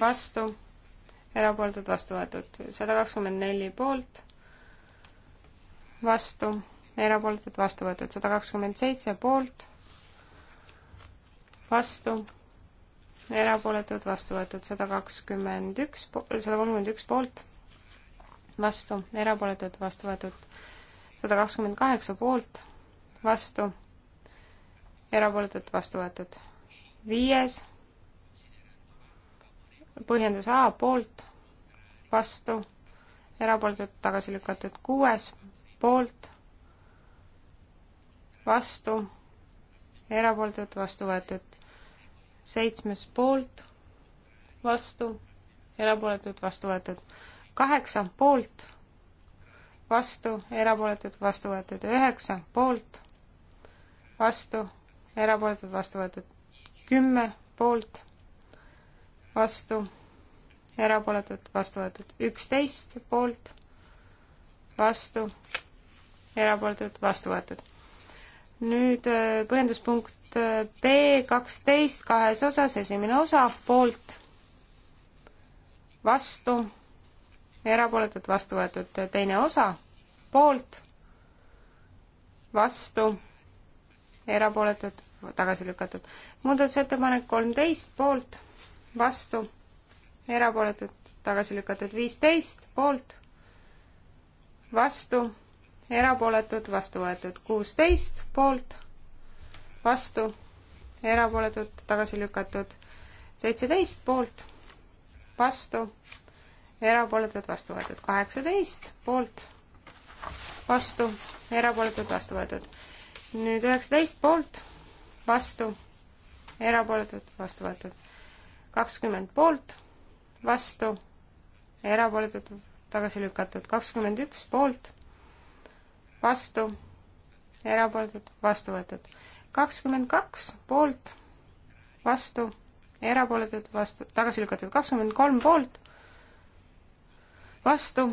vastu, erapooletud, vastu võetud. sada kakskümmend neli poolt, vastu, erapooletud, vastu võetud. sada kakskümmend seitse poolt, vastu, erapooletud, vastu võetud. sada kakskümmend üks, sada kolmkümmend üks poolt, vastu, erapooletud, vastu võetud. sada kakskümmend kaheksa poolt, vastu, erapooletud, vastu võetud. viies põhjendus A poolt, vastu, erapooletud tagasi lükatud kuues poolt, vastu, erapooletud vastu võetud seitsmes poolt, vastu, erapooletud vastu võetud kaheksa poolt, vastu, erapooletud vastu võetud üheksa poolt, vastu, erapooletud vastu võetud kümme poolt vastu, erapooletud, vastu võetud. üksteist poolt, vastu, erapooletud, vastu võetud. nüüd äh, põhjenduspunkt äh, B kaksteist kahes osas, esimene osa poolt, vastu, erapooletud, vastu võetud, teine osa poolt, vastu, erapooletud, tagasi lükatud. muudatusettepanek kolmteist poolt vastu, erapooletud, tagasi lükatud viisteist, poolt, vastu, erapooletud, vastu võetud kuusteist, poolt, vastu, erapooletud, tagasi lükatud seitseteist, poolt, vastu, erapooletud, vastu võetud kaheksateist, poolt, vastu, erapooletud, vastu võetud. nüüd üheksateist poolt, vastu, erapooletud, vastu võetud kakskümmend poolt, vastu, erapooletud, tagasi lükatud, kakskümmend üks poolt, vastu, erapooletud, vastu võetud, kakskümmend kaks poolt, vastu, erapooletud, vastu, tagasi lükatud, kakskümmend kolm poolt, vastu,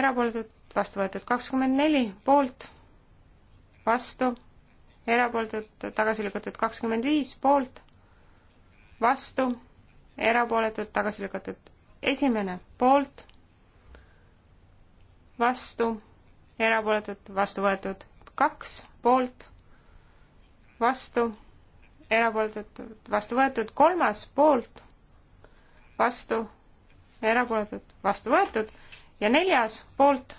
erapooletud, vastu võetud, kakskümmend neli poolt, vastu, erapooletud, tagasi lükatud, kakskümmend viis poolt, vastu erapooletud, tagasi lükatud. esimene poolt, vastu, erapooletud, vastu võetud. kaks poolt, vastu, erapooletud, vastu võetud. kolmas poolt, vastu, erapooletud, vastu võetud. ja neljas poolt,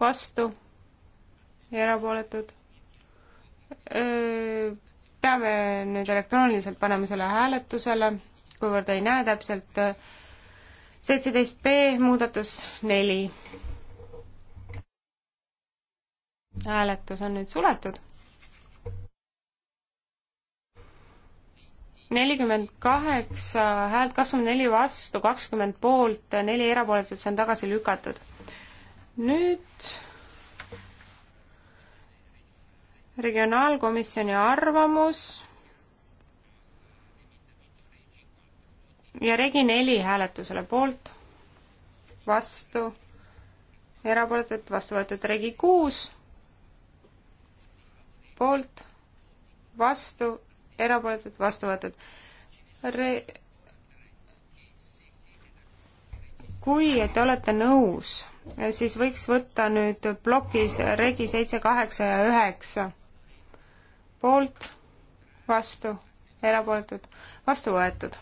vastu, erapooletud peame nüüd elektrooniliselt panema selle hääletusele, kuivõrd ei näe täpselt. Äh, seitseteist B muudatus neli. hääletus on nüüd suletud. nelikümmend kaheksa häält, kakskümmend neli vastu, kakskümmend poolt, neli erapooletut, see on tagasi lükatud. nüüd regionaalkomisjoni arvamus ja Regi neli hääletusele poolt, vastu, erapooletult vastu võetud Regi kuus, poolt, vastu, erapooletult vastu võetud Re-, kui te olete nõus, siis võiks võtta nüüd plokis Regi seitse, kaheksa ja üheksa poolt, vastu, erapooletud, vastu võetud.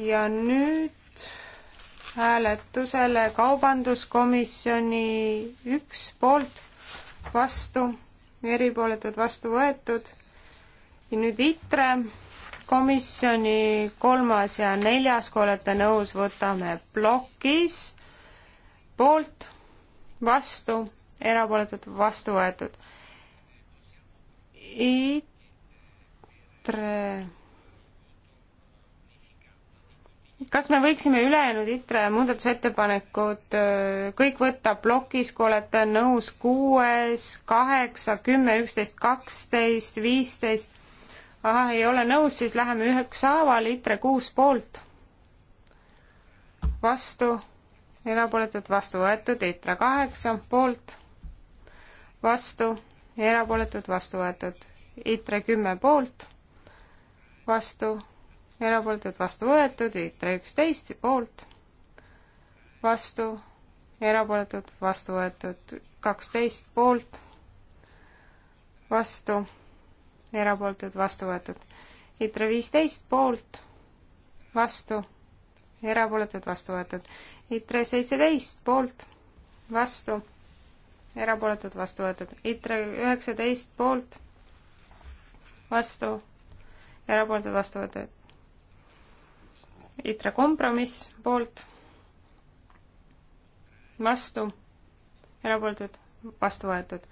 ja nüüd hääletusele Kaubanduskomisjoni üks poolt, vastu, eripooletud, vastu võetud ja nüüd ITRE komisjoni kolmas ja neljas, kui olete nõus, võtame plokis poolt, vastu, erapooletud, vastu võetud ITRE kas me võiksime ülejäänud ITRE muudatusettepanekud kõik võtta plokis, kui olete nõus, kuues, kaheksa, kümme, üksteist, kaksteist, viisteist, ahah, ei ole nõus, siis läheme ükshaaval, ITRE kuus poolt, vastu, erapooletult vastu võetud, ITRE kaheksa poolt, vastu erapooletud, vastu võetud. ITRE kümme poolt, vastu, erapooletud, vastu võetud, ITRE üksteist poolt, vastu, erapooletud, vastu võetud, kaksteist poolt, vastu, erapooletud, vastu võetud. ITRE viisteist poolt, vastu, erapooletud, vastu võetud. ITRE seitseteist poolt, vastu erapooletud, vastu võetud. ITRE üheksateist poolt, vastu, erapooletud, vastu võetud. ITRE kompromiss poolt, vastu, erapooletud, vastu võetud.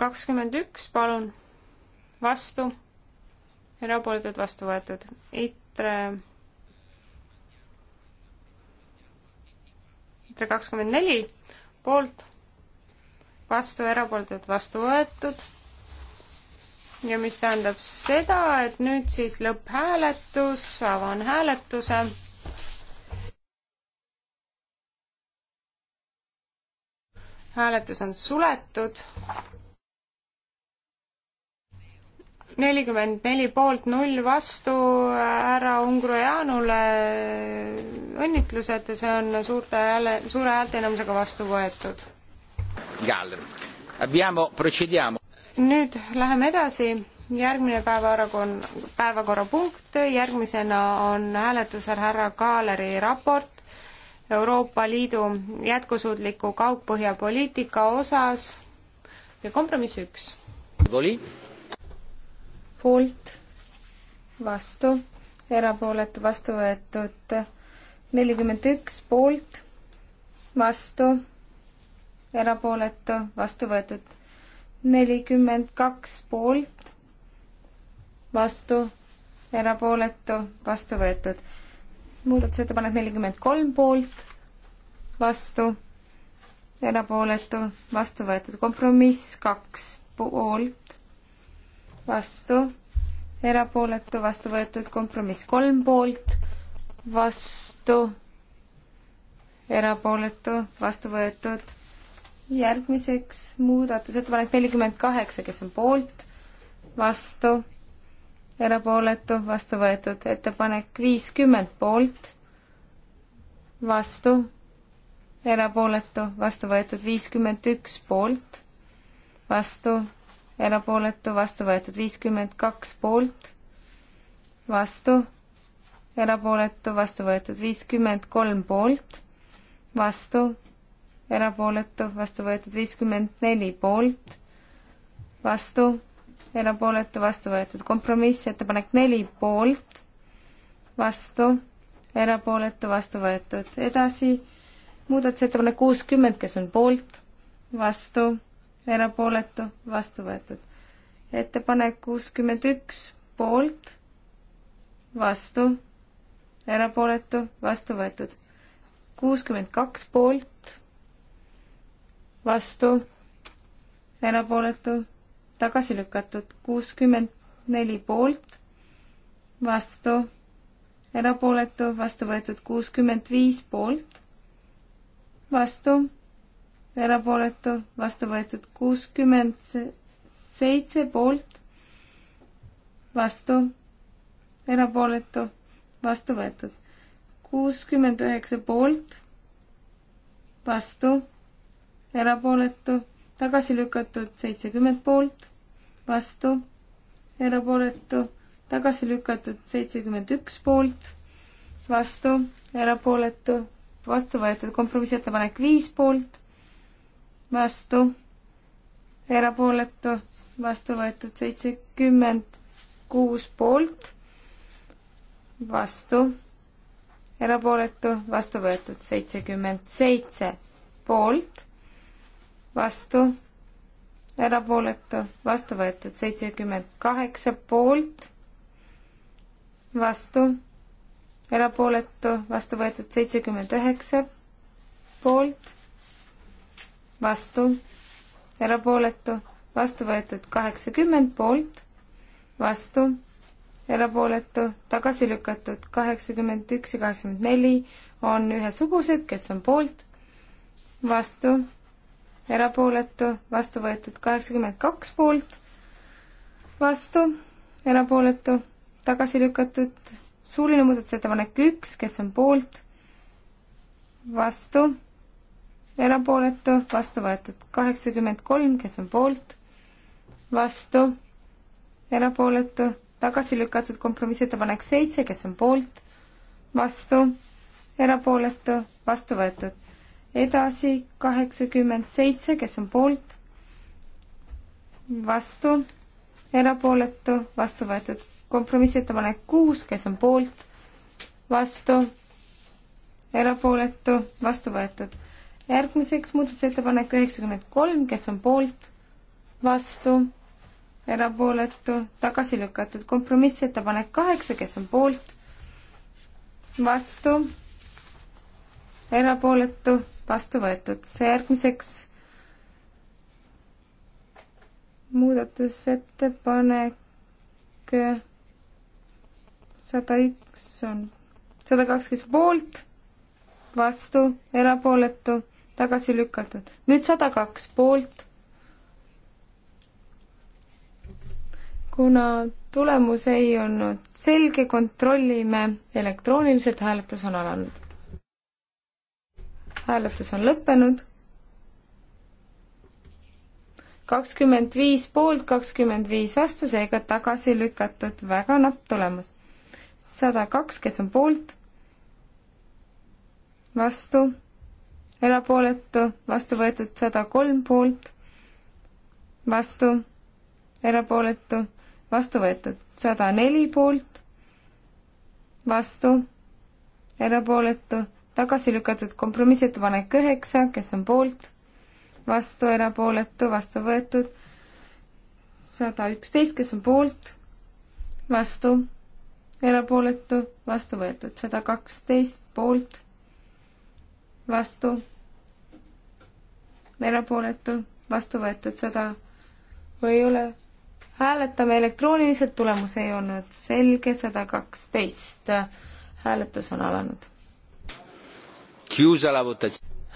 kakskümmend üks, palun, vastu, erapooletud, vastu võetud. ITRE ITRE kakskümmend neli poolt, vastu, erapooletud, vastu võetud. ja mis tähendab seda, et nüüd siis lõpphääletus, avan hääletuse. hääletus on suletud. nelikümmend neli poolt, null vastu härra Ungrojanule õnnitlused ja see on suurte hääle, suure häälteenamusega vastu võetud nüüd läheme edasi, järgmine päevakorrakon-, päevakorrapunkt, järgmisena on hääletusel härra Kaaleri raport Euroopa Liidu jätkusuutliku kaugpõhjapoliitika osas ja kompromiss üks. poolt, vastu, erapooletu, vastu võetud nelikümmend üks, poolt, vastu erapooletu, vastu võetud. nelikümmend kaks poolt, vastu, erapooletu, vastu võetud. muudatusettepanek nelikümmend kolm poolt, vastu, erapooletu, vastu võetud. kompromiss kaks poolt, vastu, erapooletu, vastu võetud. kompromiss kolm poolt, vastu, erapooletu, vastu võetud järgmiseks muudatusettepanek nelikümmend kaheksa, kes on poolt, vastu, erapooletu, vastu võetud. ettepanek viiskümmend poolt, vastu, erapooletu, vastu võetud. viiskümmend üks poolt, vastu, erapooletu, vastu võetud. viiskümmend kaks poolt, vastu, erapooletu, vastu võetud. viiskümmend kolm poolt, vastu erapooletu, vastu võetud viiskümmend neli poolt, vastu, erapooletu, vastu võetud kompromissettepanek neli poolt, vastu, erapooletu, vastu võetud. edasi muudatusettepanek kuuskümmend, kes on poolt, vastu, erapooletu, vastu võetud. ettepanek kuuskümmend üks, poolt, vastu, erapooletu, vastu võetud. kuuskümmend kaks poolt, vastu, erapooletu, tagasi lükatud, kuuskümmend neli poolt, vastu, erapooletu, vastu võetud kuuskümmend viis poolt, vastu, erapooletu, vastu võetud kuuskümmend seitse poolt, vastu, erapooletu, vastu võetud kuuskümmend üheksa poolt, vastu erapooletu, tagasi lükatud seitsekümmend poolt, vastu, erapooletu, tagasi lükatud seitsekümmend üks poolt, vastu, erapooletu, vastu võetud kompromissettepanek viis poolt, vastu, erapooletu, vastu võetud seitsekümmend kuus poolt, vastu, erapooletu, vastu võetud seitsekümmend seitse poolt vastu, erapooletu, vastu võetud seitsekümmend kaheksa poolt, vastu, erapooletu, vastu võetud seitsekümmend üheksa poolt, vastu, erapooletu, vastu võetud kaheksakümmend poolt, vastu, erapooletu, tagasi lükatud kaheksakümmend üks ja kaheksakümmend neli on ühesugused, kes on poolt, vastu erapooletu, vastu võetud kaheksakümmend kaks poolt, vastu, erapooletu, tagasi lükatud, suuline muudatusettepanek üks, kes on poolt, vastu, erapooletu, vastu võetud kaheksakümmend kolm, kes on poolt, vastu, erapooletu, tagasi lükatud kompromissettepanek seitse, kes on poolt, vastu, erapooletu, vastu võetud edasi kaheksakümmend seitse, kes on poolt, vastu, erapooletu, vastu võetud. kompromissettepanek kuus, kes on poolt, vastu, erapooletu, vastu võetud. järgmiseks muudatusettepanek üheksakümmend kolm, kes on poolt, vastu, erapooletu, tagasi lükatud. kompromissettepanek kaheksa, kes on poolt, vastu, erapooletu vastu võetud. järgmiseks muudatusettepanek äh, sada üks on, sada kakskümmend poolt, vastu, erapooletu, tagasi lükatud. nüüd sada kaks poolt. kuna tulemus ei olnud selge, kontrollime elektrooniliselt, hääletus on alanud hääletus on lõppenud. kakskümmend viis poolt, kakskümmend viis vastu, seega tagasi lükatud, väga napp tulemus. sada kaks, kes on poolt, vastu, erapooletu, vastu võetud sada kolm poolt, vastu, erapooletu, vastu võetud sada neli poolt, vastu, erapooletu tagasi lükatud kompromissettepanek üheksa, kes on poolt, vastu, erapooletu, vastu võetud, sada üksteist, kes on poolt, vastu, erapooletu, vastu võetud, sada kaksteist poolt, vastu, erapooletu, vastu võetud, sada või ei ole, hääletame elektrooniliselt, tulemus ei olnud selge, sada kaksteist. hääletus on alanud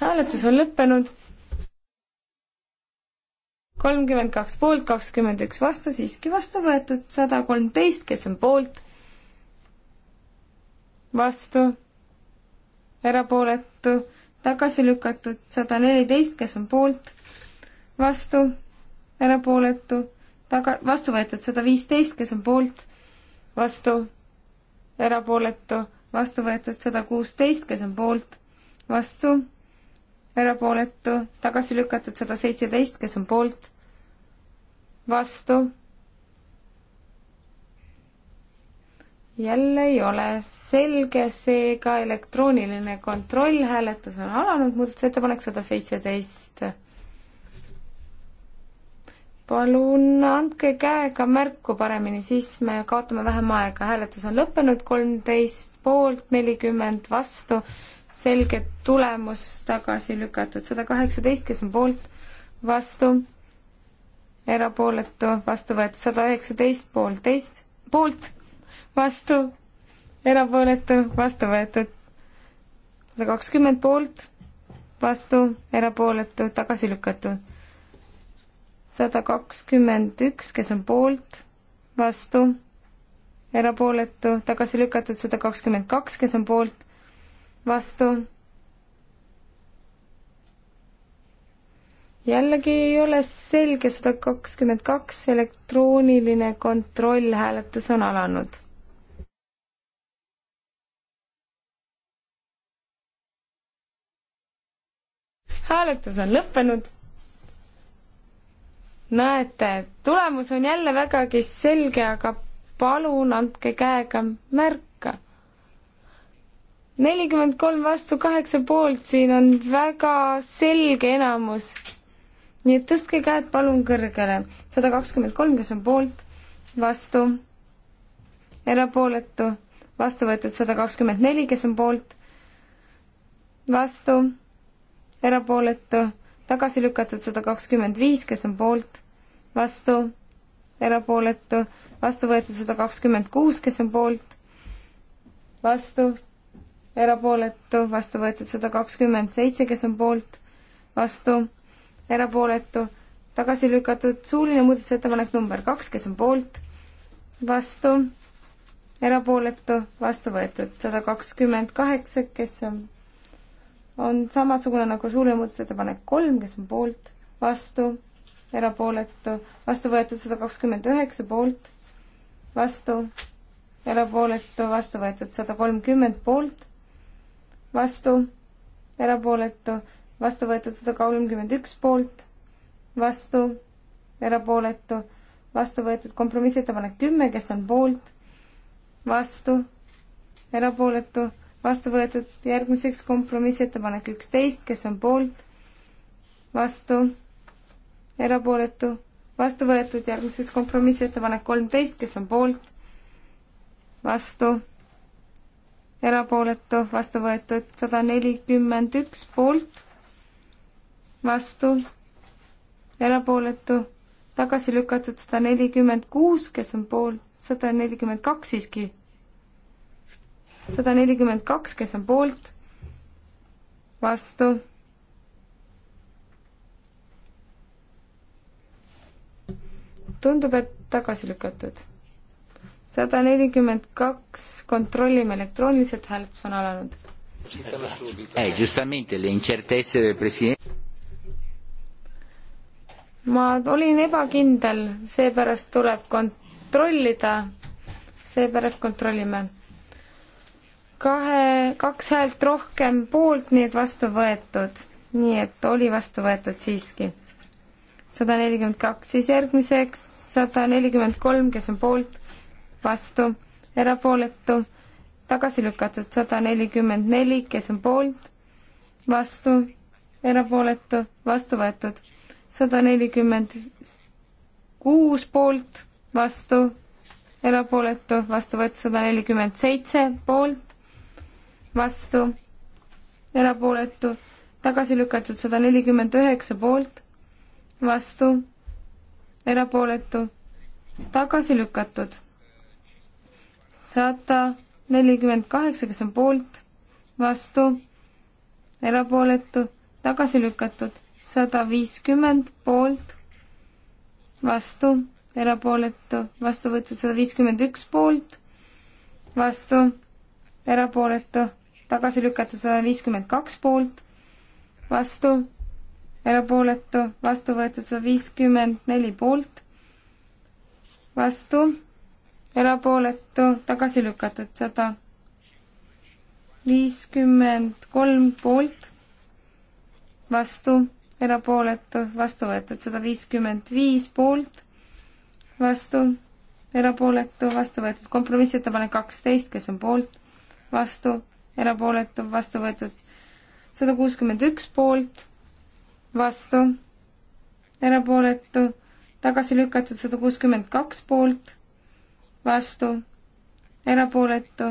hääletus on lõppenud. kolmkümmend kaks poolt, kakskümmend üks vastu, siiski vastu võetud, sada kolmteist, kes on poolt, vastu, erapooletu, tagasi lükatud, sada neliteist, kes on poolt, vastu, erapooletu, taga, vastu võetud, sada viisteist, kes on poolt, vastu, erapooletu, vastu võetud, sada kuusteist, kes on poolt vastu, erapooletu, tagasi lükatud sada seitseteist, kes on poolt, vastu. jälle ei ole selge, seega elektrooniline kontroll, hääletus on alanud, muudatusettepanek sada seitseteist. palun andke käega märku paremini, siis me kaotame vähem aega, hääletus on lõppenud, kolmteist poolt, nelikümmend vastu selget tulemust tagasi lükatud. sada kaheksateist, kes on poolt, vastu, erapooletu, vastu võetud. sada üheksateist, poolteist, poolt, vastu, erapooletu, vastu võetud. sada kakskümmend poolt, vastu, erapooletu, tagasi lükatud sada kakskümmend üks, kes on poolt, vastu, erapooletu, tagasi lükatud sada kakskümmend kaks, kes on poolt, vastu. jällegi ei ole selge, sada kakskümmend kaks elektrooniline kontrollhääletus on alanud. hääletus on lõppenud näete, tulemus on jälle vägagi selge, aga palun andke käega märku nelikümmend kolm vastu kaheksa poolt, siin on väga selge enamus. nii et tõstke käed palun kõrgele. sada kakskümmend kolm, kes on poolt, vastu, erapooletu, vastu võetud sada kakskümmend neli, kes on poolt, vastu, erapooletu, tagasi lükatud sada kakskümmend viis, kes on poolt, vastu, erapooletu, vastu võetud sada kakskümmend kuus, kes on poolt, vastu erapooletu, vastu võetud sada kakskümmend seitse, kes on poolt, vastu, erapooletu, tagasi lükatud suuline muudatusettepanek number kaks, kes on poolt, vastu, erapooletu, vastu võetud sada kakskümmend kaheksa, kes on, on samasugune nagu suuline muudatusettepanek kolm, kes on poolt, vastu, erapooletu, vastu võetud sada kakskümmend üheksa, poolt, vastu, erapooletu, vastu võetud sada kolmkümmend, poolt vastu, erapooletu, vastu võetud sada kolmkümmend üks poolt, vastu, erapooletu, vastu võetud kompromissettepanek kümme, kes on poolt, vastu, erapooletu, vastu võetud järgmiseks kompromissettepanek üksteist, kes on poolt, vastu, erapooletu, vastu võetud järgmiseks kompromissettepanek kolmteist, kes on poolt, vastu erapooletu, vastu võetud sada nelikümmend üks poolt, vastu, erapooletu, tagasi lükatud sada nelikümmend kuus, kes on poolt, sada nelikümmend kaks siiski, sada nelikümmend kaks, kes on poolt, vastu, tundub, et tagasi lükatud sada nelikümmend kaks, kontrollime elektrooniliselt, hääletus on alanud. Eh, ma olin ebakindel, seepärast tuleb kontrollida, seepärast kontrollime kahe, kaks häält rohkem poolt, nii et vastu võetud. nii et oli vastu võetud siiski. sada nelikümmend kaks, siis järgmiseks sada nelikümmend kolm, kes on poolt, vastu, erapooletu, tagasi lükatud sada nelikümmend neli, kes on poolt, vastu, erapooletu, vastu võetud sada nelikümmend kuus poolt, vastu, erapooletu, vastu võetud sada nelikümmend seitse poolt, vastu, erapooletu, tagasi lükatud sada nelikümmend üheksa poolt, vastu, erapooletu, tagasi lükatud sada nelikümmend kaheksa, kes on poolt, vastu, erapooletu, tagasi lükatud. sada viiskümmend poolt, vastu, erapooletu, vastu võetud sada viiskümmend üks poolt, vastu, erapooletu, tagasi lükatud sada viiskümmend kaks poolt, vastu, erapooletu, vastu võetud sada viiskümmend neli poolt, vastu erapooletu, tagasi lükatud sada viiskümmend kolm poolt, vastu, erapooletu, vastu võetud sada viiskümmend viis poolt, vastu, erapooletu, vastu võetud kompromissettepanek kaksteist, kes on poolt, vastu, erapooletu, vastu võetud sada kuuskümmend üks poolt, vastu, erapooletu, tagasi lükatud sada kuuskümmend kaks poolt vastu, erapooletu,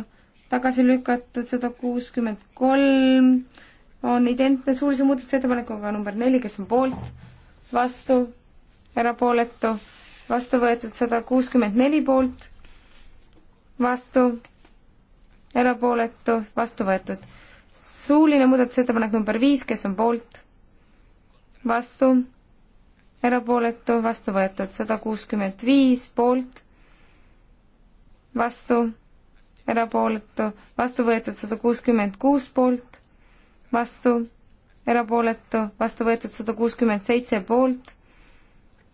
tagasi lükatud sada kuuskümmend kolm, on identne suulise muudatusettepanekuga number neli, kes on poolt, vastu, erapooletu, vastu võetud sada kuuskümmend neli poolt, vastu, erapooletu, vastu võetud. suuline muudatusettepanek number viis, kes on poolt, vastu, erapooletu, vastu võetud sada kuuskümmend viis poolt vastu, erapooletu, vastu võetud sada kuuskümmend kuus poolt, vastu, erapooletu, vastu võetud sada kuuskümmend seitse poolt,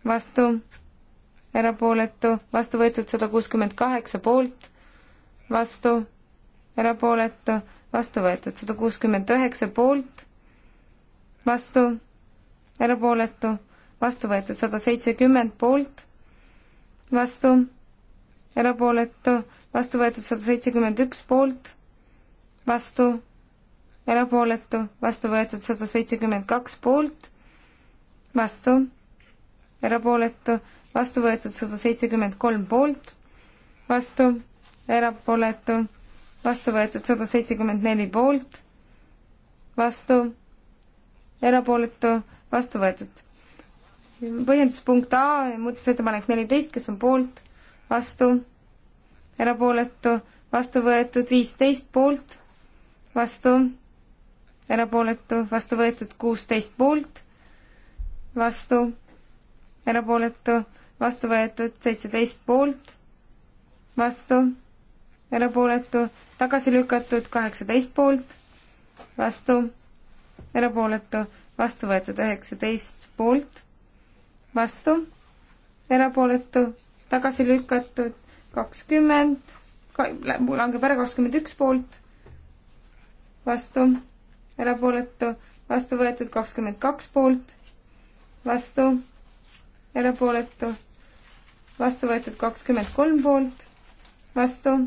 vastu, erapooletu, vastu võetud sada kuuskümmend kaheksa poolt, vastu, erapooletu, vastu võetud sada kuuskümmend üheksa poolt, vastu, erapooletu, vastu võetud sada seitsekümmend poolt, vastu erapooletu, vastu võetud sada seitsekümmend üks poolt, vastu, erapooletu, vastu võetud sada seitsekümmend kaks poolt, vastu, erapooletu, vastu võetud sada seitsekümmend kolm poolt, vastu, erapooletu, vastu võetud sada seitsekümmend neli poolt, vastu, erapooletu, vastu võetud. põhjenduspunkt A, muudatusettepanek neliteist, kes on poolt vastu, erapooletu, vastu võetud viisteist poolt, vastu, erapooletu, vastu võetud kuusteist poolt, vastu, erapooletu, vastu võetud seitseteist poolt, vastu, erapooletu, tagasi lükatud kaheksateist poolt, vastu, erapooletu, vastu võetud üheksateist poolt, vastu, erapooletu, tagasi lükatud, kakskümmend, langeb ära kakskümmend üks poolt, vastu, erapooletu, vastu võetud kakskümmend kaks poolt, vastu, erapooletu, vastu võetud kakskümmend kolm poolt, vastu,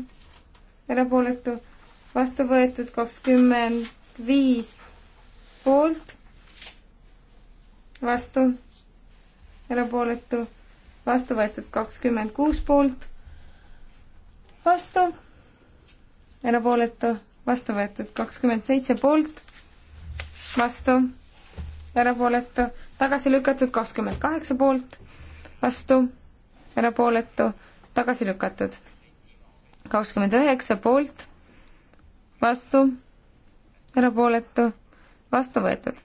erapooletu, vastu võetud kakskümmend viis poolt, vastu, erapooletu vastu võetud kakskümmend kuus poolt, vastu, erapooletu, vastu võetud kakskümmend seitse poolt, vastu, erapooletu, tagasi lükatud kakskümmend kaheksa poolt, vastu, erapooletu, tagasi lükatud kakskümmend üheksa poolt, vastu, erapooletu, vastu võetud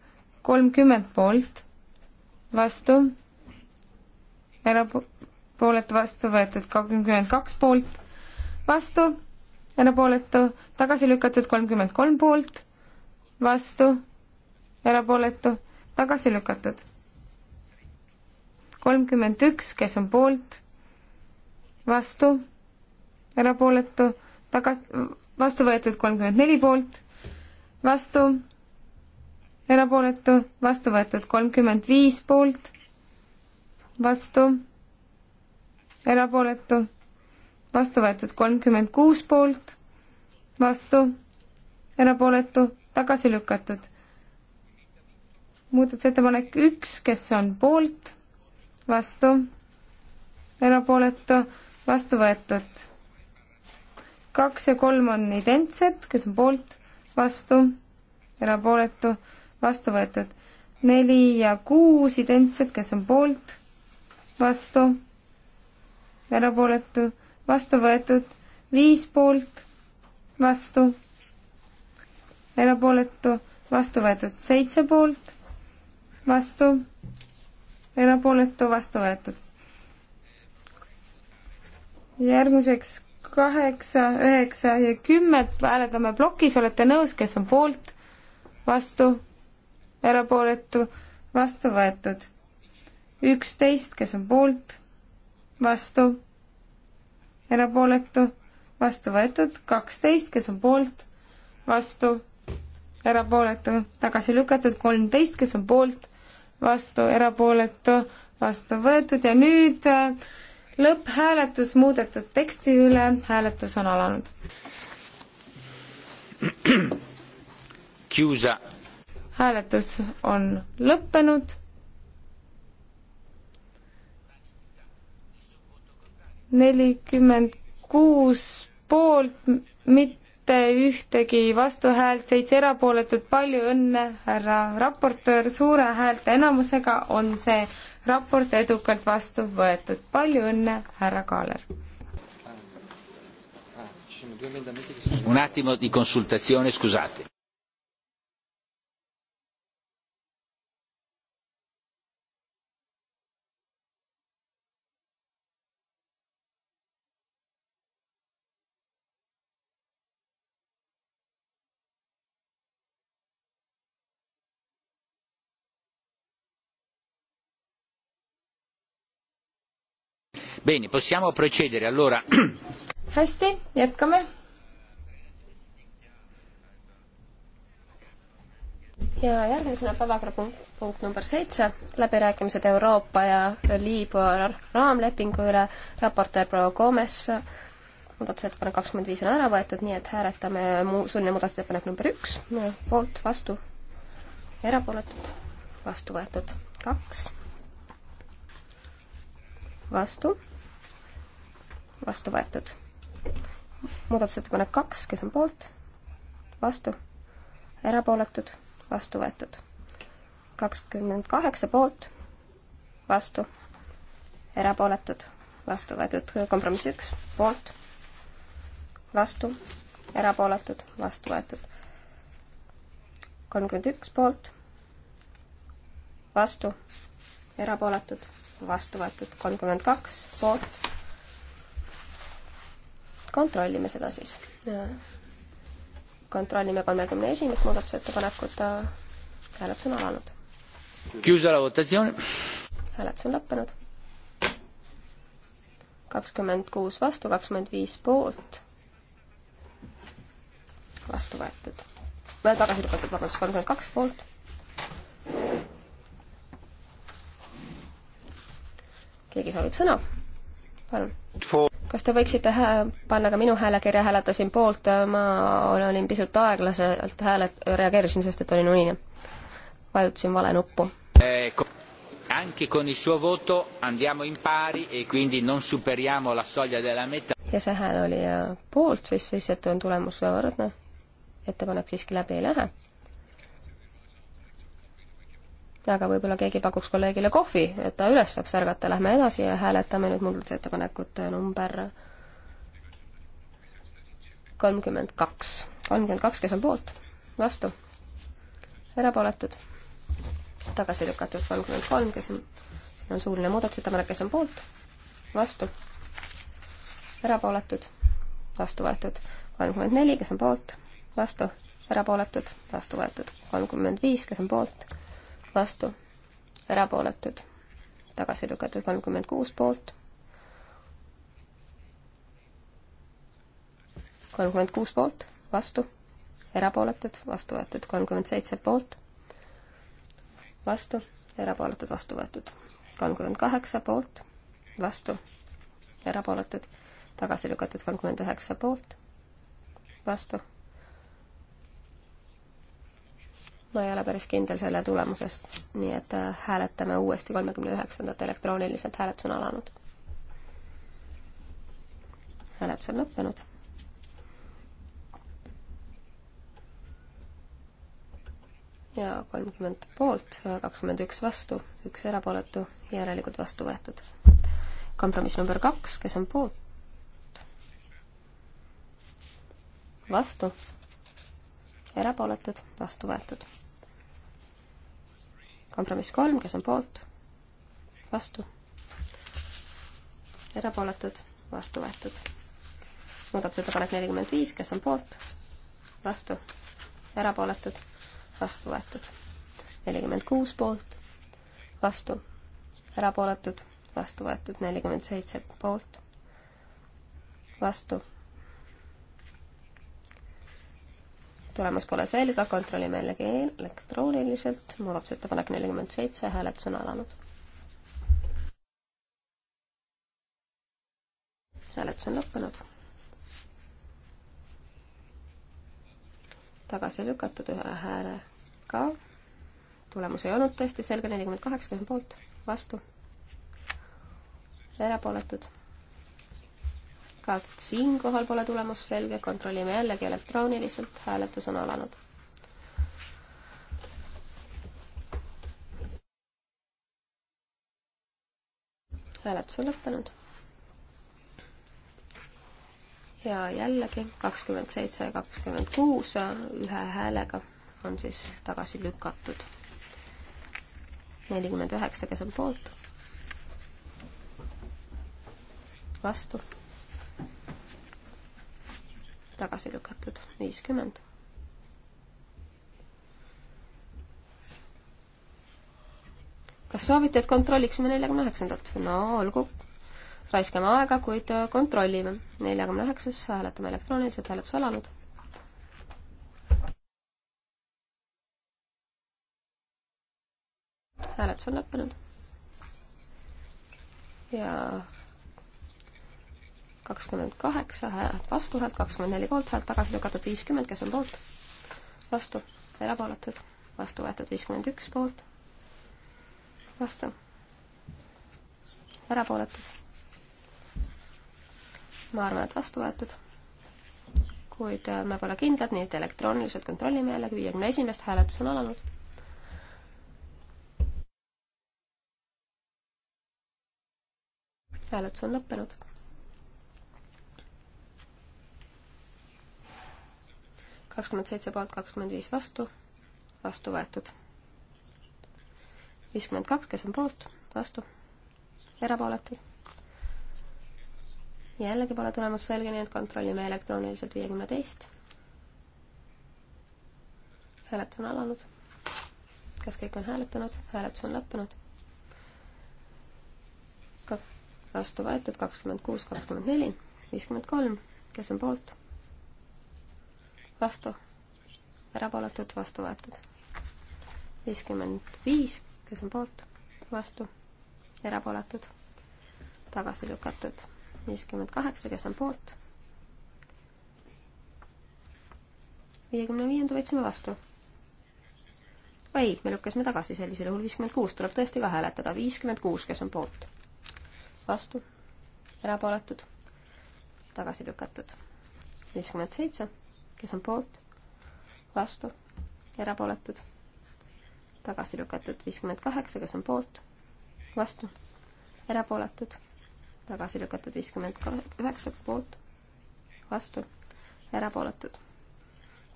kolmkümmend poolt, vastu erapooletu vastu võetud kakskümmend kaks poolt, vastu, erapooletu, tagasi lükatud kolmkümmend kolm poolt, vastu, erapooletu, tagasi lükatud. kolmkümmend üks, kes on poolt, vastu, erapooletu, tagas-, vastu võetud kolmkümmend neli poolt, vastu, erapooletu, vastu võetud kolmkümmend viis poolt, vastu, erapooletu, vastu võetud kolmkümmend kuus poolt, vastu, erapooletu, tagasi lükatud. muudatusettepanek üks, kes on poolt, vastu, erapooletu, vastu võetud. kaks ja kolm on identsed, kes on poolt, vastu, erapooletu, vastu võetud neli ja kuus identsed, kes on poolt, vastu, erapooletu, vastu võetud, viis poolt, vastu, erapooletu, vastu võetud, seitse poolt, vastu, erapooletu, vastu võetud. järgmiseks kaheksa, üheksa ja kümme hääletame plokis, olete nõus, kes on poolt, vastu, erapooletu, vastu võetud üksteist, kes on poolt, vastu, erapooletu, vastu võetud, kaksteist, kes on poolt, vastu, erapooletu, tagasi lükatud, kolmteist, kes on poolt, vastu, erapooletu, vastu võetud ja nüüd äh, lõpphääletus muudetud teksti üle, hääletus on alanud. hääletus on lõppenud nelikümmend kuus poolt, mitte ühtegi vastuhäält, seitse erapooletut, palju õnne, härra raportöör, suure häälte enamusega on see raport edukalt vastu võetud. palju õnne, härra Kaaler. Un attimo di consultazione, scusate. Bene, possiamo procedere allora. hästi, jätkame. ja järgmisena päevakorrapunkt number seitse, läbirääkimised Euroopa ja Liibüa raamlepingu üle, raportöör proua Gomes, muudatusettepanek kakskümmend viis on ära võetud, nii et hääletame muu, suuline muudatusettepanek number üks, poolt, vastu, erapooletud, vastu võetud, kaks, vastu vastu võetud. muudatusettepanek kaks, kes on poolt, vastu, erapooletud, vastu võetud. kakskümmend kaheksa poolt, vastu, erapooletud, vastu võetud, kompromiss üks, poolt, vastu, erapooletud, vastu võetud. kolmkümmend üks poolt, vastu, erapooletud, vastu võetud, kolmkümmend kaks poolt kontrollime seda siis. kontrollime kolmekümne esimest muudatusettepanekut, hääletus on alanud. hääletus on lõppenud. kakskümmend kuus vastu, kakskümmend viis poolt. vastu võetud, tagasi lükatud, vabandust, kolmkümmend kaks poolt keegi soovib sõna? palun kas te võiksite hää-, panna ka minu häälekirja, hääletasin poolt, ma olin pisut aeglaselt hääle-, reageerisin, sest et olin unine. vajutasin vale nuppu eh,. Anche con il suo voto andiamo in pari e quindi non superiamo la soglia della metà. ja see hääl oli äh, poolt, siis, siis et on tulemus võrdne. ettepanek siiski läbi ei lähe aga võib-olla keegi pakuks kolleegile kohvi, et ta üles saaks ärgata. Lähme edasi ja hääletame nüüd muudatusettepanekut number kolmkümmend kaks. kolmkümmend kaks, kes on poolt, vastu, erapooletud, tagasi lükatud kolmkümmend kolm, kes on, siin on suuline muudatusettepanek, kes on poolt, vastu, erapooletud, vastu võetud, kolmkümmend neli, kes on poolt, vastu, erapooletud, vastu võetud, kolmkümmend viis, kes on poolt vastu, erapooletud, tagasi lükatud kolmkümmend kuus poolt, kolmkümmend kuus poolt, vastu, erapooletud, vastu võetud kolmkümmend seitse poolt, vastu, erapooletud, vastu võetud kolmkümmend kaheksa poolt, vastu, erapooletud, tagasi lükatud kolmkümmend üheksa poolt, vastu ma ei ole päris kindel selle tulemusest, nii et äh, hääletame uuesti kolmekümne üheksandat, elektrooniliselt hääletus on alanud. hääletus on lõppenud. ja kolmkümmend poolt, kakskümmend üks vastu, üks erapooletu, järelikult vastu võetud. kompromiss number kaks, kes on poolt? vastu, erapooletud, vastu võetud kompromiss kolm, kes on poolt, vastu, erapooletud, vastu võetud. muudatusettepanek nelikümmend viis, kes on poolt, vastu, erapooletud, vastu võetud. nelikümmend kuus poolt, vastu, erapooletud, vastu võetud, nelikümmend seitse poolt, vastu tulemus pole selge, kontrollime jällegi elektrooniliselt, muudatusettepanek nelikümmend seitse, hääletus on alanud. hääletus on lõppenud. tagasi lükatud ühe hääle ka. tulemus ei olnud tõesti selge, nelikümmend kaheksa, kes on poolt, vastu, erapooletud ka siinkohal pole tulemus selge, kontrollime jällegi elektrooniliselt, hääletus on alanud. hääletus on lõppenud. ja jällegi kakskümmend seitse ja kakskümmend kuus ühe häälega on siis tagasi lükatud. nelikümmend üheksa, kes on poolt? vastu tagasi lükatud viiskümmend. kas soovite, et kontrolliksime neljakümne üheksandat? no olgu, raiskame aega, kuid äh, kontrollime. neljakümne üheksas, hääletame elektrooniliselt, hääletus alanud. hääletus on lõppenud. ja kakskümmend kaheksa häält vastuhäält, kakskümmend neli poolthäält, tagasi lükatud viiskümmend, kes on poolt, vastu, erapooletud, vastu võetud viiskümmend üks poolt, vastu, erapooletud. ma arvan, et vastu võetud, kuid äh, me pole kindlad, nii et elektrooniliselt kontrollime jällegi, viiekümne esimest hääletus on alanud hääletus on lõppenud. kakskümmend seitse poolt, kakskümmend viis vastu, vastu võetud. viiskümmend kaks, kes on poolt, vastu, erapooletud. jällegi pole tulemus selge, nii et kontrollime elektrooniliselt viiekümne teist. hääletus on alanud. kas kõik on hääletanud? hääletus on lõppenud vastu võetud kakskümmend kuus, kakskümmend neli, viiskümmend kolm, kes on poolt, vastu, erapooletud, vastu võetud. viiskümmend viis, kes on poolt, vastu, erapooletud, tagasi lükatud. viiskümmend kaheksa, kes on poolt. viiekümne viienda võtsime vastu. ei, me lükkasime tagasi, sellisel juhul viiskümmend kuus tuleb tõesti ka hääletada. viiskümmend kuus, kes on poolt, vastu, erapooletud tagasi lükatud. viiskümmend seitse kes on poolt, vastu, erapooletud, tagasi lükatud viiskümmend kaheksa, kes on poolt, vastu, erapooletud, tagasi lükatud viiskümmend üheksa, poolt, vastu, erapooletud,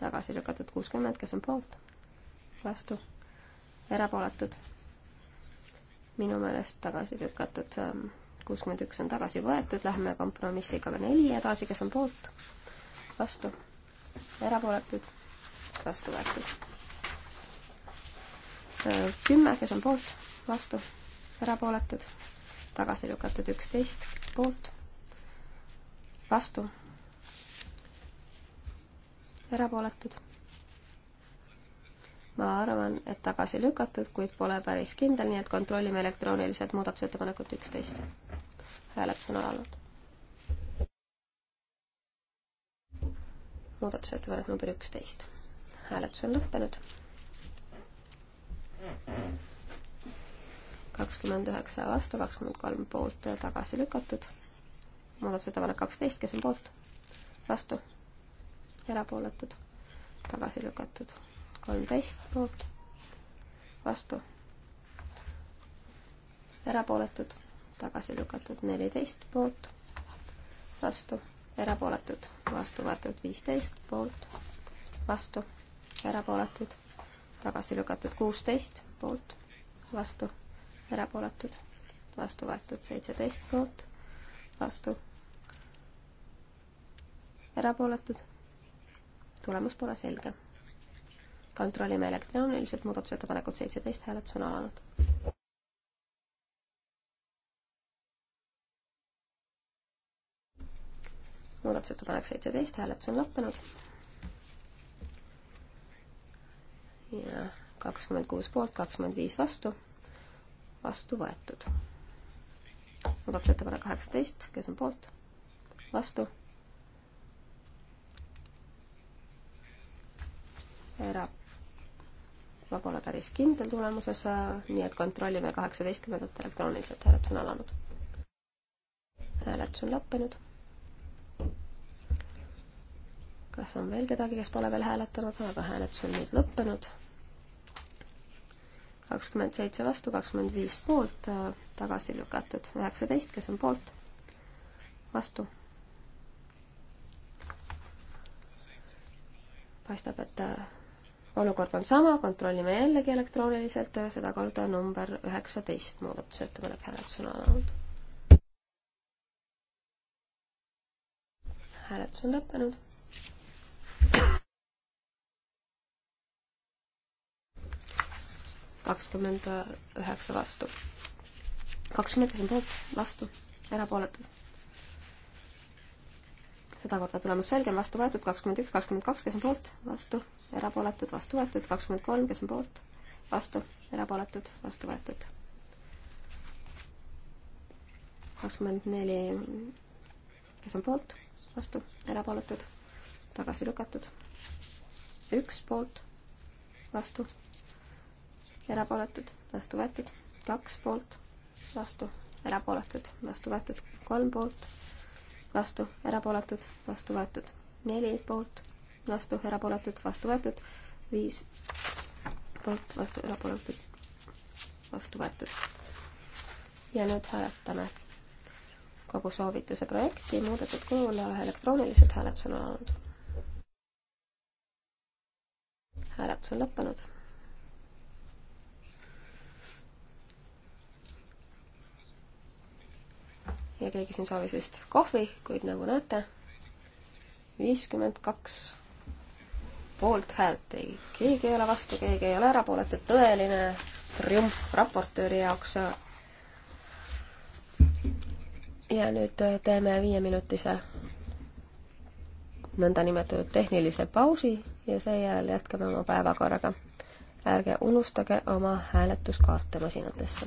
tagasi lükatud kuuskümmend, kes on poolt, vastu, erapooletud, minu meelest tagasi lükatud ähm, kuuskümmend üks on tagasi võetud, läheme kompromissiga neli edasi, kes on poolt, vastu erapooletud, vastu võetud. kümme, kes on poolt, vastu, erapooletud, tagasi lükatud üksteist, poolt, vastu, erapooletud. ma arvan, et tagasi lükatud, kuid pole päris kindel, nii et kontrollime elektrooniliselt muudatusettepanekut üksteist. hääletus on alanud. muudatusettepanek number üksteist. hääletus on lõppenud. kakskümmend üheksa vastu, kakskümmend kolm poolt tagasi lükatud. muudatusettepanek kaksteist, kes on poolt? vastu? erapooletud? tagasi lükatud. kolmteist poolt? vastu? erapooletud? tagasi lükatud. neliteist poolt? vastu erapooletud, vastu võetud viisteist, poolt, vastu, erapooletud, tagasi lükatud kuusteist, poolt, vastu, erapooletud, vastu võetud seitseteist, poolt, vastu, erapooletud, tulemus pole selge. kontrollime elektrooniliselt muudatusettepanekut seitseteist, hääletus on alanud muudatusettepanek seitseteist, hääletus on lõppenud. ja kakskümmend kuus poolt, kakskümmend viis vastu, vastu võetud. muudatusettepanek kaheksateist, kes on poolt, vastu? ära, ma pole päris kindel tulemuses, nii et kontrollime kaheksateistkümnendat elektrooniliselt, hääletus on alanud. hääletus on lõppenud kas on veel kedagi, kes pole veel hääletanud, aga hääletus on nüüd lõppenud. kakskümmend seitse vastu, kakskümmend viis poolt, äh, tagasi lükatud üheksateist, kes on poolt, vastu. paistab, et äh, olukord on sama, kontrollime jällegi elektrooniliselt, äh, sedakorda number üheksateist muudatusettepanek hääletus on alanud. hääletus on lõppenud kakskümmend üheksa vastu. kakskümmend üheksa poolt, vastu, erapooletud. sedakorda tulemus selge, on vastu võetud kakskümmend üks, kakskümmend kaks, kes on poolt, vastu, erapooletud, vastu võetud, kakskümmend kolm, kes on poolt, vastu, erapooletud, vastu võetud. kakskümmend neli, kes on poolt, vastu, erapooletud, tagasi lükatud. üks poolt, vastu erapooletud, vastu võetud, kaks poolt, vastu, erapooletud, vastu võetud, kolm poolt, vastu, erapooletud, vastu võetud, neli poolt, vastu, erapooletud, vastu võetud, viis poolt, vastu, erapooletud, vastu võetud. ja nüüd hääletame kogu soovituse projekti muudetud kujul elektrooniliselt hääletus on alanud. hääletus on lõppenud ja keegi siin soovis vist kohvi, kuid nagu näete, viiskümmend kaks poolthäält ei, keegi ei ole vastu, keegi ei ole erapooletu, tõeline triumf raportööri jaoks. ja nüüd äh, teeme viieminutise nõndanimetatud tehnilise pausi ja seejärel jätkame oma päevakorraga. ärge unustage oma hääletuskaarte masinatesse.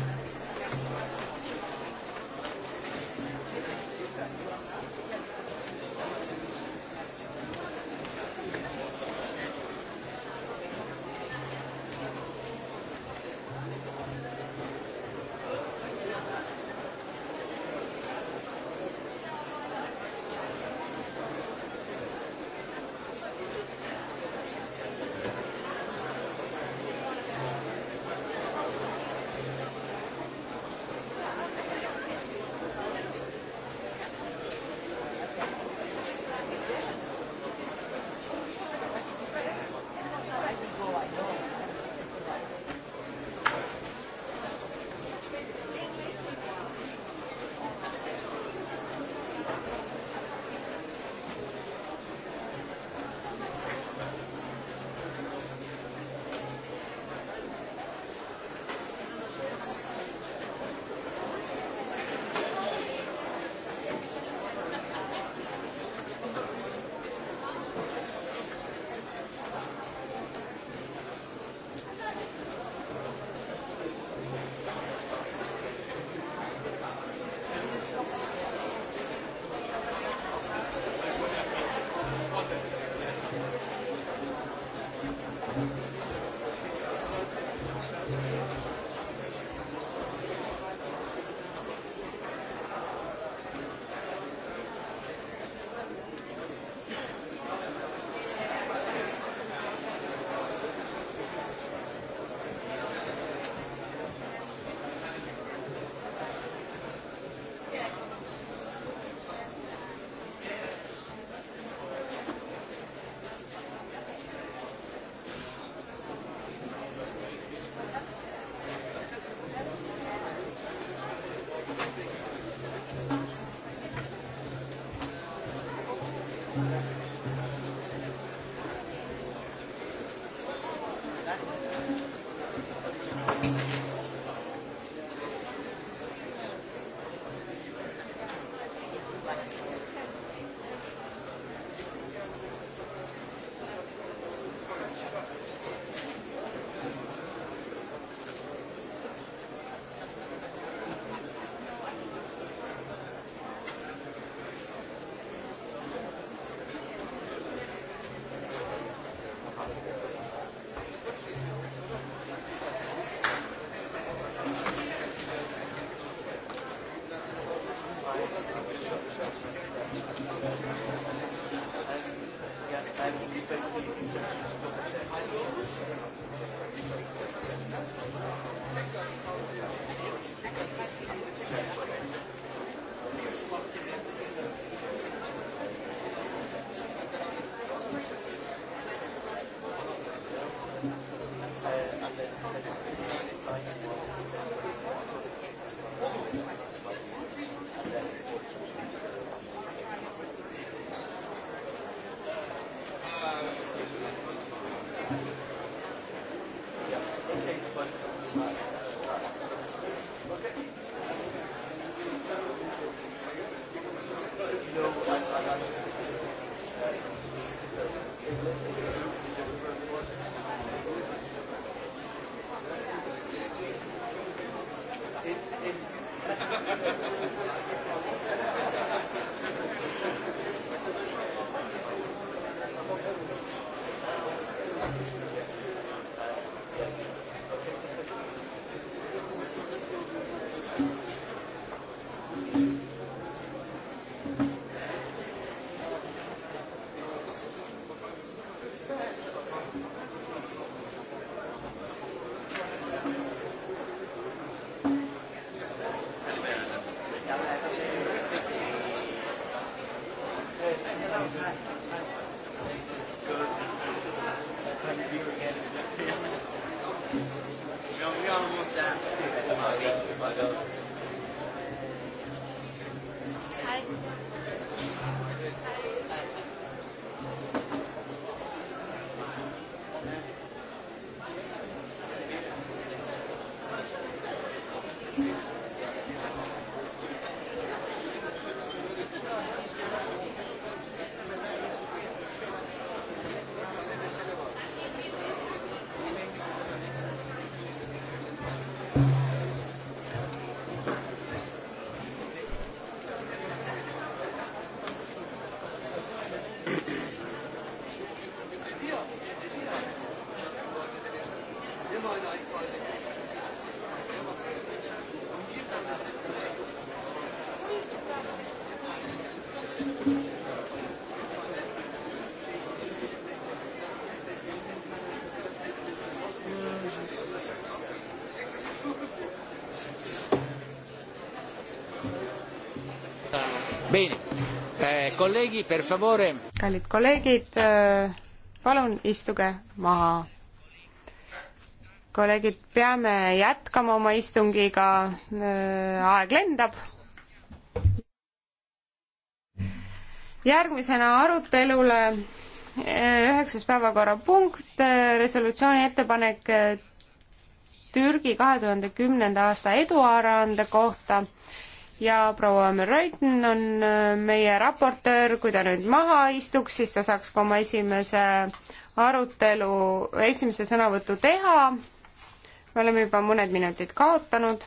Eh, kolleegi, per favore. kallid kolleegid, eh, palun istuge maha. kolleegid, peame jätkama oma istungiga, eh, aeg lendab. järgmisena arutelule üheksas päevakorrapunkt, resolutsiooni ettepanek Türgi kahe tuhande kümnenda aasta eduaruande kohta ja proua Merreiten on äh, meie raportöör, kui ta nüüd maha istuks, siis ta saaks ka oma esimese arutelu, esimese sõnavõtu teha. me oleme juba mõned minutid kaotanud.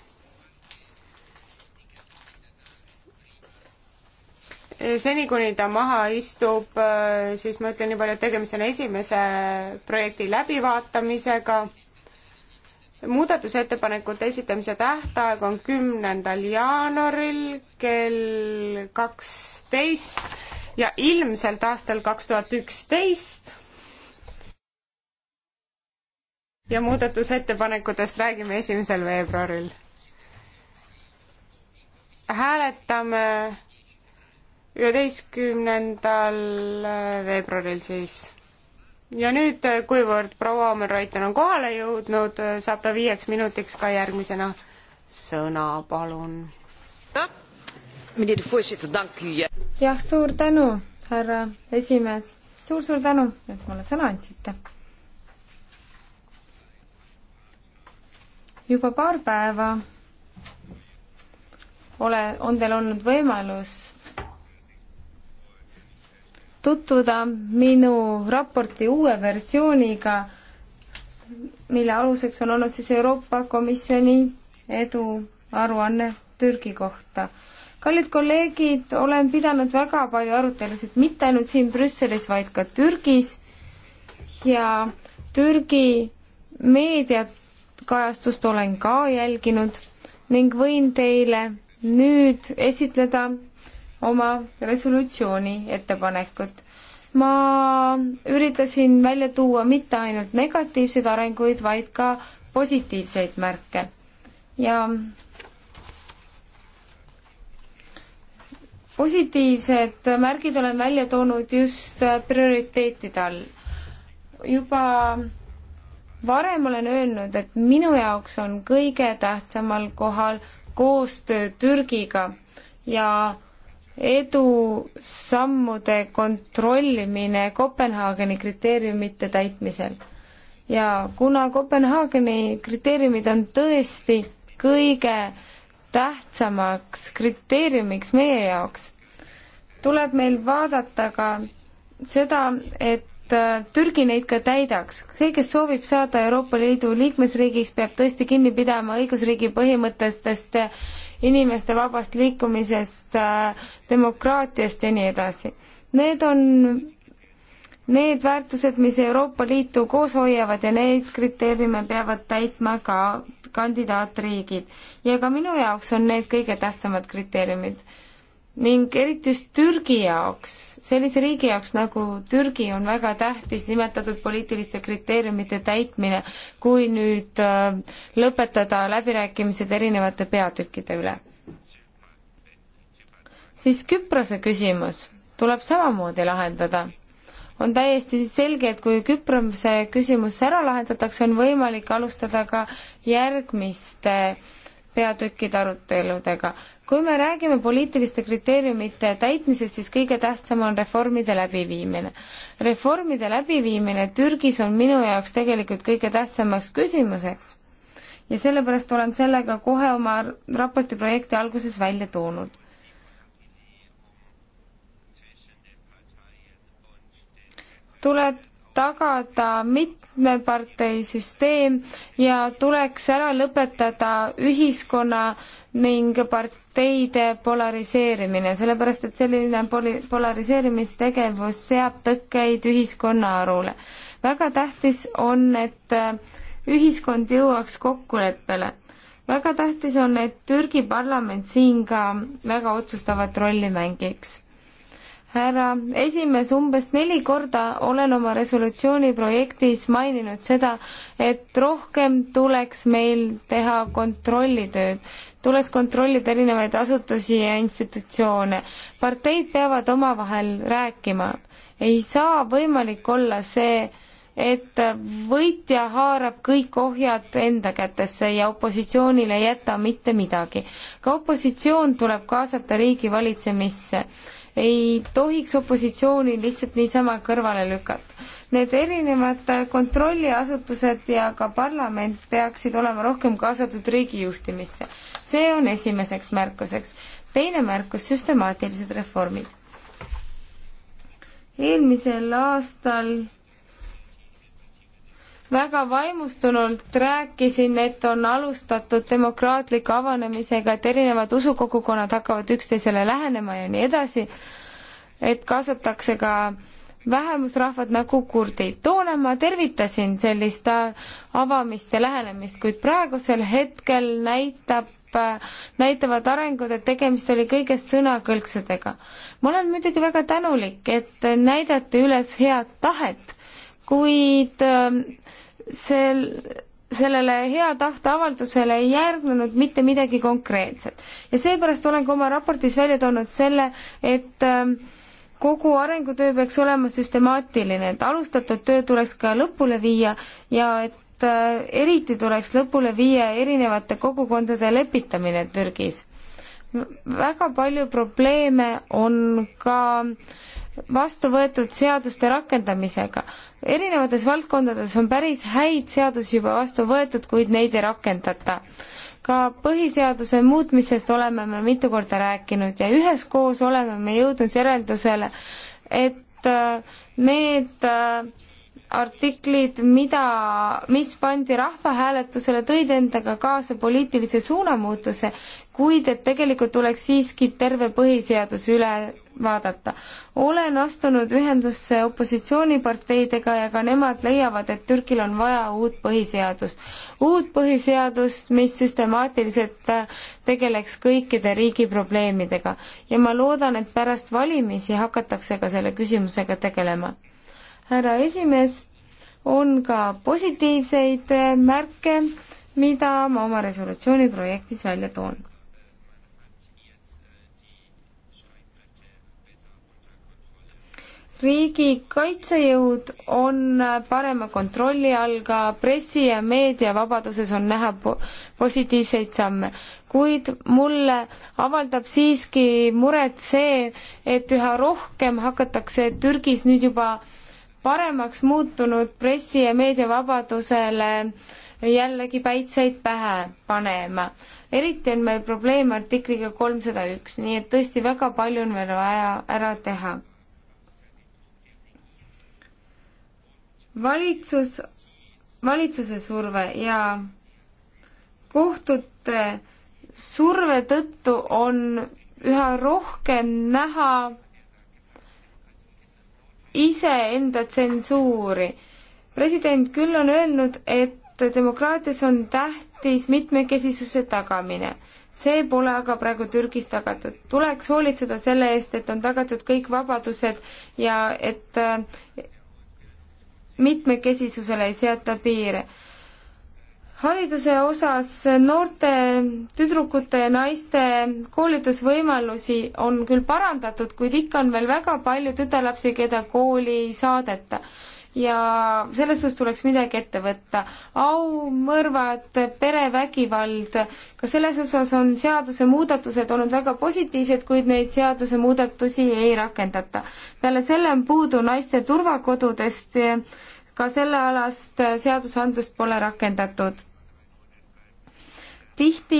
seni, kuni ta maha istub, äh, siis ma ütlen nii palju, et tegemist on esimese projekti läbivaatamisega muudatusettepanekute esitamise tähtaeg on kümnendal jaanuaril kell kaksteist ja ilmselt aastal kaks tuhat üksteist. ja muudatusettepanekutest räägime esimesel veebruaril. hääletame üheteistkümnendal veebruaril siis ja nüüd, äh, kuivõrd proua Omen-Reuten on kohale jõudnud, äh, saab ta viieks minutiks ka järgmisena sõna, palun. jah, suur tänu, härra esimees suur,. suur-suur tänu, et mulle sõna andsite. juba paar päeva ole, on teil olnud võimalus tutvuda minu raporti uue versiooniga, mille aluseks on olnud siis Euroopa Komisjoni eduaruanne Türgi kohta. kallid kolleegid, olen pidanud väga palju arutelusid mitte ainult siin Brüsselis, vaid ka Türgis ja Türgi meediakajastust olen ka jälginud ning võin teile nüüd esitleda oma resolutsiooni ettepanekut. ma üritasin välja tuua mitte ainult negatiivseid arenguid, vaid ka positiivseid märke ja positiivsed märgid olen välja toonud just prioriteetide all. juba varem olen öelnud, et minu jaoks on kõige tähtsamal kohal koostöö Türgiga ja edusammude kontrollimine Kopenhaageni kriteeriumite täitmisel. ja kuna Kopenhaageni kriteeriumid on tõesti kõige tähtsamaks kriteeriumiks meie jaoks, tuleb meil vaadata ka seda, et äh, Türgi neid ka täidaks. see, kes soovib saada Euroopa Liidu liikmesriigiks, peab tõesti kinni pidama õigusriigi põhimõtetest inimeste vabast liikumisest, äh, demokraatiast ja nii edasi. Need on need väärtused, mis Euroopa Liitu koos hoiavad ja neid kriteeriume peavad täitma ka kandidaatriigid. ja ka minu jaoks on need kõige tähtsamad kriteeriumid ning eriti just Türgi jaoks, sellise riigi jaoks nagu Türgi on väga tähtis nimetatud poliitiliste kriteeriumite täitmine, kui nüüd äh, lõpetada läbirääkimised erinevate peatükkide üle. siis Küprose küsimus tuleb samamoodi lahendada. on täiesti selge, et kui Küprose küsimus ära lahendatakse, on võimalik alustada ka järgmiste peatükkide aruteludega kui me räägime poliitiliste kriteeriumite täitmisest, siis kõige tähtsam on reformide läbiviimine. reformide läbiviimine Türgis on minu jaoks tegelikult kõige tähtsamaks küsimuseks ja sellepärast olen sellega kohe oma raporti projekti alguses välja toonud. tuleb tagada mitte mitmeparteisüsteem ja tuleks ära lõpetada ühiskonna ning parteide polariseerimine, sellepärast et selline poli-, polariseerimistegevus seab tõkkeid ühiskonna arule. väga tähtis on, et äh, ühiskond jõuaks kokkuleppele. väga tähtis on, et Türgi parlament siin ka väga otsustavat rolli mängiks härra esimees, umbes neli korda olen oma resolutsiooni projektis maininud seda, et rohkem tuleks meil teha kontrollitööd. tuleks kontrollida erinevaid asutusi ja institutsioone. parteid peavad omavahel rääkima. ei saa võimalik olla see, et võitja haarab kõik ohjad enda kätesse ja opositsioonil ei jäta mitte midagi. ka opositsioon tuleb kaasata riigi valitsemisse ei tohiks opositsiooni lihtsalt niisama kõrvale lükata. Need erinevad kontrolliasutused ja ka parlament peaksid olema rohkem kaasatud riigi juhtimisse. see on esimeseks märkuseks. teine märkus, süstemaatilised reformid. eelmisel aastal väga vaimustunult rääkisin, et on alustatud demokraatliku avanemisega, et erinevad usukogukonnad hakkavad üksteisele lähenema ja nii edasi, et kaasatakse ka vähemusrahvad nagu kurdid. toona ma tervitasin sellist avamist ja lähenemist, kuid praegusel hetkel näitab näitavad arengud, et tegemist oli kõigest sõnakõlksudega. ma olen muidugi väga tänulik, et näidati üles head tahet, kuid äh, sel, sellele hea tahte avaldusele ei järgnenud mitte midagi konkreetset. ja seepärast olen ka oma raportis välja toonud selle, et ähm, kogu arengutöö peaks olema süstemaatiline, et alustatud töö tuleks ka lõpule viia ja et äh, eriti tuleks lõpule viia erinevate kogukondade lepitamine Türgis. väga palju probleeme on ka äh, vastu võetud seaduste rakendamisega. erinevates valdkondades on päris häid seadusi juba vastu võetud, kuid neid ei rakendata. ka põhiseaduse muutmisest oleme me mitu korda rääkinud ja üheskoos oleme me jõudnud järeldusele, et äh, need äh, artiklid, mida, mis pandi rahvahääletusele, tõid endaga kaasa poliitilise suunamuutuse, kuid et tegelikult tuleks siiski terve põhiseadus üle vaadata. olen astunud ühendusse opositsiooniparteidega ja ka nemad leiavad, et Türgil on vaja uut põhiseadust. uut põhiseadust, mis süstemaatiliselt tegeleks kõikide riigi probleemidega. ja ma loodan, et pärast valimisi hakatakse ka selle küsimusega tegelema härra esimees, on ka positiivseid äh, märke, mida ma oma resolutsiooni projektis välja toon. riigi kaitsejõud on äh, parema kontrolli all, ka pressi- ja meediavabaduses on näha po positiivseid samme. kuid mulle avaldab siiski muret see, et üha rohkem hakatakse Türgis nüüd juba äh, paremaks muutunud pressi- ja meediavabadusele jällegi päitseid pähe panema. eriti on meil probleem artikliga kolmsada üks, nii et tõesti väga palju on veel vaja ära teha. valitsus, valitsuse surve ja kohtute surve tõttu on üha rohkem näha iseenda tsensuuri. president küll on öelnud, et demokraatias on tähtis mitmekesisuse tagamine. see pole aga praegu Türgis tagatud. tuleks hoolitseda selle eest, et on tagatud kõik vabadused ja et äh, mitmekesisusele ei seata piire hariduse osas noorte tüdrukute ja naiste koolitusvõimalusi on küll parandatud, kuid ikka on veel väga palju tütarlapsi, keda kooli ei saadeta. ja selles suhtes tuleks midagi ette võtta. aumõrvad, perevägivald, ka selles osas on seadusemuudatused olnud väga positiivsed, kuid neid seadusemuudatusi ei rakendata. peale selle on puudu naiste turvakodudest ka sellealast seadusandlust pole rakendatud tihti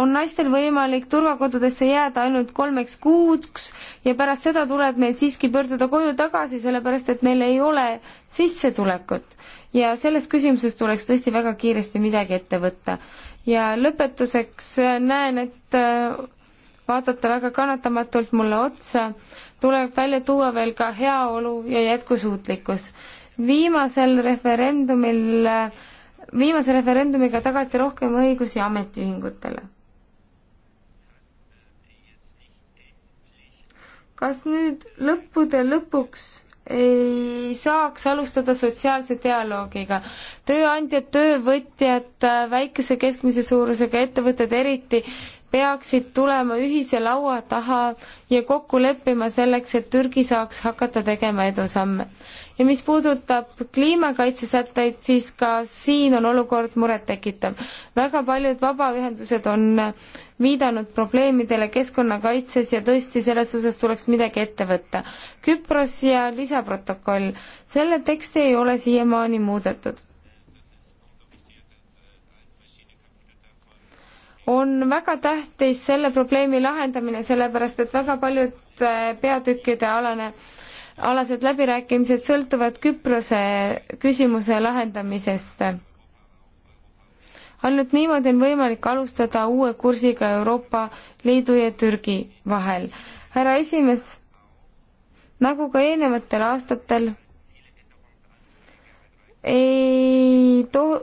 on naistel võimalik turvakodudesse jääda ainult kolmeks kuuks ja pärast seda tuleb neil siiski pöörduda koju tagasi, sellepärast et neil ei ole sissetulekut. ja selles küsimuses tuleks tõesti väga kiiresti midagi ette võtta. ja lõpetuseks näen, et äh, vaadata väga kannatamatult mulle otsa, tuleb välja tuua veel ka heaolu ja jätkusuutlikkus. viimasel referendumil äh, viimase referendumiga tagati rohkem õigusi ametiühingutele. kas nüüd lõppude lõpuks ei saaks alustada sotsiaalse dialoogiga. tööandjad, töövõtjad, väikese keskmise suurusega ettevõtted eriti peaksid tulema ühise laua taha ja kokku leppima selleks, et Türgi saaks hakata tegema edusamme. ja mis puudutab kliimakaitsesätteid, siis ka siin on olukord murettekitav. väga paljud vabaühendused on viidanud probleemidele keskkonnakaitses ja tõesti, selles osas tuleks midagi ette võtta. Küpros ja lisaprotokoll, selle teksti ei ole siiamaani muudetud on väga tähtis selle probleemi lahendamine, sellepärast et väga paljud äh, peatükkide alane, alased läbirääkimised sõltuvad Küprose küsimuse lahendamisest. ainult niimoodi on võimalik alustada uue kursiga Euroopa Liidu ja Türgi vahel. härra esimees, nagu ka eelnevatel aastatel ei too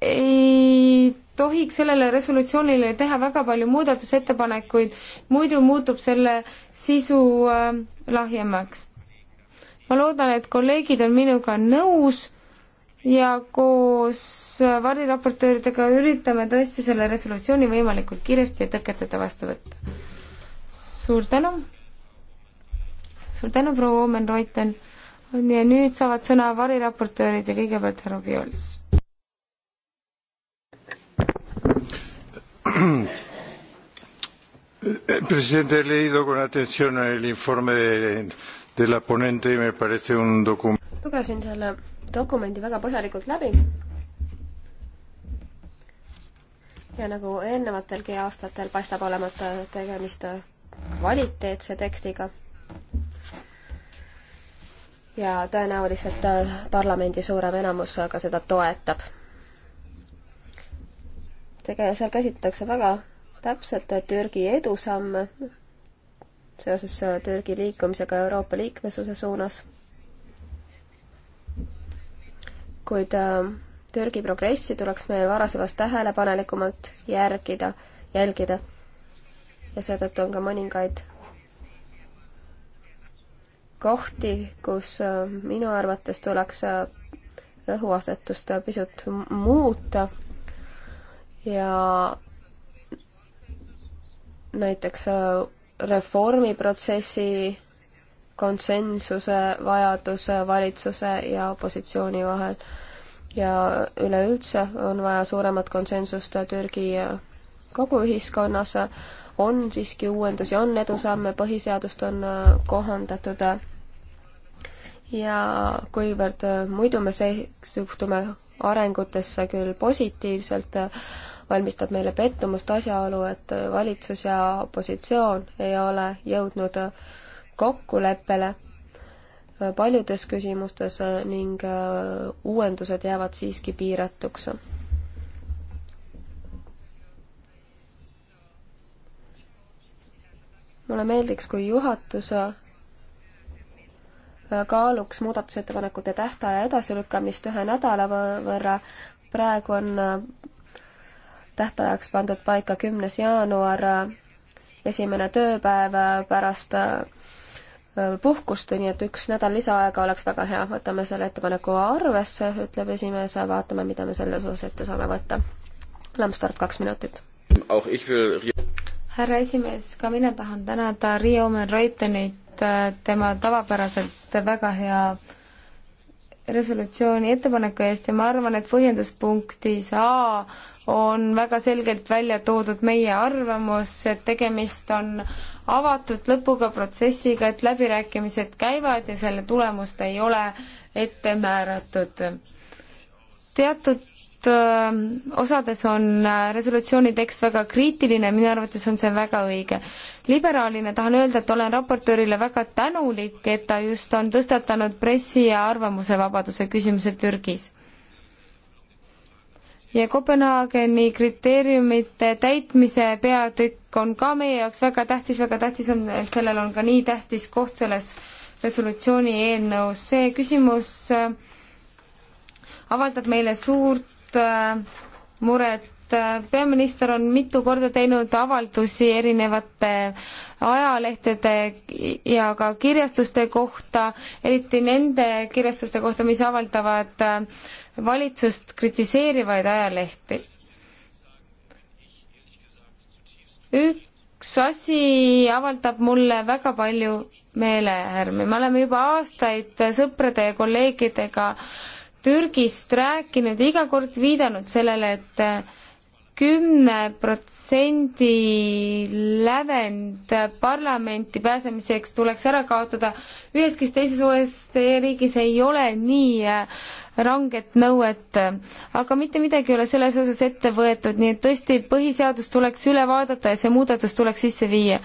ei tohiks sellele resolutsioonile teha väga palju muudatusettepanekuid, muidu muutub selle sisu äh, lahjemaks. ma loodan, et kolleegid on minuga nõus ja koos äh, variraportööridega üritame tõesti selle resolutsiooni võimalikult kiiresti ja tõketeta vastu võtta. suur tänu! suur tänu, proua Omen Reuten! ja nüüd saavad sõna variraportöörid ja kõigepealt härra Viols. Eh, presidente, he leído con atención el informe de, de la ponente y me parece un documento. lugesin selle dokumendi väga põhjalikult läbi. ja nagu eelnevatelgi aastatel paistab olevat äh, tegemist äh, kvaliteetse tekstiga. ja tõenäoliselt äh, parlamendi suurem enamus ka seda toetab tege-, seal käsitletakse väga täpselt Türgi edusamme seoses äh, Türgi liikumisega Euroopa liikmesuse suunas. kuid äh, Türgi progressi tuleks meil varasemast tähelepanelikumalt järgida, jälgida. ja seetõttu on ka mõningaid kohti, kus äh, minu arvates tuleks äh, rõhuasetust pisut muuta ja näiteks äh, reformiprotsessi konsensuse vajadus valitsuse ja opositsiooni vahel ja üleüldse on vaja suuremat konsensust Türgi kogu ühiskonnas, on siiski uuendusi, on edusamme, põhiseadust on äh, kohandatud ja kuivõrd äh, muidu me see, suhtume arengutesse küll positiivselt, valmistab meile pettumust asjaolu, et valitsus ja opositsioon ei ole jõudnud kokkuleppele paljudes küsimustes ning äh, uuendused jäävad siiski piiratuks. mulle meeldiks, kui juhatus äh, kaaluks muudatusettepanekute tähtaja edasilükkamist ühe nädala võrra. praegu on äh, tähtajaks pandud paika kümnes jaanuar, esimene tööpäev pärast äh, puhkust, nii et üks nädal lisaaega oleks väga hea, võtame selle ettepaneku arvesse, ütleb esimees, vaatame, mida me selles osas ette saame võtta. Lambsdorff, kaks minutit. härra esimees, ka mina tahan tänada Riia Omen-Reutenit äh, tema tavapäraselt väga hea resolutsiooni ettepaneku eest ja ma arvan, et põhjenduspunktis A on väga selgelt välja toodud meie arvamus, et tegemist on avatud lõpuga protsessiga, et läbirääkimised käivad ja selle tulemust ei ole ette määratud. teatud äh, osades on äh, resolutsiooni tekst väga kriitiline, minu arvates on see väga õige. liberaalina tahan öelda, et olen raportöörile väga tänulik, et ta just on tõstatanud pressi- ja arvamusevabaduse küsimuse Türgis ja Kopenhaageni kriteeriumite täitmise peatükk on ka meie jaoks väga tähtis, väga tähtis on, et sellel on ka nii tähtis koht selles resolutsiooni eelnõus. see küsimus äh, avaldab meile suurt äh, muret Äh, peaminister on mitu korda teinud avaldusi erinevate ajalehtede ja ka kirjastuste kohta, eriti nende kirjastuste kohta, mis avaldavad äh, valitsust kritiseerivaid ajalehti. üks asi avaldab mulle väga palju meelehärmi, me oleme juba aastaid sõprade ja kolleegidega Türgist rääkinud ja iga kord viidanud sellele, et äh, kümne protsendi lävend parlamenti pääsemiseks tuleks ära kaotada. üheski teises OSCE riigis ei ole nii äh, ranget nõuet, aga mitte midagi ei ole selles osas ette võetud, nii et tõesti põhiseadus tuleks üle vaadata ja see muudatus tuleks sisse viia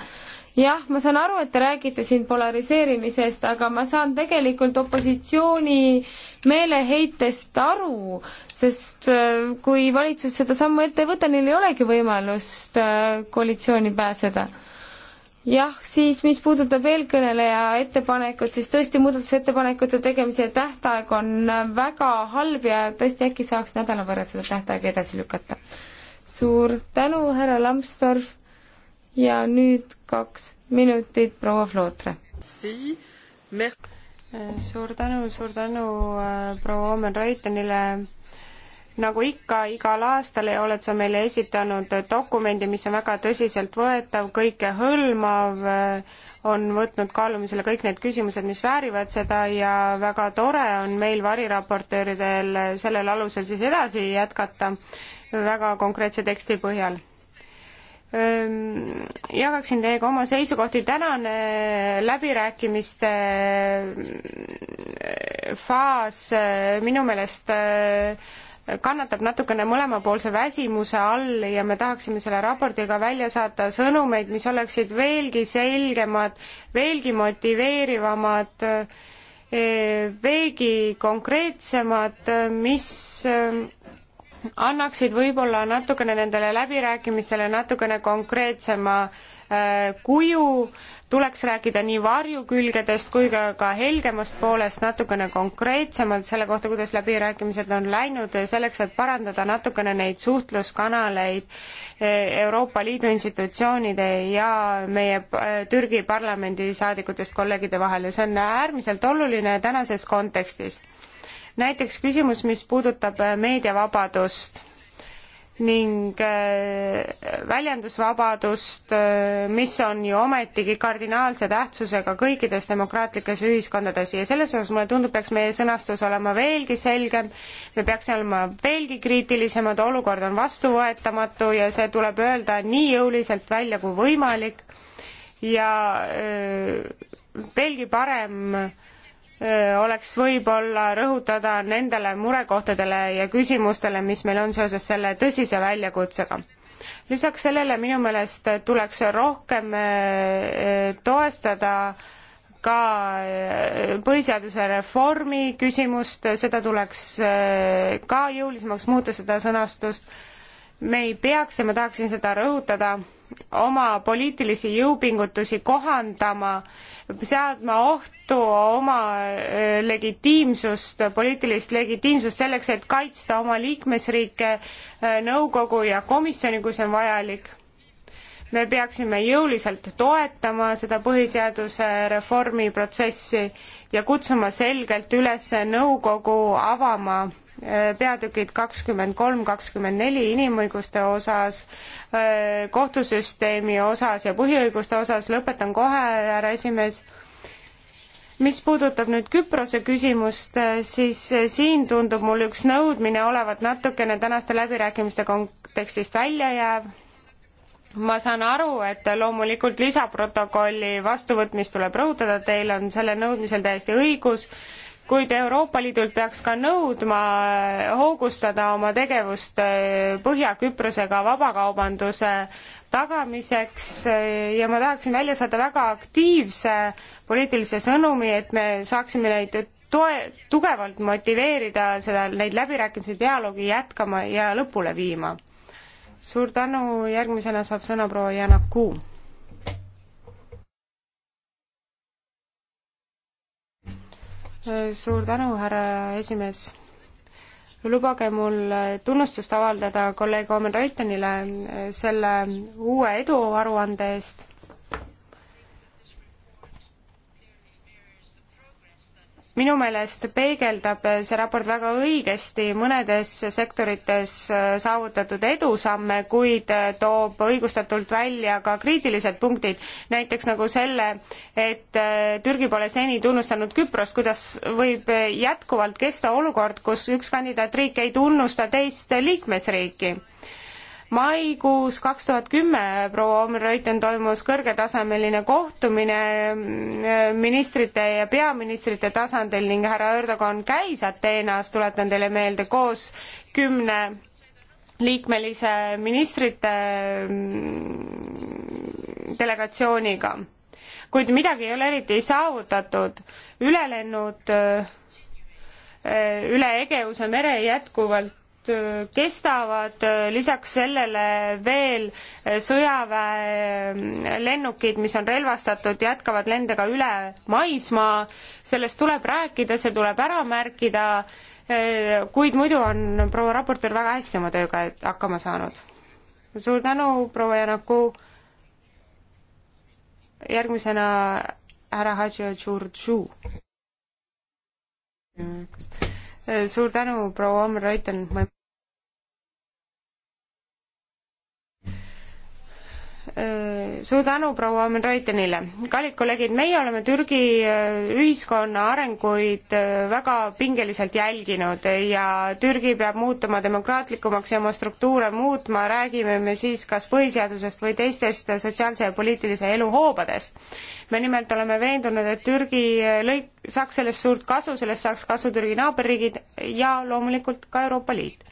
jah, ma saan aru, et te räägite siin polariseerimisest, aga ma saan tegelikult opositsiooni meeleheitest aru, sest äh, kui valitsus seda sammu ette ei võta, neil ei olegi võimalust äh, koalitsiooni pääseda. jah, siis mis puudutab eelkõneleja ettepanekut, siis tõesti muudatusettepanekute tegemise tähtaeg on äh, väga halb ja tõesti äkki saaks nädala võrra seda tähtaega edasi lükata. suur tänu, härra Lambsdorff ja nüüd kaks minutit proua Flootre. suur tänu, suur tänu äh, proua Omen Reutenile nagu ikka, igal aastal oled sa meile esitanud dokumendi, mis on väga tõsiseltvõetav, kõikehõlmav, äh, on võtnud kaalumisele kõik need küsimused, mis väärivad seda ja väga tore on meil variraportööridel sellel alusel siis edasi jätkata väga konkreetse teksti põhjal jagaksin teiega oma seisukohti. tänane läbirääkimiste äh, faas äh, minu meelest äh, kannatab natukene mõlemapoolse väsimuse all ja me tahaksime selle raportiga välja saata sõnumeid, mis oleksid veelgi selgemad, veelgi motiveerivamad, veelgi konkreetsemad, mis annaksid võib-olla natukene nendele läbirääkimistele natukene konkreetsema äh, kuju, tuleks rääkida nii varjukülgedest kui ka, ka helgemast poolest natukene konkreetsemalt selle kohta, kuidas läbirääkimised on läinud, selleks et parandada natukene neid suhtluskanaleid äh, Euroopa Liidu institutsioonide ja meie äh, Türgi parlamendi saadikutest kolleegide vahel ja see on äärmiselt oluline tänases kontekstis näiteks küsimus, mis puudutab äh, meediavabadust ning äh, väljendusvabadust, äh, mis on ju ometigi kardinaalse tähtsusega kõikides demokraatlikes ühiskondades ja selles osas mulle tundub, peaks meie sõnastus olema veelgi selgem, me peaks olema veelgi kriitilisemad, olukord on vastuvõetamatu ja see tuleb öelda nii jõuliselt välja kui võimalik ja veelgi parem äh, Äh, oleks võib-olla rõhutada nendele murekohtadele ja küsimustele, mis meil on seoses selle tõsise väljakutsega lisaks sellele minu meelest tuleks rohkem äh, toestada ka äh, põhiseaduse reformi küsimust, seda tuleks ka jõulisemaks muuta, seda sõnastust. me ei peaks ja ma tahaksin seda rõhutada oma poliitilisi jõupingutusi kohandama, seadma ohtu oma äh, legitiimsust, poliitilist legitiimsust selleks, et kaitsta oma liikmesriike, äh, nõukogu ja komisjoni, kui see on vajalik. me peaksime jõuliselt toetama seda põhiseaduse reformi protsessi ja kutsuma selgelt üles nõukogu avama peatükid kakskümmend kolm, kakskümmend neli inimõiguste osas, kohtusüsteemi osas ja põhiõiguste osas, lõpetan kohe, härra esimees mis puudutab nüüd Küprose küsimust, siis siin tundub mul üks nõudmine olevat natukene tänaste läbirääkimiste kontekstist välja jääv. ma saan aru, et loomulikult lisaprotokolli vastuvõtmist tuleb rõhutada, teil on selle nõudmisel täiesti õigus, kuid Euroopa Liidult peaks ka nõudma äh, hoogustada oma tegevust äh, Põhja-Küprosega vabakaubanduse tagamiseks äh, ja ma tahaksin välja saada väga aktiivse poliitilise sõnumi, et me saaksime neid toe, tugevalt motiveerida seda, neid läbirääkimisi, dialoogi jätkama ja lõpule viima. suur tänu, järgmisena saab sõna proua Janaku suur tänu, härra esimees. lubage mul tunnustust avaldada kolleeg Omen Reutenile selle uue eduaruande eest minu meelest peegeldab see raport väga õigesti mõnedes sektorites äh, saavutatud edusamme, kuid äh, toob õigustatult välja ka kriitilised punktid, näiteks nagu selle, et äh, Türgi pole seni tunnustanud Küprost, kuidas võib jätkuvalt kesta olukord, kus üks kandidaatriik ei tunnusta teist liikmesriiki maikuus kaks tuhat kümme proua Omer-Reuten toimus kõrgetasemeline kohtumine mm, ministrite ja peaministrite tasandil ning härra Erdogan käis Ateenas, tuletan teile meelde, koos kümne liikmelise ministrite mm, delegatsiooniga. kuid midagi ei ole eriti saavutatud, ülelennud äh, üle Egeuse mere jätkuvalt Äh, kestavad, äh, lisaks sellele veel äh, sõjaväelennukid, mis on relvastatud, jätkavad lendega üle maismaa, sellest tuleb rääkida, see tuleb ära märkida, kuid muidu on proua raportöör väga hästi oma tööga hakkama saanud. suur tänu, proua Janaku, järgmisena härra Hadži Tšurdžu. kas suur tänu, proua Omer Reuten. Äh, suur tänu proua Omen Reutenile. kallid kolleegid, meie oleme Türgi äh, ühiskonna arenguid äh, väga pingeliselt jälginud ja Türgi peab muutuma demokraatlikumaks ja oma struktuure muutma, räägime me siis kas põhiseadusest või teistest sotsiaalse ja poliitilise elu hoobadest. me nimelt oleme veendunud, et Türgi lõik, saaks sellest suurt kasu, sellest saaks kasu Türgi naaberriigid ja loomulikult ka Euroopa Liit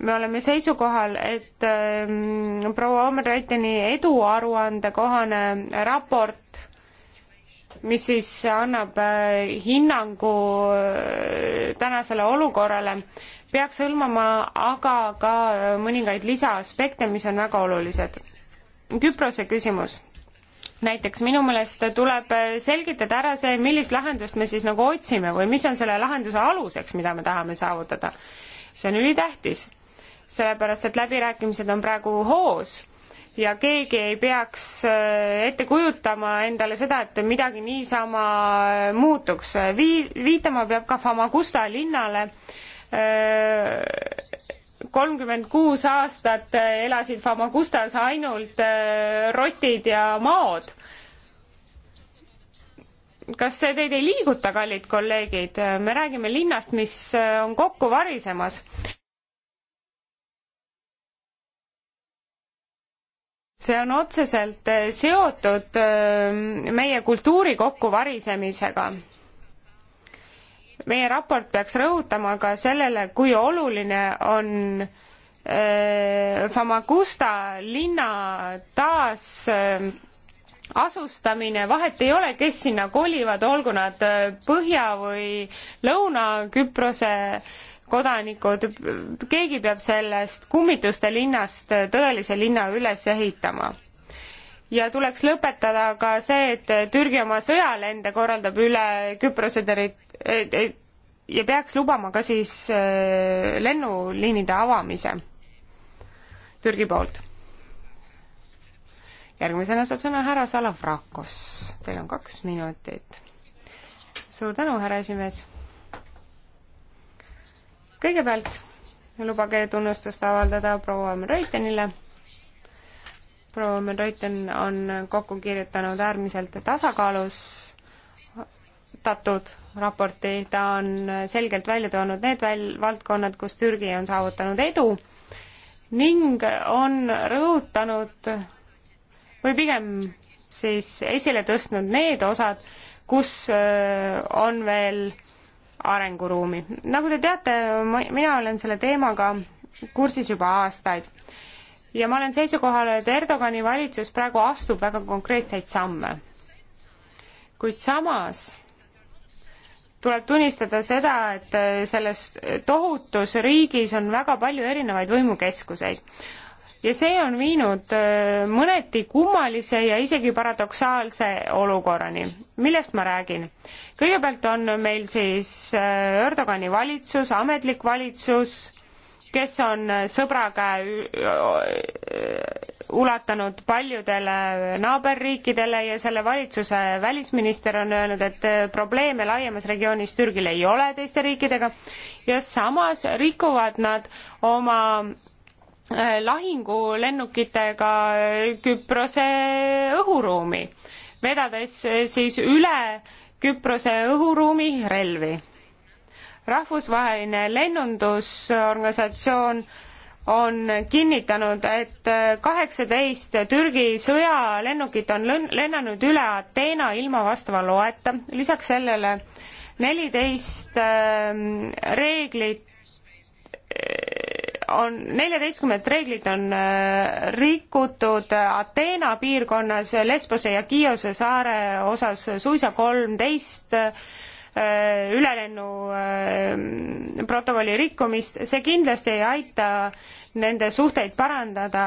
me oleme seisukohal, et ähm, proua Omer Reiteni eduaruande kohane raport, mis siis annab äh, hinnangu äh, tänasele olukorrale, peaks hõlmama aga ka äh, mõningaid lisaaspekte, mis on väga olulised. Küprose küsimus näiteks minu meelest tuleb äh, selgitada ära see, millist lahendust me siis nagu otsime või mis on selle lahenduse aluseks, mida me tahame saavutada. see on ülitähtis sellepärast et läbirääkimised on praegu hoos ja keegi ei peaks äh, ette kujutama endale seda, et midagi niisama äh, muutuks. Vii-, viitama peab ka Famagusta linnale. Äh, kolmkümmend kuus aastat elasid Famagustas ainult rotid ja maod. kas see teid ei liiguta, kallid kolleegid? me räägime linnast, mis on kokku varisemas see on otseselt eh, seotud eh, meie kultuuri kokkuvarisemisega. meie raport peaks rõhutama ka sellele, kui oluline on eh, Famagusta linna taas asustamine, vahet ei ole, kes sinna kolivad, olgu nad Põhja- või Lõuna-Küprose kodanikud, keegi peab sellest kummituste linnast tõelise linna üles ehitama. ja tuleks lõpetada ka see, et Türgi oma sõjalende korraldab üle Küprose terri- ja peaks lubama ka siis äh, lennuliinide avamise Türgi poolt. järgmisena saab sõna härra Salavrakos, teil on kaks minutit. suur tänu, härra esimees kõigepealt lubage tunnustust avaldada proua Reutenile. proua Reuten on kokku kirjutanud äärmiselt tasakaalus tatud raporti, ta on selgelt välja toonud need väl-, valdkonnad, kus Türgi on saavutanud edu ning on rõhutanud või pigem siis esile tõstnud need osad, kus on veel äh, arenguruumi. nagu te teate, mina olen selle teemaga kursis juba aastaid ja ma olen seisukohal, et Erdogani valitsus praegu astub väga konkreetseid samme. kuid samas tuleb tunnistada seda, et selles tohutus riigis on väga palju erinevaid võimukeskuseid ja see on viinud äh, mõneti kummalise ja isegi paradoksaalse olukorrani. millest ma räägin? kõigepealt on meil siis äh, Erdogani valitsus, ametlik valitsus, kes on äh, sõbra käe ulatanud paljudele naaberriikidele ja selle valitsuse välisminister on öelnud, et probleeme laiemas regioonis Türgil ei ole teiste riikidega ja samas rikuvad nad oma Äh, lahingulennukitega Küprose õhuruumi, vedades siis üle Küprose õhuruumi relvi. rahvusvaheline lennundusorganisatsioon on kinnitanud, et kaheksateist Türgi sõjalennukit on lennanud üle Ateena ilma vastava loeta, lisaks sellele neliteist ähm, reeglit on neljateistkümnendat reeglit on äh, rikutud Ateena piirkonnas Lesbose ja Kiose saare osas suisa kolmteist äh, ülelennu äh, protokolli rikkumist, see kindlasti ei aita nende suhteid parandada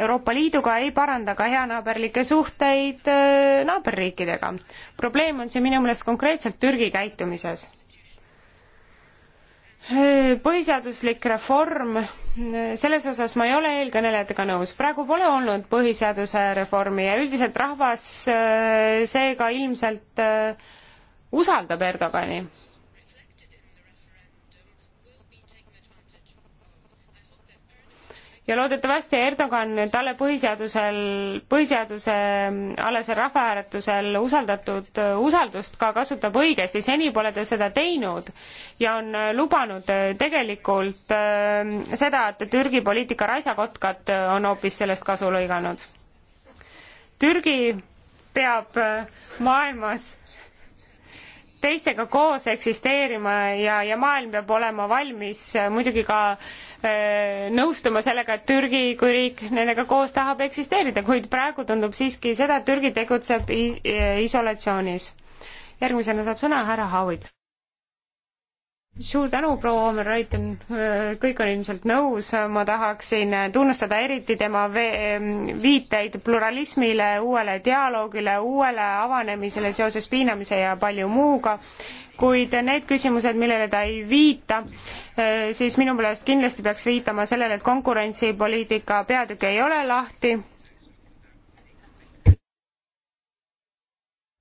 Euroopa Liiduga, ei paranda ka heanaaberlikke suhteid naaberriikidega. probleem on siin minu meelest konkreetselt Türgi käitumises põhiseaduslik reform, selles osas ma ei ole eelkõnelejatega nõus, praegu pole olnud põhiseaduse reformi ja üldiselt rahvas äh, seega ilmselt äh, usaldab Erdogani ja loodetavasti Erdogan talle põhiseadusel, põhiseaduse alasel rahvahääletusel usaldatud usaldust ka kasutab õigesti, seni pole ta seda teinud ja on lubanud tegelikult äh, seda, et Türgi poliitika raisakotkad äh, on hoopis sellest kasu lõiganud. Türgi peab äh, maailmas teistega koos eksisteerima ja, ja maailm peab olema valmis muidugi ka äh, Äh, nõustuma sellega, et Türgi kui riik nendega koos tahab eksisteerida, kuid praegu tundub siiski seda, et Türgi tegutseb isolatsioonis. järgmisena saab sõna härra Haavid suur tänu, proua Omer Raiten, kõik on ilmselt nõus, ma tahaksin tunnustada eriti tema ehm, viiteid pluralismile, uuele dialoogile, uuele avanemisele seoses piinamise ja palju muuga, kuid need küsimused, millele ta ei viita, eh, siis minu meelest kindlasti peaks viitama sellele, et konkurentsipoliitika peatükk ei ole lahti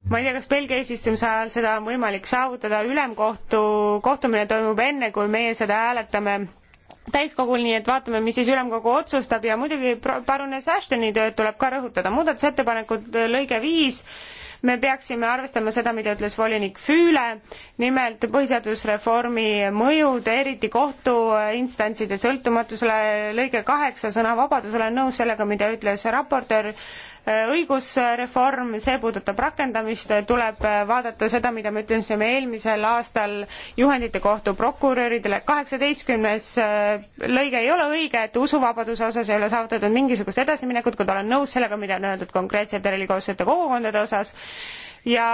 ma ei tea, kas Belgia eesistumise ajal seda on võimalik saavutada, ülemkohtu kohtumine toimub enne, kui meie seda hääletame täiskogul, nii et vaatame, mis siis ülemkogu otsustab ja muidugi parunes Ashtoni tööd tuleb ka rõhutada, muudatusettepanekud lõige viis, me peaksime arvestama seda, mida ütles volinik Füüle, nimelt põhiseadusreformi mõjud, eriti kohtuinstantside sõltumatusele, lõige kaheksa sõnavabadusele, olen nõus sellega, mida ütles raportöör, õigusreform, see puudutab rakendamist, tuleb vaadata seda, mida me ütlesime eelmisel aastal juhendite kohtu prokuröridele, kaheksateistkümnes äh, lõige ei ole õige, et usuvabaduse osas ei ole saavutatud mingisugust edasiminekut, kuid olen nõus sellega, mida on öeldud konkreetsete religioossete kogukondade osas ja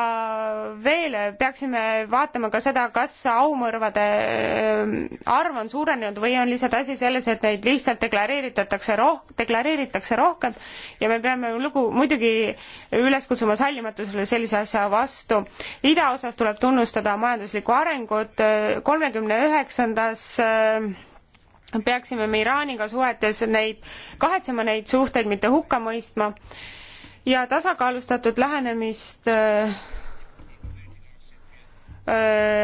veel eh, peaksime vaatama ka seda, kas aumõrvade eh, arv on suurenenud või on lihtsalt asi selles, et neid lihtsalt deklareeritatakse roh-, deklareeritakse rohkem ja me peame lugu muidugi üles kutsuma sallimatusele sellise asja vastu. idaosas tuleb tunnustada majanduslikku arengut, kolmekümne üheksandas eh, peaksime me Iraaniga suhetes neid, kahetsema neid suhteid, mitte hukka mõistma ja tasakaalustatud lähenemist äh,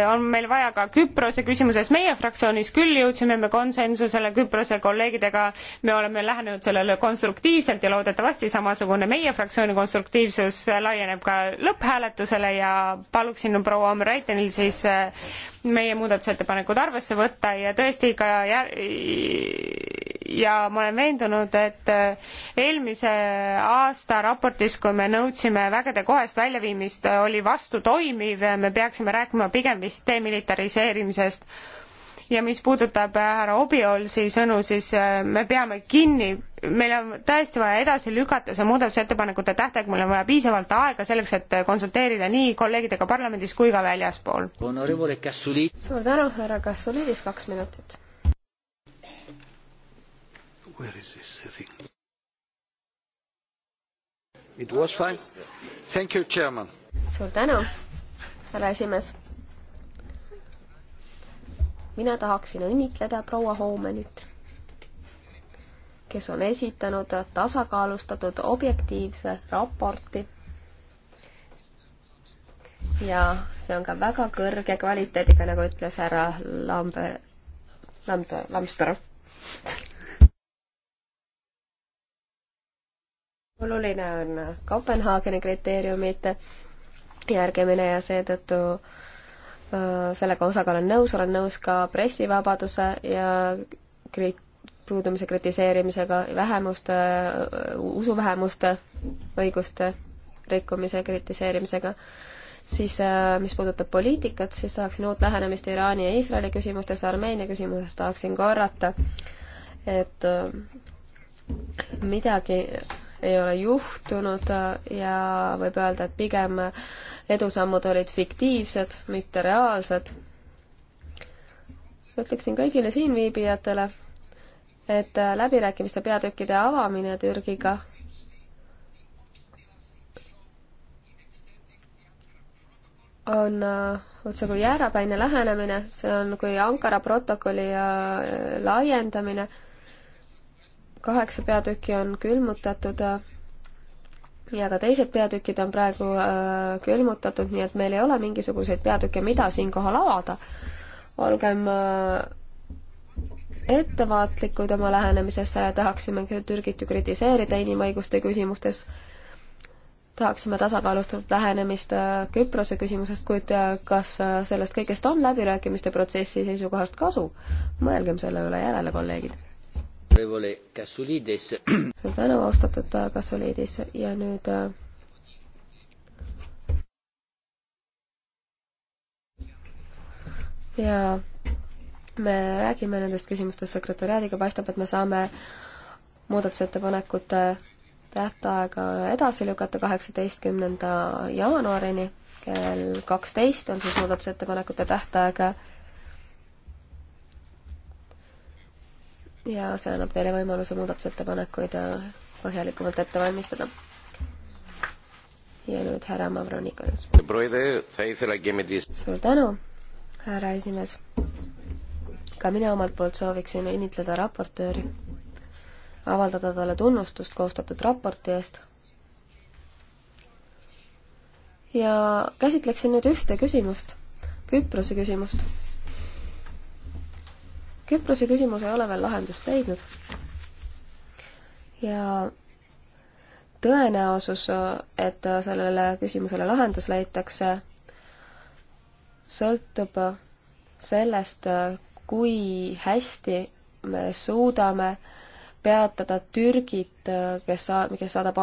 on meil vaja ka Küprose küsimuses. meie fraktsioonis küll jõudsime me konsensusele Küprose kolleegidega, me oleme lähenenud sellele konstruktiivselt ja loodetavasti samasugune meie fraktsiooni konstruktiivsus laieneb ka lõpphääletusele ja paluksin proua Omreitenil siis äh, meie muudatusettepanekud arvesse võtta ja tõesti ka jär... ja ma olen veendunud, et äh, eelmise aasta raportis, kui me nõudsime vägede kohest väljaviimist, äh, oli vastutoimiv, me peaksime rääkima pigem vist demilitariseerimisest ja mis puudutab äh, härra Obiolsi sõnu, siis äh, me peame kinni, meil on tõesti vaja edasi lükata see muudatusettepanekute tähtaeg, meil on vaja piisavalt aega selleks, et äh, konsulteerida nii kolleegidega parlamendis kui ka väljaspool. suur tänu, härra Kassulidis, kaks minutit. Where is this thing? It was fine. Thank you, chairman. suur tänu, härra esimees mina tahaksin õnnitleda proua Hoomenit, kes on esitanud tasakaalustatud objektiivse raporti. ja see on ka väga kõrge kvaliteediga, nagu ütles härra Lamber, Lamber, Lamster. oluline on Kopenhaageni kriteeriumite järgimine ja seetõttu äh, sellega osaga olen nõus, olen nõus ka pressivabaduse ja kri-, puudumise kritiseerimisega, vähemuste, usuvähemuste õiguste rikkumise kritiseerimisega, siis mis puudutab poliitikat, siis tahaksin uut lähenemist Iraani ja Iisraeli küsimustes, Armeenia küsimuses tahaksin korrata, et midagi ei ole juhtunud äh, ja võib öelda, et pigem edusammud olid fiktiivsed, mitte reaalsed. ütleksin kõigile siinviibijatele, et äh, läbirääkimiste peatükkide avamine Türgiga on äh, otse kui jäärapäine lähenemine, see on kui Ankara protokolli laiendamine kaheksa peatükki on külmutatud äh, ja ka teised peatükid on praegu äh, külmutatud, nii et meil ei ole mingisuguseid peatükke, mida siinkohal avada. olgem äh, ettevaatlikud oma lähenemisesse ja tahaksime Türgit ju kritiseerida inimõiguste küsimustes, tahaksime tasakaalustatud lähenemist Küprose küsimusest, kuid kas sellest kõigest on läbirääkimiste protsessi seisukohast kasu? mõelgem selle üle järele, kolleegid suur tänu, austatud äh, Kasuliidis ja nüüd äh, ja me räägime nendest küsimustest sekretäriaadiga, paistab, et me saame muudatusettepanekute tähtaega edasi lükata kaheksateistkümnenda jaanuarini kell kaksteist on siis muudatusettepanekute tähtaeg ja see annab teile võimaluse muudatusettepanekuid põhjalikumalt ette valmistada. ja nüüd härra Mavronikolas. suur tänu, härra esimees. ka mina omalt poolt sooviksin õnnitleda raportööri, avaldada talle tunnustust koostatud raporti eest ja käsitleksin nüüd ühte küsimust, Küprose küsimust Küprose küsimus ei ole veel lahendust leidnud ja tõenäosus, et sellele küsimusele lahendus leitakse, sõltub sellest, kui hästi me suudame peatada Türgit, kes saab, kes saadab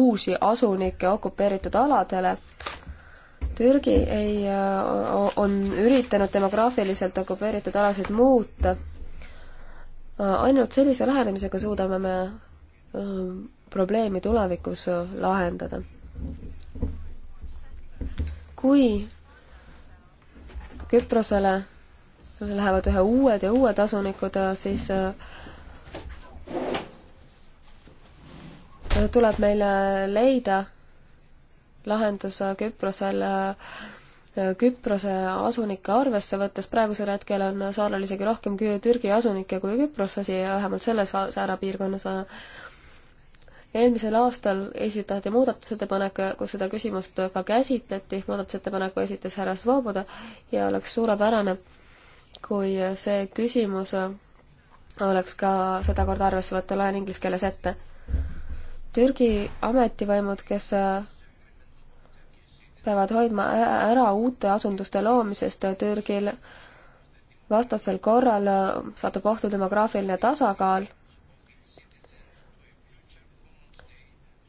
uusi asunikke okupeeritud aladele Türgi ei, on üritanud demograafiliselt okupeeritud alasid muuta. ainult sellise lähenemisega suudame me probleemi tulevikus lahendada. kui Küprosele lähevad ühe uued ja uued asunikud, siis tuleb meil leida lahendus Küprosel Küprose asunikke arvesse võttes, praegusel hetkel on saarel isegi rohkem Türgi asunikke kui küproslasi ja vähemalt selles säärapiirkonnas eelmisel aastal esitati muudatusettepanek, kus seda küsimust ka käsitleti, muudatusettepaneku esitas härra Svoboda ja oleks suurepärane, kui see küsimus oleks ka sedakorda arvesse võtta, loen inglise keeles ette. Türgi ametivõimud, kes peavad hoidma ära uute asunduste loomisest Türgil. vastasel korral äh, satub ohtu demograafiline tasakaal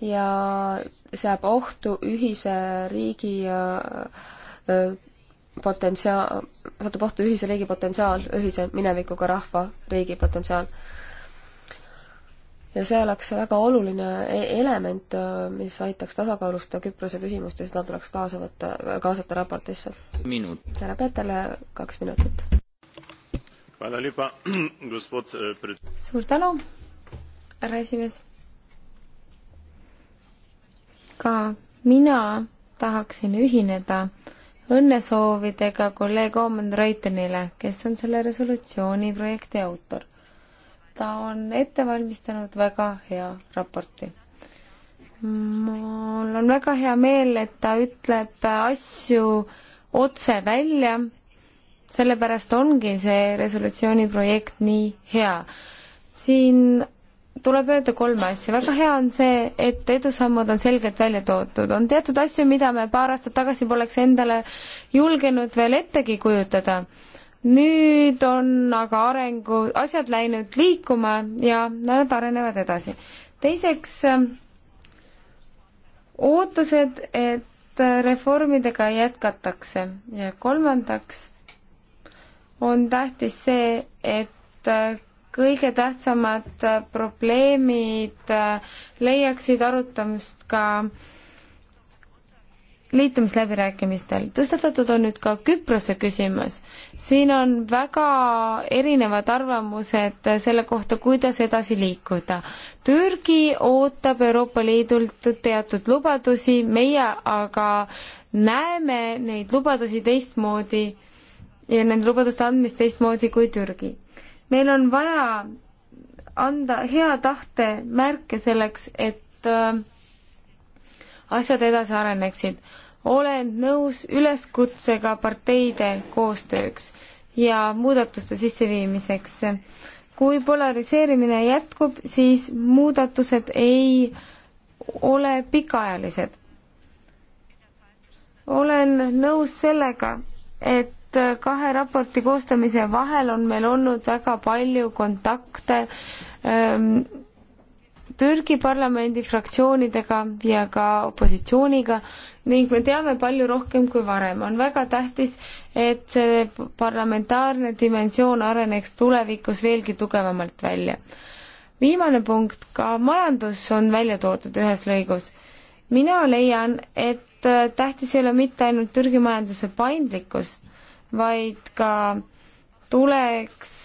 ja seab ohtu ühise riigi äh, äh, potentsiaal, satub ohtu ühise riigi potentsiaal, ühise minevikuga rahva riigi potentsiaal ja see oleks väga oluline e-, element, äh, mis aitaks tasakaalustada Küprose küsimust ja seda tuleks kaasa võtta, kaasata raportisse. härra Peeterle kaks minutit. Äh, suur tänu, härra esimees. ka mina tahaksin ühineda õnnesoovidega kolleeg Oman Reutenile, kes on selle resolutsiooni projekti autor ta on ette valmistanud väga hea raporti. mul on väga hea meel, et ta ütleb asju otse välja, sellepärast ongi see resolutsiooni projekt nii hea. siin tuleb öelda kolme asja, väga hea on see, et edusammud on selgelt välja toodud, on teatud asju, mida me paar aastat tagasi poleks endale julgenud veel ettegi kujutada nüüd on aga arengu, asjad läinud liikuma ja nad arenevad edasi. teiseks, ootused, et reformidega jätkatakse ja kolmandaks on tähtis see, et kõige tähtsamad probleemid leiaksid arutamist ka äh, liitumisläbirääkimistel. tõstatatud on nüüd ka Küprose küsimus. siin on väga erinevad arvamused selle kohta, kuidas edasi liikuda. Türgi ootab Euroopa Liidult teatud lubadusi, meie aga näeme neid lubadusi teistmoodi ja nende lubaduste andmist teistmoodi kui Türgi. meil on vaja anda hea tahte märke selleks, et äh, asjad edasi areneksid. olen nõus üleskutsega parteide koostööks ja muudatuste sisseviimiseks. kui polariseerimine jätkub, siis muudatused ei ole pikaajalised. olen nõus sellega, et kahe raporti koostamise vahel on meil olnud väga palju kontakte ähm, Türgi parlamendi fraktsioonidega ja ka opositsiooniga ning me teame palju rohkem kui varem. on väga tähtis, et see parlamentaarne dimensioon areneks tulevikus veelgi tugevamalt välja. viimane punkt, ka majandus on välja toodud ühes lõigus. mina leian, et tähtis ei ole mitte ainult Türgi majanduse paindlikkus, vaid ka tuleks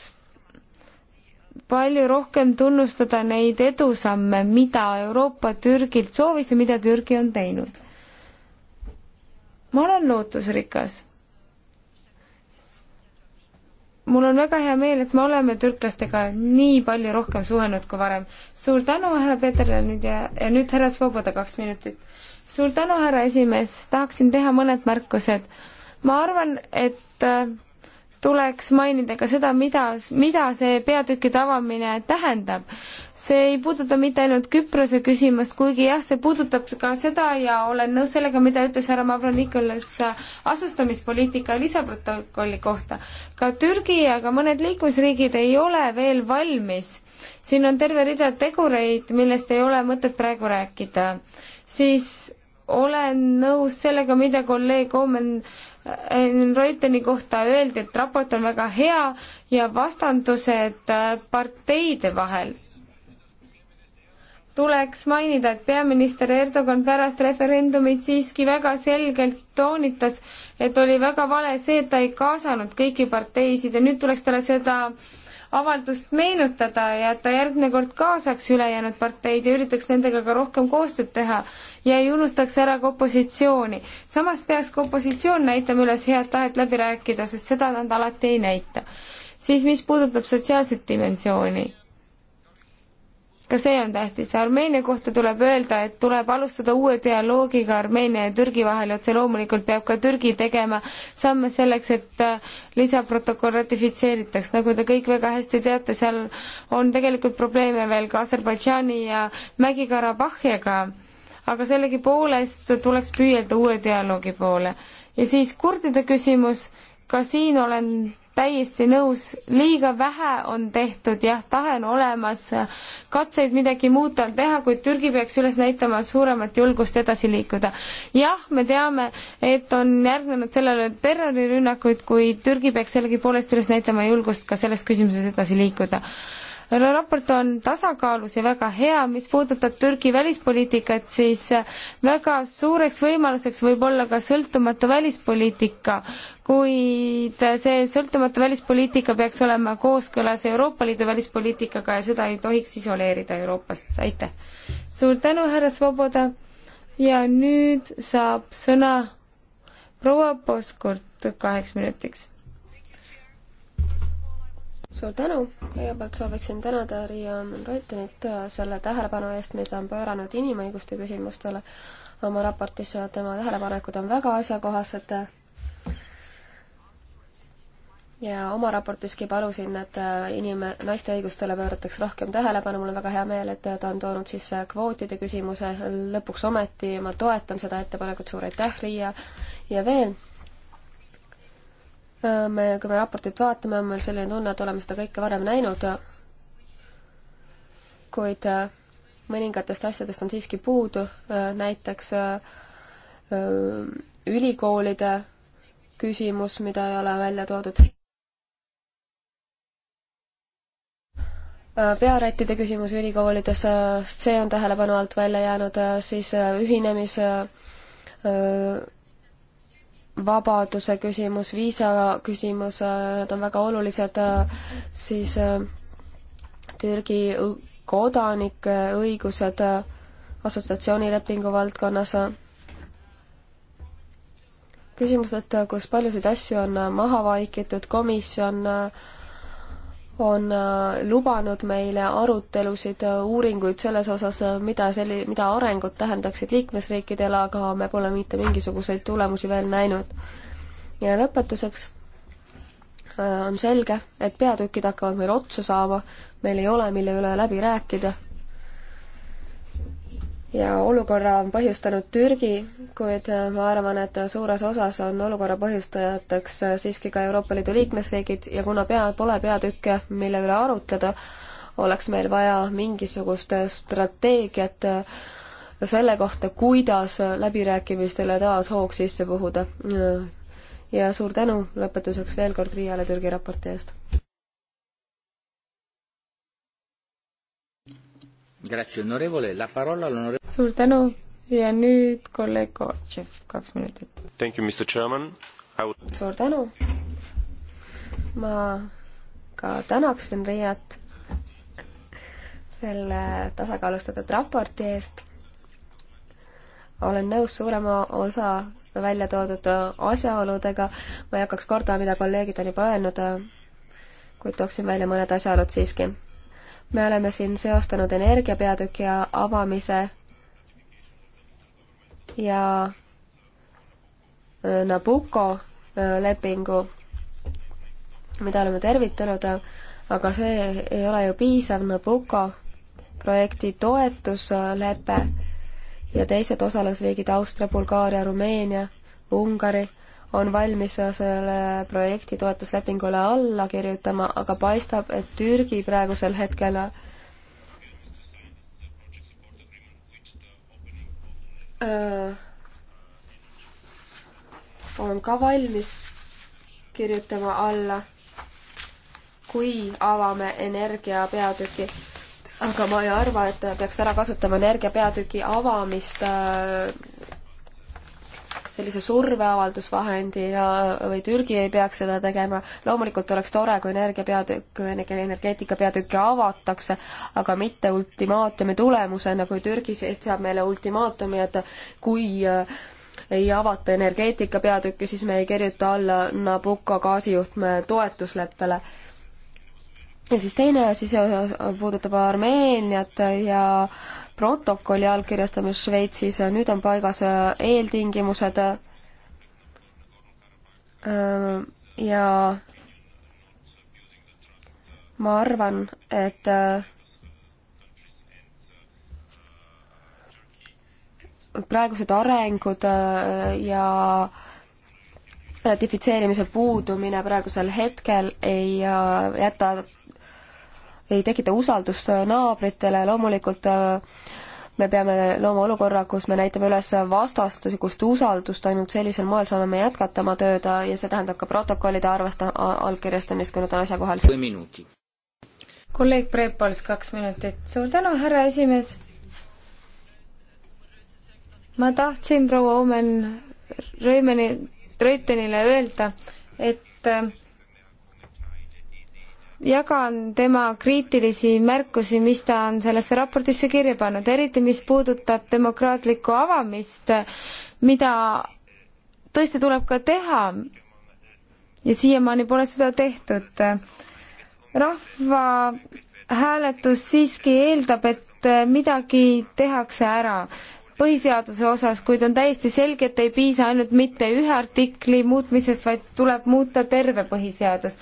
palju rohkem tunnustada neid edusamme, mida Euroopa Türgilt soovis ja mida Türgi on teinud. ma olen lootusrikas. mul on väga hea meel, et me oleme türklastega nii palju rohkem suhelnud kui varem. suur tänu, härra Peeterle nüüd ja, ja nüüd härra Svoboda, kaks minutit. suur tänu, härra esimees, tahaksin teha mõned märkused. ma arvan, et äh, tuleks mainida ka seda, mida, mida see peatükkide avamine tähendab. see ei puuduta mitte ainult Küprose küsimust, kuigi jah, see puudutab ka seda ja olen nõus sellega, mida ütles härra Mavronikolas asustamispoliitika lisaprotokolli kohta. ka Türgi ja ka mõned liikmesriigid ei ole veel valmis. siin on terve rida tegureid, millest ei ole mõtet praegu rääkida. siis olen nõus sellega, mida kolleeg Oomen Reuteni kohta öeldi, et raport on väga hea ja vastandused äh, parteide vahel. tuleks mainida, et peaminister Erdogan pärast referendumit siiski väga selgelt toonitas, et oli väga vale see, et ta ei kaasanud kõiki parteisid ja nüüd tuleks talle seda äh, avaldust meenutada ja et ta järgmine kord kaasaks ülejäänud parteid ja üritaks nendega ka rohkem koostööd teha ja ei unustaks ära ka opositsiooni. samas peaks ka opositsioon näitama üles head tahet läbi rääkida, sest seda nad alati ei näita. siis mis puudutab sotsiaalset dimensiooni ka see on tähtis. Armeenia kohta tuleb öelda, et tuleb alustada uue dialoogiga Armeenia ja Türgi vahel, otse loomulikult peab ka Türgi tegema samme selleks, et äh, lisaprotokoll ratifitseeritaks. nagu te kõik väga hästi teate, seal on tegelikult probleeme veel ka Aserbaidžaani ja Mägi-Karabahhiaga, aga sellegipoolest tuleks püüelda uue dialoogi poole. ja siis kurdide küsimus, ka siin olen täiesti nõus, liiga vähe on tehtud, jah, tahe on olemas, katseid midagi muud tal teha, kuid Türgi peaks üles näitama suuremat julgust edasi liikuda. jah, me teame, et on järgnenud sellele terrorirünnakuid, kuid Türgi peaks sellegipoolest üles näitama julgust ka selles küsimuses edasi liikuda raport on tasakaalus ja väga hea, mis puudutab Türgi välispoliitikat, siis väga suureks võimaluseks võib olla ka sõltumatu välispoliitika, kuid see sõltumatu välispoliitika peaks olema kooskõlas Euroopa Liidu välispoliitikaga ja seda ei tohiks isoleerida Euroopast, aitäh! suur tänu, härra Svoboda, ja nüüd saab sõna proua Poskurt kaheks minutiks suur tänu, kõigepealt sooviksin tänada Riia Reutenit äh, selle tähelepanu eest, mida on pööranud inimõiguste küsimustele oma raportis, tema tähelepanekud on väga asjakohased. ja oma raportiski palusin, et äh, inim-, naiste õigustele pöörataks rohkem tähelepanu, mul on väga hea meel, et ta on toonud sisse kvootide küsimuse lõpuks ometi, ma toetan seda ettepanekut, suur aitäh, Riia, ja veel me, kui me raportit vaatame, on meil selline tunne, et oleme seda kõike varem näinud, kuid äh, mõningatest asjadest on siiski puudu, äh, näiteks äh, ülikoolide küsimus, mida ei ole välja toodud. pearättide küsimus ülikoolides, see on tähelepanu alt välja jäänud, siis ühinemis vabaduse küsimus, viisa küsimus, äh, need on väga olulised, äh, siis äh, Türgi kodanike õigused assotsiatsioonilepingu valdkonnas. küsimused, kus paljusid asju on maha vaikitud, komisjon on äh, lubanud meile arutelusid, äh, uuringuid selles osas, äh, mida selli-, mida arengud tähendaksid liikmesriikidele, aga me pole mitte mingisuguseid tulemusi veel näinud. ja lõpetuseks on selge, et peatükid hakkavad meil otsa saama, meil ei ole, mille üle läbi rääkida ja olukorra on põhjustanud Türgi, kuid ma arvan, et suures osas on olukorra põhjustajateks siiski ka Euroopa Liidu liikmesriigid ja kuna pea, pole peatükke, mille üle arutleda, oleks meil vaja mingisugust strateegiat selle kohta, kuidas läbirääkimistele taas hoog sisse puhuda. ja suur tänu lõpetuseks veel kord Riiale Türgi raporti eest! suur tänu ja nüüd kolleeg Kovatšev, kaks minutit. Would... suur tänu. ma ka tänaksin Riiat selle tasakaalustatud raporti eest. olen nõus suurema osa välja toodud asjaoludega, ma ei hakkaks kordama, mida kolleegid on juba öelnud, kuid tooksin välja mõned asjaolud siiski me oleme siin seostanud energiapeatüki avamise ja äh, Nabucco äh, lepingu, mida oleme tervitanud, aga see ei ole ju piisav, Nabucco projekti toetuslepe ja teised osalusriigid Austria, Bulgaaria, Rumeenia, Ungari on valmis selle projekti toetuslepingule alla kirjutama, aga paistab, et Türgi praegusel hetkel öö, äh, on ka valmis kirjutama alla, kui avame energia peatüki. aga ma ei arva, et peaks ära kasutama energia peatüki avamist öö, äh, sellise surveavaldusvahendina või Türgi ei peaks seda tegema. loomulikult oleks tore, kui energia peatükk, energeetika peatükki avatakse, aga mitte ultimaatumi tulemusena, kui Türgi seab meile ultimaatumi, et kui äh, ei avata energeetika peatükki, siis me ei kirjuta alla Nabucco gaasijuhtme toetusleppele ja siis teine asi, see puudutab Armeeniat ja protokolli allkirjastame Šveitsis, nüüd on paigas äh, eeltingimused äh, ja ma arvan, et äh, praegused arengud ja ratifitseerimise puudumine praegusel hetkel ei jäta ei tekita usaldust äh, naabritele, loomulikult äh, me peame looma olukorra, kus me näitame üles vastastikust usaldust, ainult sellisel moel saame me jätkata oma tööd ja see tähendab ka protokollide arvesta-, allkirjastamist, kui nad on asjakohased. kolleeg Preepals, kaks minutit. suur tänu, härra esimees! ma tahtsin proua Omen Röimeni, Röitenile öelda, et äh, jagan tema kriitilisi märkusi, mis ta on sellesse raportisse kirja pannud, eriti mis puudutab demokraatlikku avamist, mida tõesti tuleb ka teha. ja siiamaani pole seda tehtud. rahvahääletus siiski eeldab, et midagi tehakse ära põhiseaduse osas, kuid on täiesti selge, et ei piisa ainult mitte ühe artikli muutmisest, vaid tuleb muuta terve põhiseadus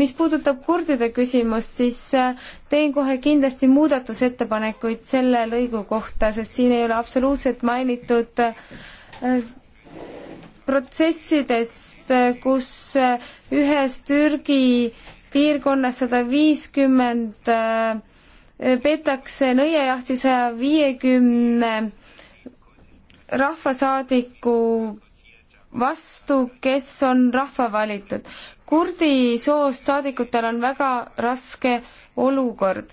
mis puudutab kurdide küsimust, siis äh, teen kohe kindlasti muudatusettepanekuid selle lõigu kohta, sest siin ei ole absoluutselt mainitud äh, protsessidest, äh, kus ühes Türgi piirkonnas sada viiskümmend peetakse nõiajahti saja viiekümne rahvasaadiku vastu, kes on rahva valitud kurdi soost saadikutel on väga raske olukord.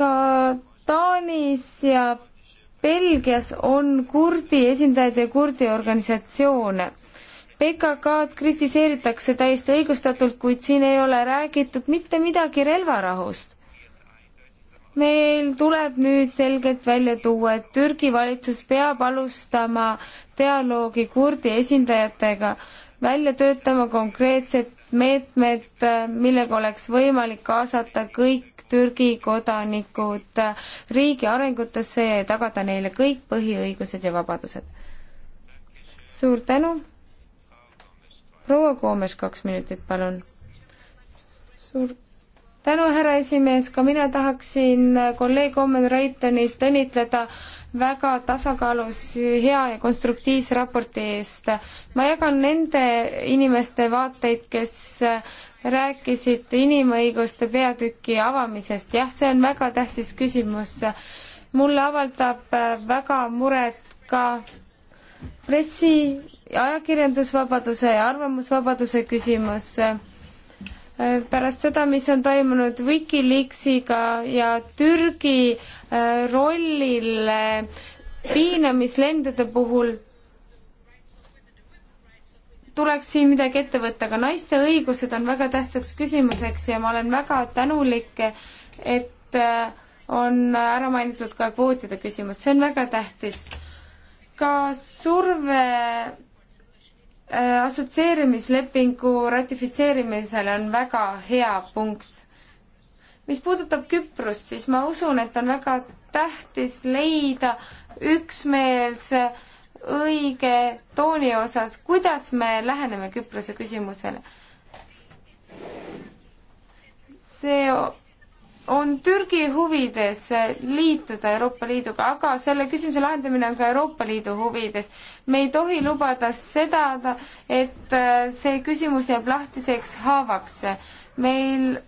ka Taanis ja Belgias on kurdi esindajaid ja kurdi organisatsioone. PKK-d kritiseeritakse täiesti õigustatult, kuid siin ei ole räägitud mitte midagi relvarahust. meil tuleb nüüd selgelt välja tuua, et Türgi valitsus peab alustama dialoogi kurdi esindajatega välja töötama konkreetsed meetmed, millega oleks võimalik kaasata kõik Türgi kodanikud riigi arengutesse ja tagada neile kõik põhiõigused ja vabadused. suur tänu. proua Koomes, kaks minutit, palun. suur tänu, härra esimees, ka mina tahaksin kolleeg Omen Reitonit õnnitleda väga tasakaalus, hea ja konstruktiivse raporti eest. ma jagan nende inimeste vaateid, kes rääkisid inimõiguste peatüki avamisest, jah, see on väga tähtis küsimus. mulle avaldab väga muret ka pressi, ajakirjandusvabaduse ja arvamusvabaduse küsimus pärast seda, mis on toimunud Wikileaksiga ja Türgi äh, rollile piinamislendude puhul, tuleks siin midagi ette võtta, aga naiste õigused on väga tähtsaks küsimuseks ja ma olen väga tänulik, et äh, on ära mainitud ka kvootide küsimus, see on väga tähtis. ka surve Äh, assotsieerimislepingu ratifitseerimisel on väga hea punkt. mis puudutab Küprost, siis ma usun, et on väga tähtis leida üksmeelse õige tooni osas, kuidas me läheneme Küprose küsimusele. see on Türgi huvides liituda Euroopa Liiduga, aga selle küsimuse lahendamine on ka Euroopa Liidu huvides. me ei tohi lubada seda, et äh, see küsimus jääb lahtiseks haavaks. meil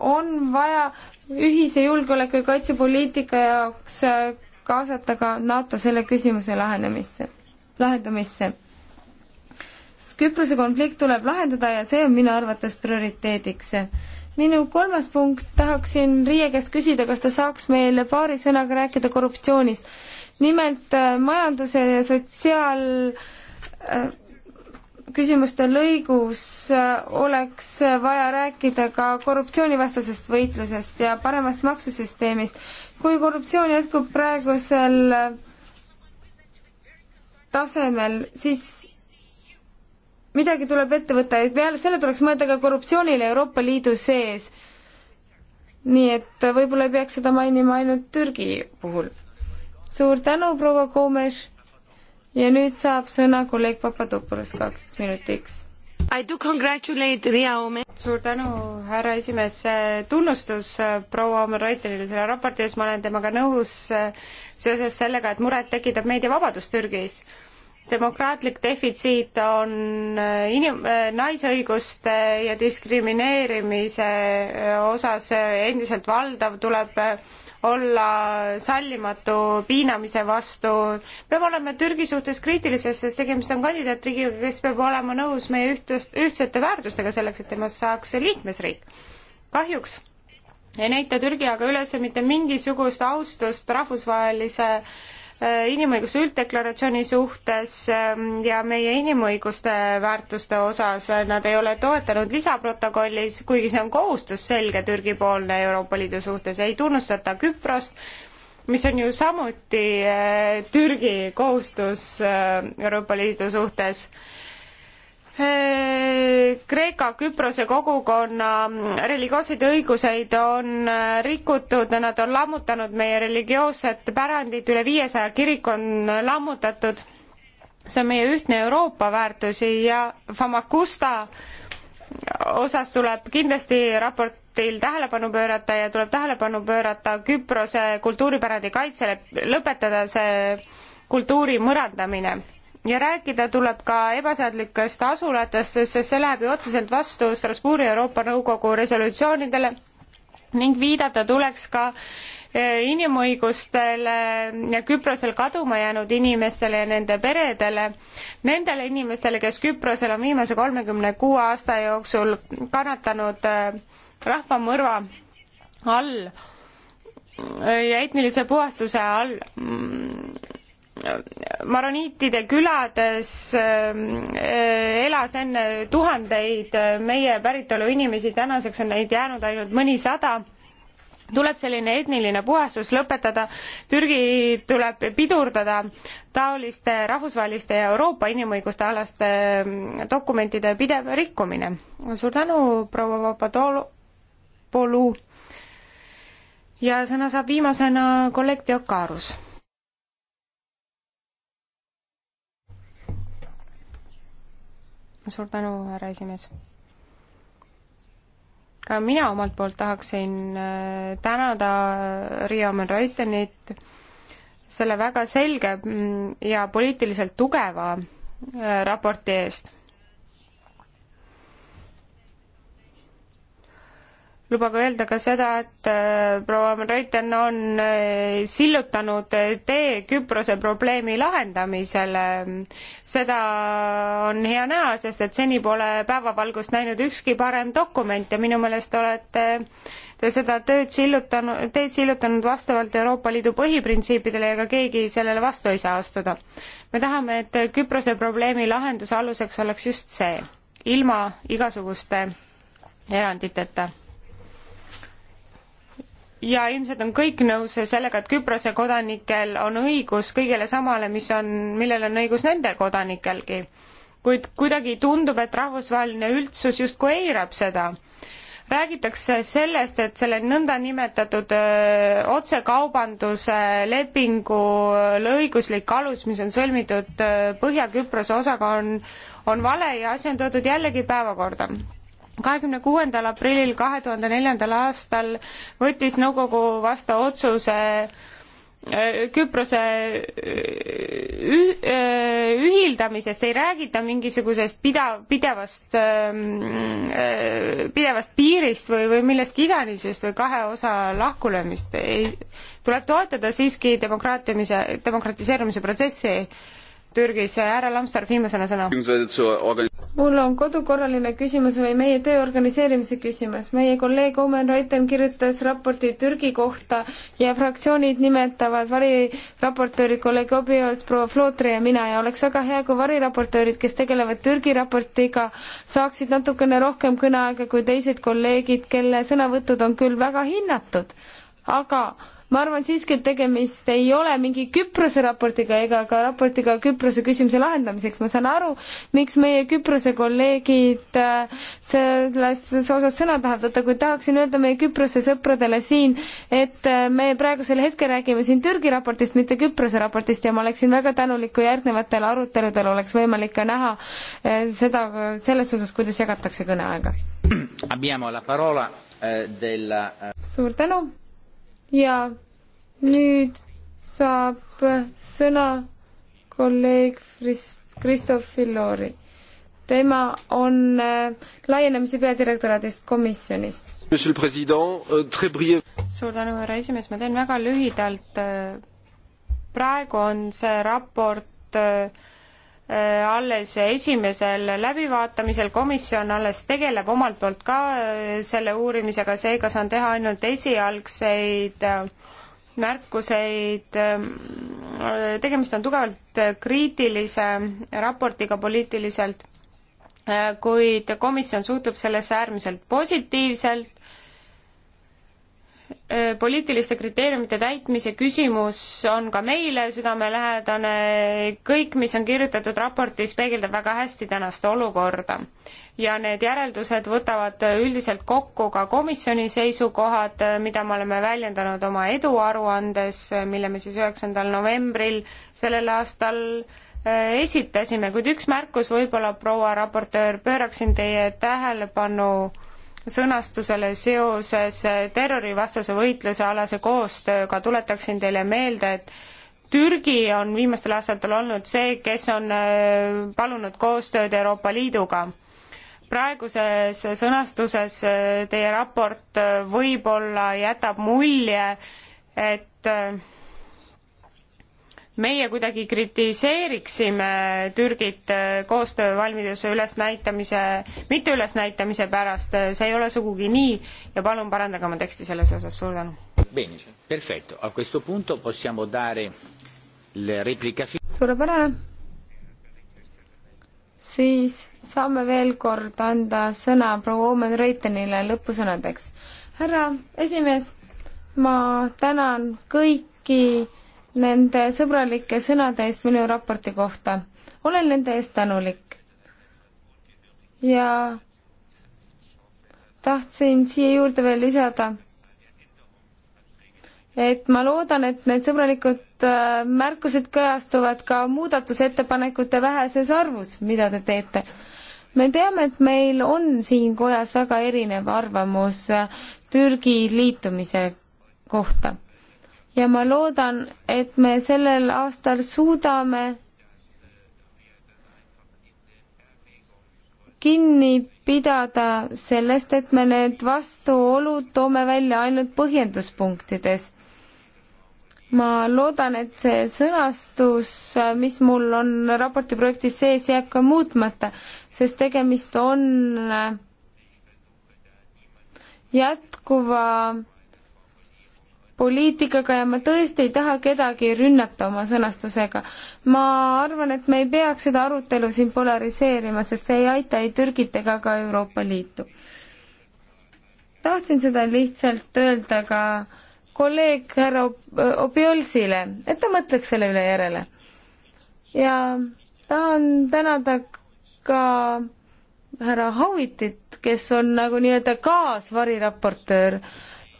on vaja ühise julgeoleku ja kaitsepoliitika jaoks äh, kaasata ka NATO selle küsimuse lahenemisse, lahendamisse. Küprose konflikt tuleb lahendada ja see on minu arvates prioriteediks minu kolmas punkt, tahaksin Riie käest küsida, kas ta saaks meile paari sõnaga rääkida korruptsioonist. nimelt äh, majanduse ja sotsiaal äh, küsimuste lõigus äh, oleks vaja rääkida ka korruptsioonivastasest võitlusest ja paremast maksusüsteemist. kui korruptsioon jätkub praegusel tasemel, siis midagi tuleb ette võtta ja peale selle tuleks mõelda ka korruptsioonile Euroopa Liidu sees. nii et võib-olla ei peaks seda mainima ainult Türgi puhul. suur tänu, proua Koomes. ja nüüd saab sõna kolleeg Papadopoulos kaks minutiks. I do congratulate Riia Omen. suur tänu, härra esimees, tunnustus äh, proua Omen Reuterile selle raporti ees, ma olen temaga nõus äh, seoses sellega, et muret tekitab meediavabadus Türgis demokraatlik defitsiit on äh, inim-, äh, naisõiguste ja diskrimineerimise äh, osas endiselt valdav, tuleb olla sallimatu piinamise vastu, peab olema Türgi suhtes kriitilises, sest tegemist on kandidaatriigiga, kes peab olema nõus meie ühtest, ühtsete väärtustega selleks, et temast saaks liikmesriik. kahjuks ei näita Türgi aga üles mitte mingisugust austust rahvusvahelise äh, Äh, inimõiguste ülddeklaratsiooni suhtes ähm, ja meie inimõiguste väärtuste osas äh, nad ei ole toetanud lisaprotokollis, kuigi see on kohustus selge Türgi-poolne Euroopa Liidu suhtes, ei tunnustata Küprost, mis on ju samuti äh, Türgi kohustus Euroopa Liidu suhtes Eh, Kreeka, Küprose kogukonna religioosseid õiguseid on eh, rikutud, nad on lammutanud meie religioosset pärandit, üle viiesaja kirik on lammutatud. see on meie ühtne Euroopa väärtusi ja Famagusta osas tuleb kindlasti raportil tähelepanu pöörata ja tuleb tähelepanu pöörata Küprose kultuuripärandi kaitsele, lõpetada see kultuuri mõrandamine ja rääkida tuleb ka ebaseadlikest asulatest, sest see läheb ju otseselt vastu Strasbourgi Euroopa Nõukogu resolutsioonidele ning viidata tuleks ka e, inimõigustele ja Küprosel kaduma jäänud inimestele ja nende peredele, nendele inimestele, kes Küprosel on viimase kolmekümne kuue aasta jooksul kannatanud e, rahvamõrva all ja etnilise puhastuse all mm, maroniitide külades ähm, äh, elas enne tuhandeid äh, meie päritolu inimesi, tänaseks on neid jäänud ainult mõnisada tuleb selline etniline puhastus lõpetada, Türgi tuleb pidurdada taoliste rahvusvaheliste ja Euroopa inimõiguste alaste ähm, dokumentide pidev rikkumine. suur tänu, proua Papadopoulou. ja sõna saab viimasena kolleeg Teokarus suur tänu, härra esimees. ka mina omalt poolt tahaksin äh, tänada äh, Riia Omen-Reutenit selle väga selge mm, ja poliitiliselt tugeva äh, raporti eest lubage öelda ka seda, et äh, proua Reuten on äh, sillutanud äh, tee Küprose probleemi lahendamisele. seda on hea näha, sest et seni pole päevavalgust näinud ükski parem dokument ja minu meelest olete te seda tööd sillutanud, teed sillutanud vastavalt Euroopa Liidu põhiprintsiipidele ja ka keegi sellele vastu ei saa astuda. me tahame, et Küprose probleemi lahenduse aluseks oleks just see, ilma igasuguste eranditeta ja ilmselt on kõik nõus sellega, et Küprose kodanikel on õigus kõigele samale, mis on, millel on õigus nende kodanikelgi. kuid kuidagi tundub, et rahvusvaheline üldsus justkui eirab seda. räägitakse sellest, et selle nõndanimetatud otsekaubanduse lepingu õiguslik alus, mis on sõlmitud Põhja-Küprose osaga, on, on vale ja asi on toodud jällegi päevakorda kahekümne kuuendal aprillil kahe tuhande neljandal aastal võttis nõukogu vastu otsuse äh, Küprose äh, äh, ühildamisest ei räägita mingisugusest pida-, pidevast, ähm, pidevast piirist või, või millestki iganesest või kahe osa lahkulöömist. ei, tuleb toetada siiski demokraatiamise, demokratiseerumise protsessi Türgis. härra Lambsdorff, viimasena sõna. mul on kodukorraline küsimus või meie töö organiseerimise küsimus. meie kolleeg Omen Reuten kirjutas raporti Türgi kohta ja fraktsioonid nimetavad variraportööri kolleeg Obios, proua Flootri ja mina ja oleks väga hea, kui variraportöörid, kes tegelevad Türgi raportiga, saaksid natukene rohkem kõneaega kui teised kolleegid, kelle sõnavõtud on küll väga hinnatud, aga ma arvan siiski, et tegemist ei ole mingi Küprose raportiga ega ka raportiga Küprose küsimuse lahendamiseks, ma saan aru, miks meie Küprose kolleegid äh, selles osas sõna tahavad võtta, kuid tahaksin öelda meie Küprose sõpradele siin, et äh, me praegusel hetkel räägime siin Türgi raportist, mitte Küprose raportist ja ma oleksin väga tänulik, kui järgnevatel aruteludel oleks võimalik ka näha äh, seda, selles osas, kuidas jagatakse kõneaega. Abbiamo la parola della... Suur tänu ja nüüd saab sõna kolleeg Kristof Fillori. tema on äh, laienemise peadirektoraadist komisjonist. Euh, suur tänu, härra esimees, ma teen väga lühidalt. Äh, praegu on see raport äh, alles esimesel läbivaatamisel, komisjon alles tegeleb omalt poolt ka selle uurimisega, seega saan teha ainult esialgseid äh, märkuseid, tegemist on tugevalt kriitilise raportiga poliitiliselt, kuid komisjon suhtub sellesse äärmiselt positiivselt poliitiliste kriteeriumite täitmise küsimus on ka meile südamelähedane, kõik, mis on kirjutatud raportis, peegeldab väga hästi tänast olukorda. ja need järeldused võtavad üldiselt kokku ka komisjoni seisukohad, mida me oleme väljendanud oma eduaruandes, mille me siis üheksandal novembril sellel aastal äh, esitasime, kuid üks märkus võib-olla, proua raportöör, pööraksin teie tähelepanu sõnastusele seoses terrorivastase võitluse alase koostööga tuletaksin teile meelde, et Türgi on viimastel aastatel olnud see, kes on äh, palunud koostööd Euroopa Liiduga. praeguses sõnastuses äh, teie raport äh, võib-olla jätab mulje, et meie kuidagi kritiseeriksime Türgit äh, koostöövalmiduse ülesnäitamise, mitte ülesnäitamise pärast, äh, see ei ole sugugi nii ja palun parandage oma teksti selles osas, suur tänu. suurepärane. siis saame veel kord anda sõna proua Omen Reitenile lõpusõnadeks. härra esimees, ma tänan kõiki nende sõbralike sõnade eest minu raporti kohta. olen nende eest tänulik. ja tahtsin siia juurde veel lisada, et ma loodan, et need sõbralikud äh, märkused kajastuvad ka muudatusettepanekute väheses arvus, mida te teete me teame, et meil on siin kojas väga erinev arvamus äh, Türgi liitumise kohta ja ma loodan, et me sellel aastal suudame kinni pidada sellest, et me need vastuolud toome välja ainult põhjenduspunktides. ma loodan, et see sõnastus, mis mul on raporti projektis sees, jääb ka muutmata, sest tegemist on jätkuva poliitikaga ja ma tõesti ei taha kedagi rünnata oma sõnastusega. ma arvan, et me ei peaks seda arutelu siin polariseerima, sest see ei aita ei Türgit ega ka Euroopa Liitu. tahtsin seda lihtsalt öelda ka kolleeg härra Obiolsile, et ta mõtleks selle üle järele. ja tahan tänada ka härra Howitit, kes on nagu nii-öelda kaasvariraportöör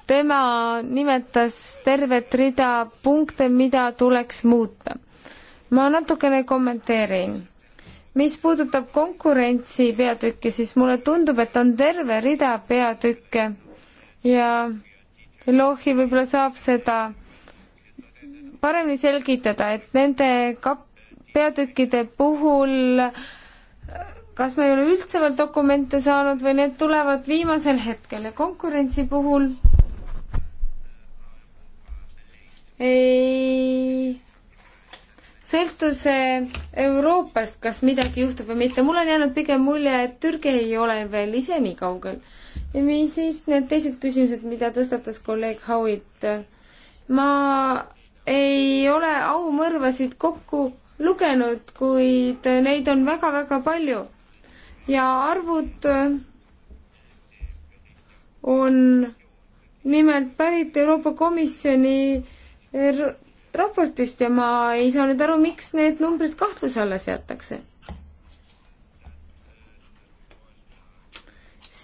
tema nimetas tervet rida punkte, mida tuleks muuta. ma natukene kommenteerin. mis puudutab konkurentsi peatükki, siis mulle tundub, et on terve rida peatükke ja Lohi võib-olla saab seda paremini selgitada, et nende kap-, peatükkide puhul kas me ei ole üldse veel dokumente saanud või need tulevad viimasel hetkel ja konkurentsi puhul ei sõltu see Euroopast, kas midagi juhtub või mitte, mul on jäänud pigem mulje, et Türgi ei ole veel ise nii kaugel. ja mis siis need teised küsimused, mida tõstatas kolleeg Howitt? ma ei ole aumõrvasid kokku lugenud, kuid neid on väga-väga palju. ja arvud on nimelt pärit Euroopa Komisjoni raportist ja ma ei saa nüüd aru, miks need numbrid kahtluse alla seatakse.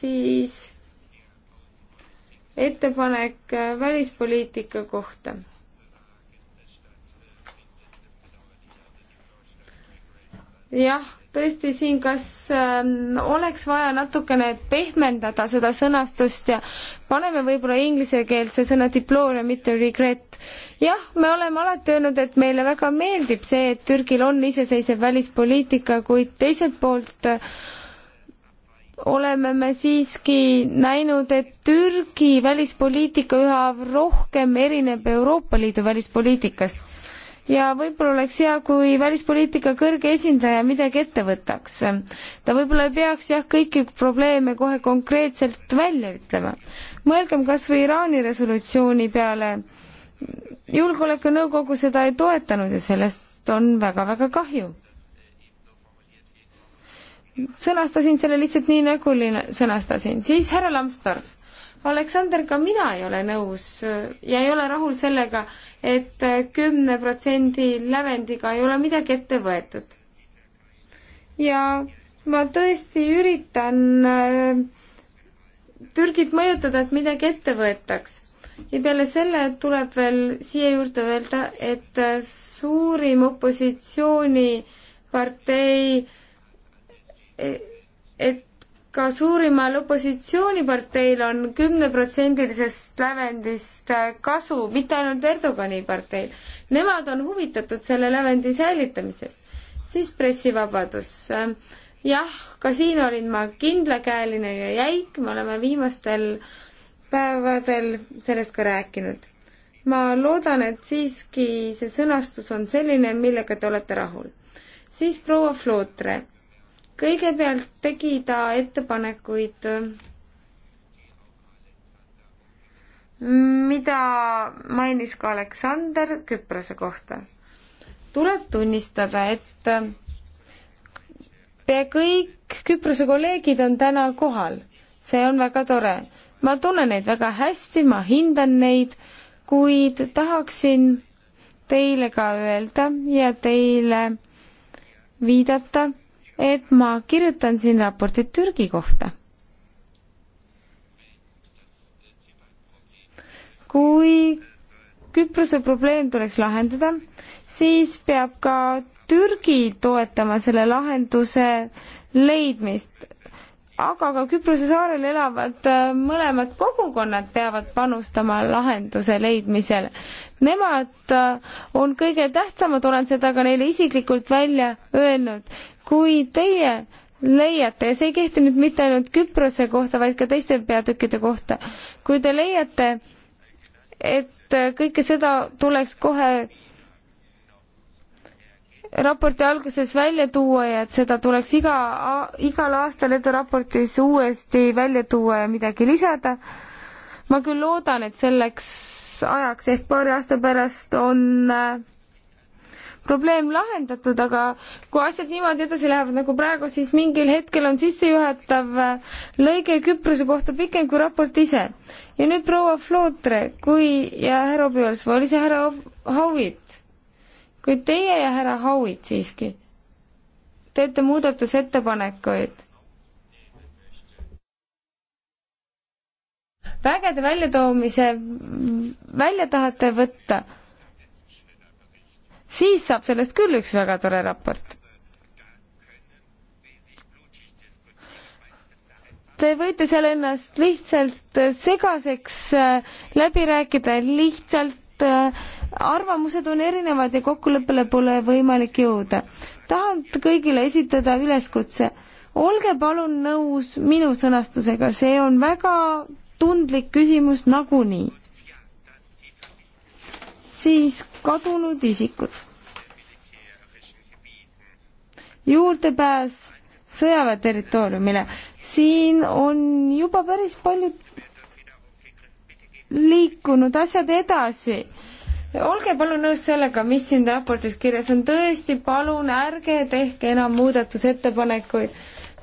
siis ettepanek välispoliitika kohta. jah, tõesti siin, kas äh, oleks vaja natukene pehmendada seda sõnastust ja paneme võib-olla inglisekeelse sõna diploma, mitte regret. jah, me oleme alati öelnud, et meile väga meeldib see, et Türgil on iseseisev välispoliitika, kuid teiselt poolt äh, oleme me siiski näinud, et Türgi välispoliitika üha rohkem erineb Euroopa Liidu välispoliitikast ja võib-olla oleks hea, kui välispoliitika kõrge esindaja midagi ette võtaks. ta võib-olla ei peaks jah, kõiki probleeme kohe konkreetselt välja ütlema. mõelgem kas või Iraani resolutsiooni peale, julgeolekunõukogu seda ei toetanud ja sellest on väga-väga kahju sõnastasin selle lihtsalt nii, nagu sõnastasin, siis härra Lambsdorff Aleksander, ka mina ei ole nõus äh, ja ei ole rahul sellega et, et äh, kümne protsendi lävendiga ei ole midagi ette võetud. ja ma tõesti üritan äh, Türgit mõjutada, et midagi ette võetaks. ja peale selle tuleb veel siia juurde öelda, et äh, suurim opositsioonipartei, et ka suurimal opositsiooniparteil on kümneprotsendilisest lävendist kasu, mitte ainult Erdogani parteil. Nemad on huvitatud selle lävendi säilitamisest. siis pressivabadus. jah, ka siin olin ma kindlakäeline ja jäik, me oleme viimastel päevadel sellest ka rääkinud. ma loodan, et siiski see sõnastus on selline, millega te olete rahul. siis proua Flootre kõigepealt tegi ta ettepanekuid, mida mainis ka Aleksander Küprose kohta. tuleb tunnistada, et pea kõik Küprose kolleegid on täna kohal. see on väga tore. ma tunnen neid väga hästi, ma hindan neid, kuid tahaksin teile ka öelda ja teile viidata, et ma kirjutan siin raportit Türgi kohta. kui Küprose probleem tuleks lahendada, siis peab ka Türgi toetama selle lahenduse leidmist aga ka Küprose saarel elavad äh, mõlemad kogukonnad peavad panustama lahenduse leidmisele. Nemad äh, on kõige tähtsamad, olen seda ka neile isiklikult välja öelnud kui teie leiate, ja see ei kehti nüüd mitte ainult Küprose kohta, vaid ka teiste peatükkide kohta, kui te leiate, et kõike seda tuleks kohe raporti alguses välja tuua ja et seda tuleks iga, igal aastal eduraportis uuesti välja tuua ja midagi lisada. ma küll loodan, et selleks ajaks ehk paari aasta pärast on äh, probleem lahendatud, aga kui asjad niimoodi edasi lähevad nagu praegu, siis mingil hetkel on sissejuhatav äh, lõige Küprose kohta pikem kui raport ise. ja nüüd proua Flootre, kui ja härra Obiõls või oli see härra Howitt? kui teie ja härra Howitt siiski teete muudatusettepanekuid vägede väljatoomise välja tahate võtta siis saab sellest küll üks väga tore raport. Te võite seal ennast lihtsalt äh, segaseks äh, läbi rääkida, lihtsalt äh, arvamused on erinevad ja kokkuleppele pole võimalik jõuda. tahan kõigile esitada üleskutse. olge palun nõus minu sõnastusega, see on väga tundlik küsimus nagunii siis kadunud isikud. juurdepääs sõjaväe territooriumile, siin on juba päris paljud liikunud asjad edasi. olge palun nõus sellega, mis siin raportis kirjas on, tõesti palun ärge tehke enam muudatusettepanekuid,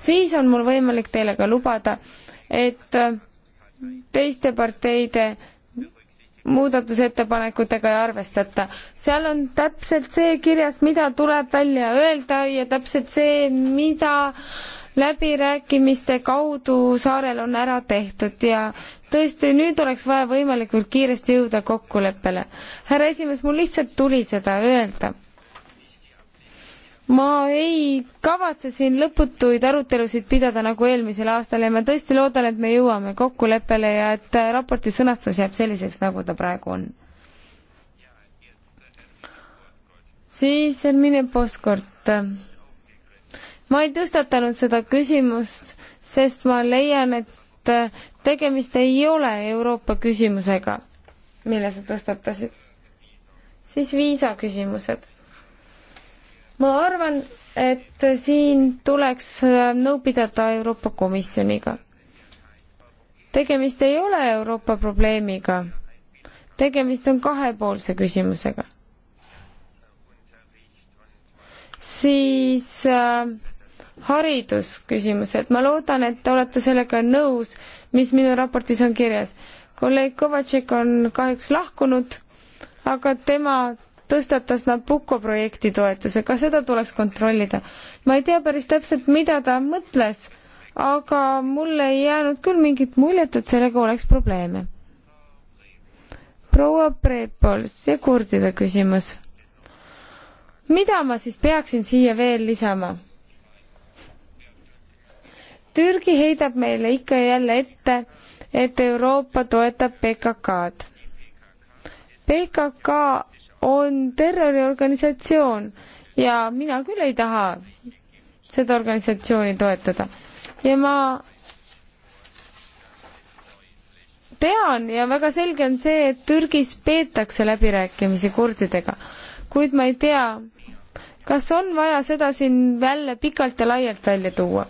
siis on mul võimalik teile ka lubada, et teiste parteide muudatusettepanekutega ei arvestata. seal on täpselt see kirjas, mida tuleb välja öelda ja täpselt see, mida läbirääkimiste kaudu saarel on ära tehtud ja tõesti, nüüd oleks vaja võimalikult kiiresti jõuda kokkuleppele. härra esimees, mul lihtsalt tuli seda öelda ma ei kavatse siin lõputuid arutelusid pidada nagu eelmisel aastal ja ma tõesti loodan, et me jõuame kokkuleppele ja et äh, raporti sõnastus jääb selliseks, nagu ta praegu on. siis Hermine Poskort. ma ei tõstatanud seda küsimust, sest ma leian, et äh, tegemist ei ole Euroopa küsimusega, mille sa tõstatasid. siis viisaküsimused ma arvan, et siin tuleks äh, nõu pidada Euroopa Komisjoniga. tegemist ei ole Euroopa probleemiga, tegemist on kahepoolse küsimusega. siis äh, haridusküsimused, ma loodan, et te olete sellega nõus, mis minu raportis on kirjas. kolleeg Kovatšek on kahjuks lahkunud, aga tema tõstatas Nabucco projekti toetuse, ka seda tuleks kontrollida. ma ei tea päris täpselt, mida ta mõtles, aga mulle ei jäänud küll mingit muljet, et sellega oleks probleeme. proua Preepols ja kurdide küsimus. mida ma siis peaksin siia veel lisama? Türgi heidab meile ikka ja jälle ette, et Euroopa toetab PKK-d. PKK on terroriorganisatsioon ja mina küll ei taha seda organisatsiooni toetada. ja ma tean ja väga selge on see, et Türgis peetakse läbirääkimisi kurdidega, kuid ma ei tea, kas on vaja seda siin välja pikalt ja laialt välja tuua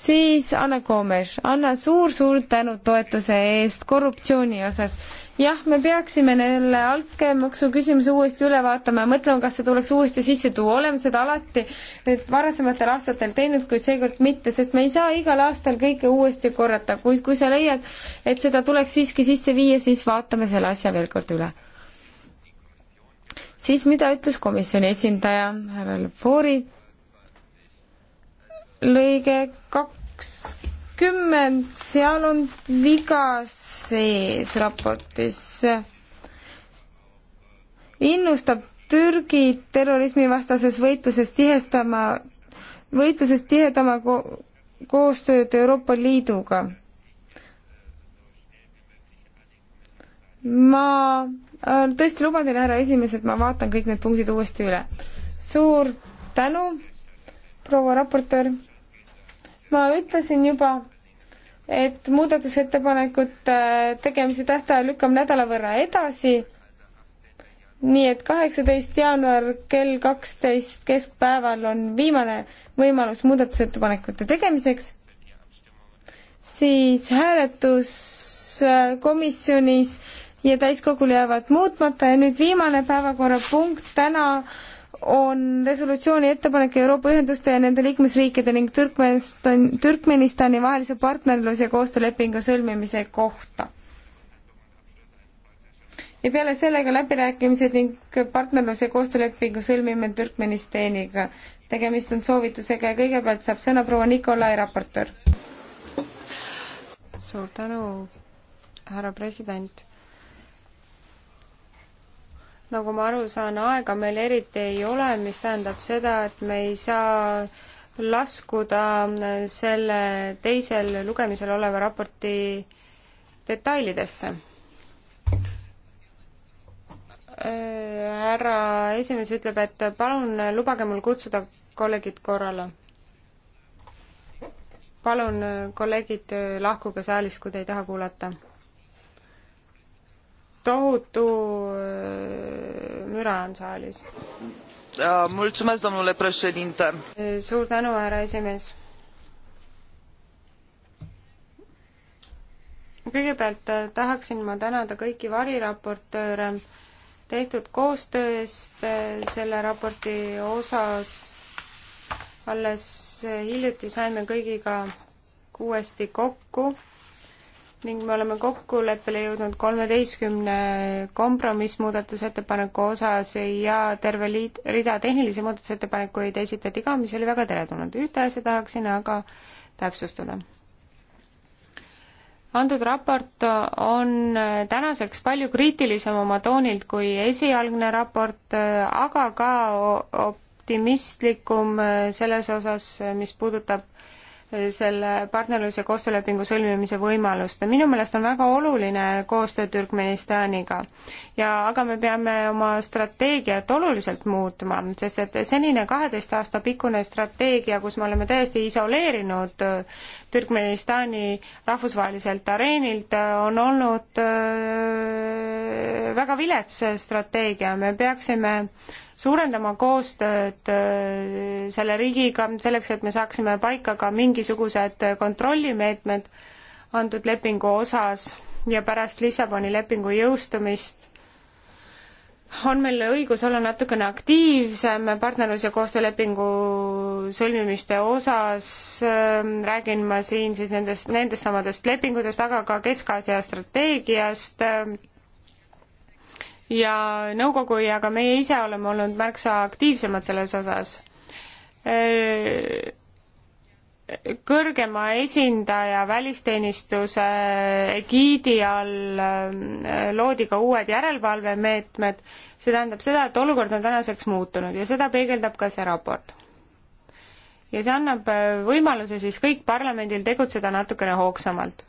siis Anna Komes, Anna suur-suur tänu toetuse eest korruptsiooni osas. jah, me peaksime selle altkäemaksu küsimuse uuesti üle vaatama ja mõtlema, kas see tuleks uuesti sisse tuua, oleme seda alati nüüd varasematel aastatel teinud, kuid seekord mitte, sest me ei saa igal aastal kõike uuesti korrata, kuid kui sa leiad, et seda tuleks siiski sisse viia, siis vaatame selle asja veel kord üle siis mida ütles komisjoni esindaja härra Lefori lõige kakskümmend, seal on viga sees raportis. innustab Türgi terrorismivastases võitluses tihestama, võitluses tihedama ko koostööd Euroopa Liiduga. ma äh, tõesti luban teile, härra esimees, et ma vaatan kõik need punktid uuesti üle. suur tänu, proua raportöör ma ütlesin juba, et muudatusettepanekute tegemise tähtaja lükkame nädala võrra edasi, nii et kaheksateist jaanuar kell kaksteist keskpäeval on viimane võimalus muudatusettepanekute tegemiseks, siis hääletus äh, komisjonis ja täiskogul jäävad muutmata ja nüüd viimane päevakorrapunkt täna on resolutsiooni ettepanek Euroopa Ühenduste ja nende liikmesriikide ning Türkmenistan, Türkmenistani vahelise partnerlus- ja koostöölepingu sõlmimise kohta. ja peale sellega läbirääkimised ning partnerlus- ja koostöölepingu sõlmimine Türkmenistaniga. tegemist on soovitusega ja kõigepealt saab sõna proua Nikolai, raportöör. suur tänu, härra president nagu ma aru saan, aega meil eriti ei ole, mis tähendab seda, et me ei saa laskuda selle teisel lugemisel oleva raporti detailidesse. härra esimees ütleb, et palun lubage mul kutsuda kolleegid korrale. palun, kolleegid, lahkuge saalist, kui te ei taha kuulata tohutu müra on saalis. Äh, suur tänu, härra esimees. kõigepealt äh, tahaksin ma tänada kõiki variraportööre tehtud koostöö eest äh, selle raporti osas. alles hiljuti saime kõigiga uuesti kokku ning me oleme kokkuleppele jõudnud kolmeteistkümne kompromissmuudatusettepaneku osas ja terve liit, rida tehnilisi muudatusettepanekuid esitati ka, mis oli väga teretulnud. ühte asja tahaksin aga täpsustada. antud raport on tänaseks palju kriitilisem oma toonilt kui esialgne raport, aga ka optimistlikum selles osas, mis puudutab selle partnerlus- ja koostöölepingu sõlmimise võimalust. minu meelest on väga oluline koostöö Türkmenistaniga ja, aga me peame oma strateegiat oluliselt muutma, sest et senine kaheteist aasta pikkune strateegia, kus me oleme täiesti isoleerinud Türkmenistani rahvusvaheliselt areenilt, on olnud äh, väga vilets strateegia, me peaksime suurendama koostööd äh, selle riigiga selleks, et me saaksime paika ka mingisugused kontrollimeetmed antud lepingu osas ja pärast Lissaboni lepingu jõustumist on meil õigus olla natukene aktiivsem partnerlus- ja koostöölepingu sõlmimiste osas, ähm, räägin ma siin siis nendest, nendest samadest lepingutest, aga ka Kesk-Aasia strateegiast, ähm, ja nõukogu ja ka meie ise oleme olnud märksa aktiivsemad selles osas. kõrgema esindaja välisteenistuse egiidi all ähm, loodi ka uued järelevalvemeetmed, see tähendab seda, et olukord on tänaseks muutunud ja seda peegeldab ka see raport ja see annab äh, võimaluse siis kõik parlamendil tegutseda natukene hoogsamalt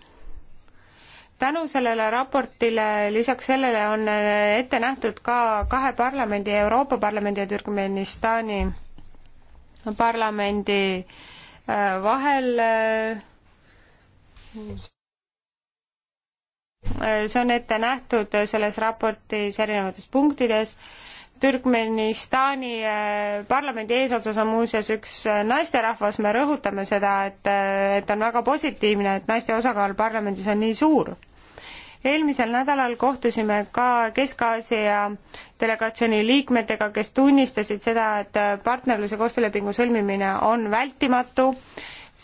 tänu sellele raportile, lisaks sellele on ette nähtud ka kahe parlamendi, Euroopa Parlamendi ja Türgmenistani parlamendi äh, vahel. Äh, see on ette nähtud selles raportis erinevates punktides. Türkmenistani äh, parlamendi eesotsas on muuseas üks naisterahvas, me rõhutame seda, et, et on väga positiivne, et naiste osakaal parlamendis on nii suur eelmisel nädalal kohtusime ka Kesk-Aasia delegatsiooni liikmetega, kes tunnistasid seda, et partnerluse koostöölepingu sõlmimine on vältimatu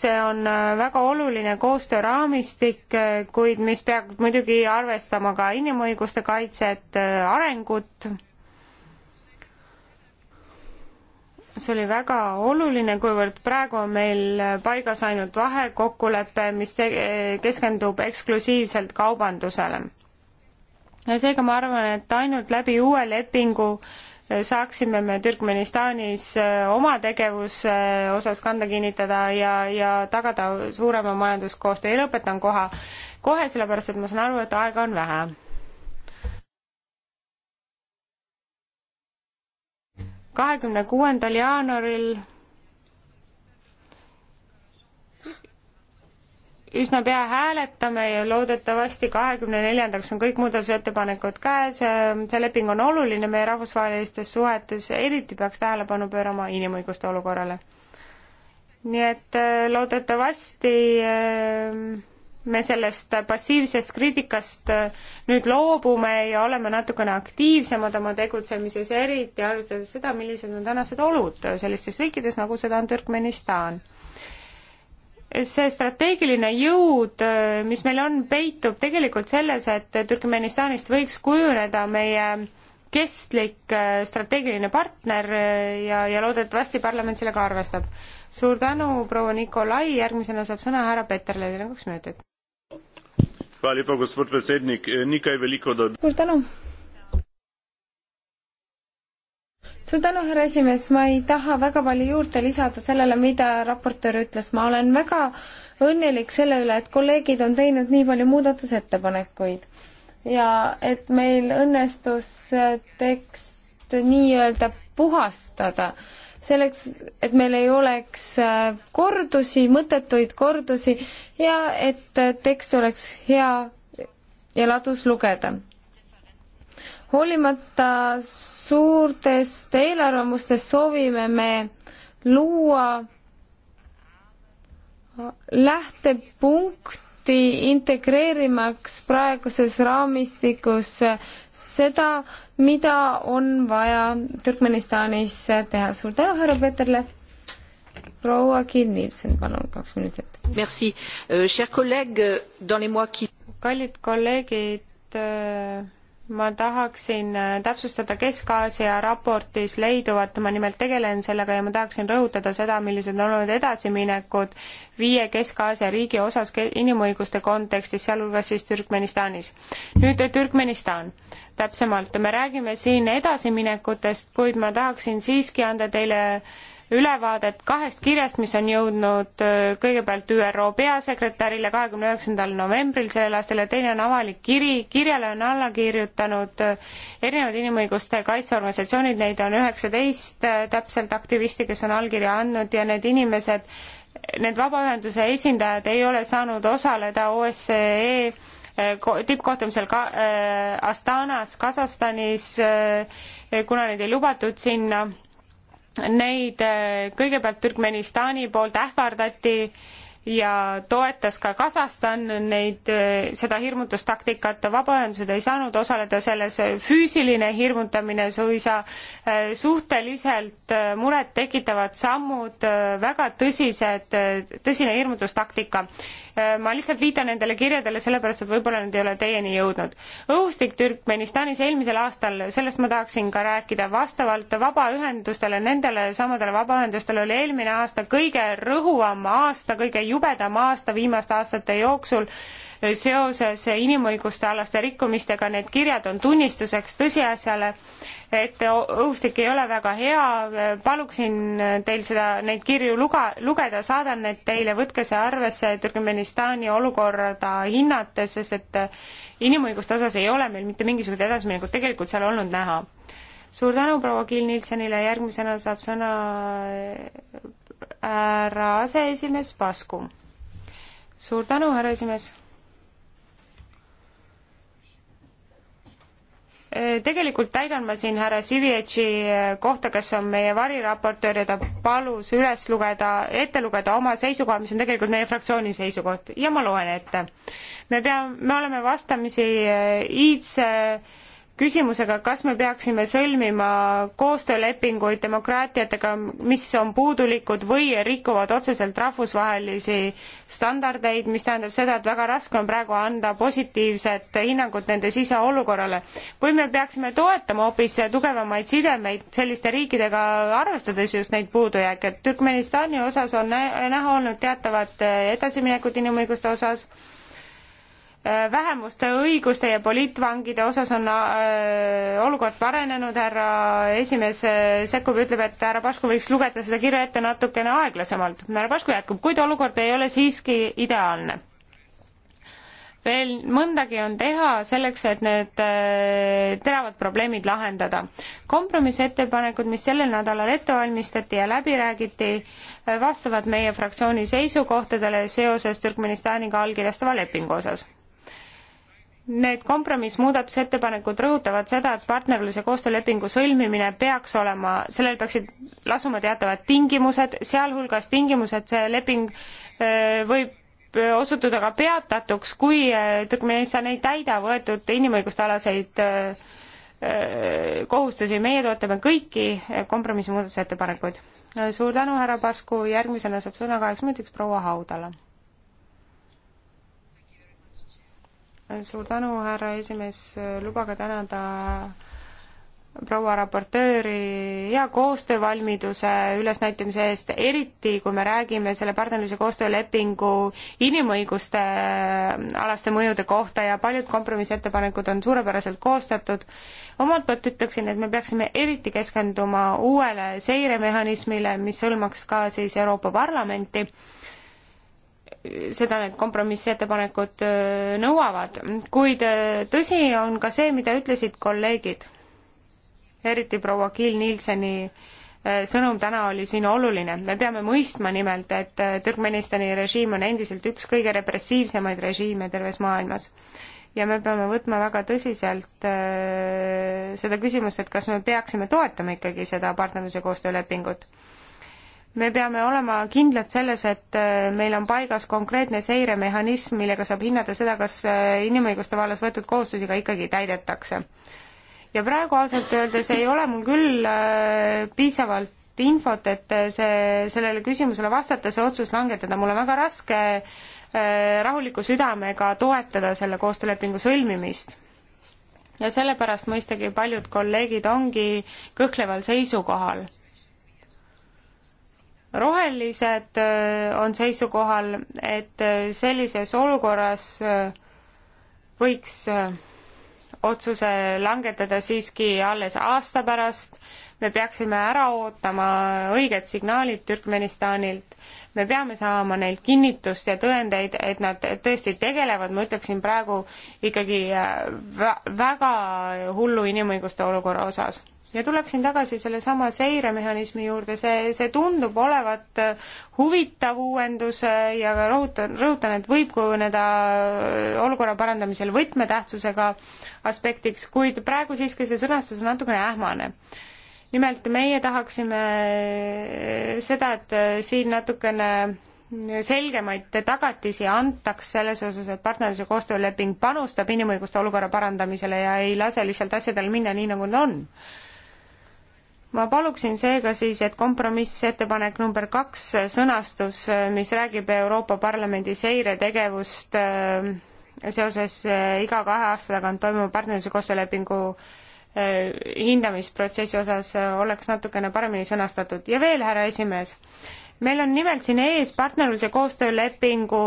see on äh, väga oluline koostööraamistik, äh, kuid mis peab muidugi arvestama ka inimõiguste kaitset, äh, arengut see oli väga oluline, kuivõrd praegu on meil paigas ainult vahekokkulepe, mis te-, keskendub eksklusiivselt kaubandusele. ja seega ma arvan, et ainult läbi uue lepingu eh, saaksime me Türkmenistanis eh, oma tegevuse eh, osas kanda kinnitada ja, ja tagada suurema majanduskoostöö ja lõpetan koha, kohe, sellepärast et ma saan aru, et aega on vähe kahekümne kuuendal jaanuaril üsna pea hääletame ja loodetavasti kahekümne neljandaks on kõik muudatusettepanekud käes. see leping on oluline meie rahvusvahelistes suhetes, eriti peaks tähelepanu pöörama inimõiguste olukorrale. nii et äh, loodetavasti äh, me sellest passiivsest kriitikast äh, nüüd loobume ja oleme natukene aktiivsemad oma tegutsemises, eriti arvestades seda, millised on tänased olud sellistes riikides, nagu seda on Türkmenistan. see strateegiline jõud, äh, mis meil on, peitub tegelikult selles, et Türkmenistanist võiks kujuneda meie kestlik äh, strateegiline partner ja, ja loodetavasti parlament sellega arvestab. suur tänu, proua Nikolai, järgmisena saab sõna härra Peterle, teil on kaks minutit Hvala lepa, gospod predsednik. Eh, Nekaj veliko dodati. suur tänu. suur tänu, härra esimees, ma ei taha väga palju juurde lisada sellele, mida raportöör ütles, ma olen väga õnnelik selle üle, et kolleegid on teinud nii palju muudatusettepanekuid ja et meil õnnestus tekst nii-öelda puhastada selleks, et meil ei oleks äh, kordusi, mõttetuid kordusi ja et äh, tekst oleks hea ja ladus lugeda. hoolimata suurtest eelarvamustest soovime me luua lähtepunkti integreerimaks praeguses raamistikus seda, mida on vaja Türkmenistanis teha. suur tänu, härra Peterle. proua Kill-Nielsen, palun, kaks minutit. Merci uh,, cher kolleeg, euh, dans les mois qui kallid kolleegid, euh, ma tahaksin äh, täpsustada Kesk-Aasia raportis leiduvat, ma nimelt tegelen sellega ja ma tahaksin rõhutada seda, millised on olnud edasiminekud viie Kesk-Aasia riigi osas inimõiguste kontekstis, sealhulgas siis Türkmenistanis. nüüd Türkmenistan täpsemalt. me räägime siin edasiminekutest, kuid ma tahaksin siiski anda teile ülevaadet kahest kirjast, mis on jõudnud äh, kõigepealt ÜRO peasekretärile kahekümne üheksandal novembril sellel aastal ja teine on avalik kiri, kirjale on alla kirjutanud äh, erinevad inimõiguste kaitseorganisatsioonid, neid on üheksateist äh, täpselt aktivisti, kes on allkirja andnud ja need inimesed, need vabaühenduse esindajad ei ole saanud osaleda OSCE tippkohtumisel ka äh, Astanas Kasahstanis, äh, kuna neid ei lubatud sinna. Neid äh, kõigepealt Türkmenistani poolt ähvardati ja toetas ka Kasahstan neid, seda hirmutustaktikat, vabaühendused ei saanud osaleda selles, füüsiline hirmutamine suisa, suhteliselt murettekitavad sammud, väga tõsised, tõsine hirmutustaktika. Äh, ma lihtsalt viitan nendele kirjadele, sellepärast et võib-olla need ei ole teieni jõudnud. õhustik Türkmenistanis eelmisel aastal, sellest ma tahaksin ka rääkida, vastavalt vabaühendustele, nendele samadele vabaühendustele oli eelmine aasta kõige rõhuvam aasta, kõige jubedam aasta viimaste aastate jooksul seoses inimõiguste alaste rikkumistega, need kirjad on tunnistuseks tõsiasjale, et õhustik ei ole väga hea, paluksin teil seda, neid kirju luga, lugeda, saadan need teile, võtke see arvesse Türgmenistani olukorda hinnates, sest et inimõiguste osas ei ole meil mitte mingisugust edasiminekut tegelikult seal olnud näha. suur tänu proua Kill Nilsenile, järgmisena saab sõna äh, härra aseesimees Pasku. suur tänu, härra esimees tegelikult täidan ma siin härra Sivietši eh, kohta, kes on meie variraportöör ja ta palus üles lugeda, ette lugeda oma seisukoha, mis on tegelikult meie fraktsiooni seisukoht ja ma loen ette. me peame, me oleme vastamisi eh, iidse äh, küsimusega, kas me peaksime sõlmima koostöölepinguid demokraatiatega, mis on puudulikud või rikuvad otseselt rahvusvahelisi standardeid, mis tähendab seda, et väga raske on praegu anda positiivset hinnangut nende siseolukorrale. või me peaksime toetama hoopis tugevamaid sidemeid selliste riikidega, arvestades just neid puudujääke, et Türkmenistani osas on näha olnud teatavat edasiminekut inimõiguste osas Äh, vähemuste õiguste ja poliitvangide osas on äh, olukord paranenud, härra esimees äh, sekkub ja ütleb, et härra Pašku võiks lugeda seda kirja ette natukene aeglasemalt. härra Pašku jätkub, kuid olukord ei ole siiski ideaalne. veel mõndagi on teha selleks, et need äh, teravad probleemid lahendada. kompromissettepanekud, mis sellel nädalal ette valmistati ja läbi räägiti, äh, vastavad meie fraktsiooni seisukohtadele seoses Türkmenistaniga allkirjastava lepingu osas Need kompromissmuudatusettepanekud rõhutavad seda, et partnerluse koostöölepingu sõlmimine peaks olema, sellel peaksid lasuma teatavad tingimused, sealhulgas tingimused, see leping võib osutuda ka peatatuks, kui Türkmenistan ei täida võetud inimõiguste alaseid kohustusi, meie toetame kõiki kompromissmuudatusettepanekuid. suur tänu, härra Pasku, järgmisena saab sõna kaheks minutiks proua Haudala suur tänu, härra esimees, lubage tänada proua raportööri hea koostöövalmiduse ülesnäitamise eest, eriti kui me räägime selle partnerluse koostöölepingu inimõiguste äh, alaste mõjude kohta ja paljud kompromissettepanekud on suurepäraselt koostatud. omalt poolt ütleksin, et me peaksime eriti keskenduma uuele seiremehhanismile, mis hõlmaks ka siis Euroopa Parlamenti seda need kompromissettepanekud äh, nõuavad, kuid äh, tõsi on ka see, mida ütlesid kolleegid, eriti proua Kiil Nielseni äh, sõnum täna oli siin oluline, me peame mõistma nimelt, et Türkmenistani režiim on endiselt üks kõige repressiivsemaid režiime terves maailmas. ja me peame võtma väga tõsiselt seda küsimust, et kas me peaksime toetama ikkagi seda partnerluse koostöölepingut me peame olema kindlad selles, et äh, meil on paigas konkreetne seiremehhanism, millega saab hinnata seda, kas äh, inimõiguste vallas võetud kohustusi ka ikkagi täidetakse. ja praegu ausalt öeldes ei ole mul küll äh, piisavalt infot, et see, sellele küsimusele vastata, see otsus langetada, mul on väga raske rahuliku südamega toetada selle koostöölepingu sõlmimist ja sellepärast mõistagi paljud kolleegid ongi kõhkleval seisukohal rohelised äh, on seisukohal, et äh, sellises olukorras äh, võiks otsuse langetada siiski alles aasta pärast, me peaksime ära ootama õiged signaalid Türkmenistanilt, me peame saama neilt kinnitust ja tõendeid, et nad tõesti tegelevad, ma ütleksin praegu ikkagi väga hullu inimõiguste olukorra osas ja tuleksin tagasi sellesama seiremehhanismi juurde, see, see tundub olevat huvitav uuendus ja rõhutan, rõhutan, et võib kujuneda olukorra parandamisel võtmetähtsusega aspektiks, kuid praegu siiski see sõnastus on natukene ähmane nimelt meie tahaksime seda, et siin natukene selgemaid tagatisi antaks selles osas, et partnerlus- ja koostööleping panustab inimõiguste olukorra parandamisele ja ei lase lihtsalt asjadel minna nii, nagu nad on ma paluksin seega siis, et kompromissettepanek number kaks äh, sõnastus, äh, mis räägib Euroopa Parlamendi seiretegevust äh, seoses iga kahe aasta tagant toimuva partnerluse koostöölepingu hindamisprotsessi osas oleks natukene paremini sõnastatud. ja veel, härra esimees, meil on nimelt siin ees partnerluse koostöölepingu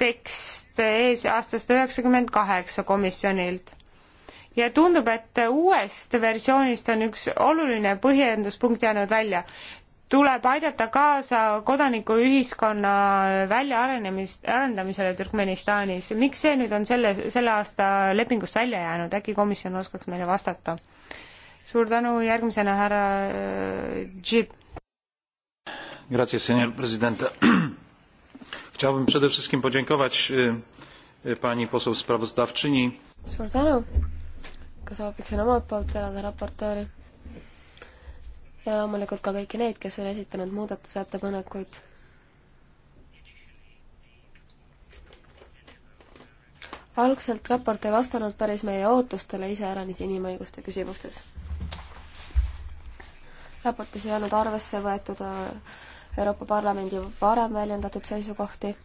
tekst ees aastast üheksakümmend kaheksa komisjonilt ja tundub, et uuest versioonist on üks oluline põhjenduspunkt jäänud välja. tuleb aidata kaasa kodanikuühiskonna väljaarenemist, arendamisele Türkmenistanis. miks see nüüd on selle, selle aasta lepingust välja jäänud, äkki komisjon oskaks meile vastata? suur tänu, järgmisena härra Džib. Äh, Grazie, senor president. Chciałbym przede wszystkim podziękować pani poseł sprawozdawczyni. Suur tänu ka sooviksin omalt poolt tänada raportööri ja loomulikult ka kõiki neid, kes on esitanud muudatusettepanekuid. algselt raport ei vastanud päris meie ootustele iseäranis inimõiguste küsimustes. raportis ei olnud arvesse võetud äh, Euroopa Parlamendi varem väljendatud seisukohti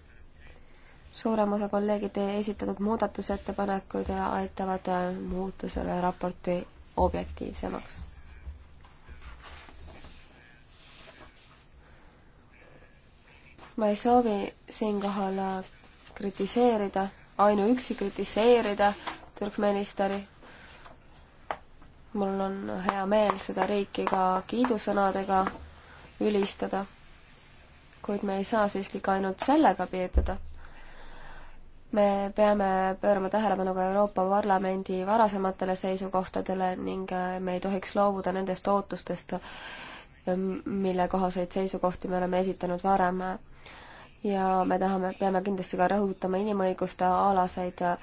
suurem osa kolleegide esitatud muudatusettepanekud aitavad äh, muuta selle raporti objektiivsemaks. ma ei soovi siinkohal äh, kritiseerida, ainuüksi kritiseerida Türkmenistani. mul on hea meel seda riiki ka kiidusõnadega ülistada, kuid me ei saa siiski ka ainult sellega piirduda me peame pöörama tähelepanu ka Euroopa Parlamendi varasematele seisukohtadele ning äh, me ei tohiks loobuda nendest ootustest, ähm, mille kohaseid seisukohti me oleme esitanud varem. ja me tahame, peame kindlasti ka rõhutama inimõiguste alaseid äh,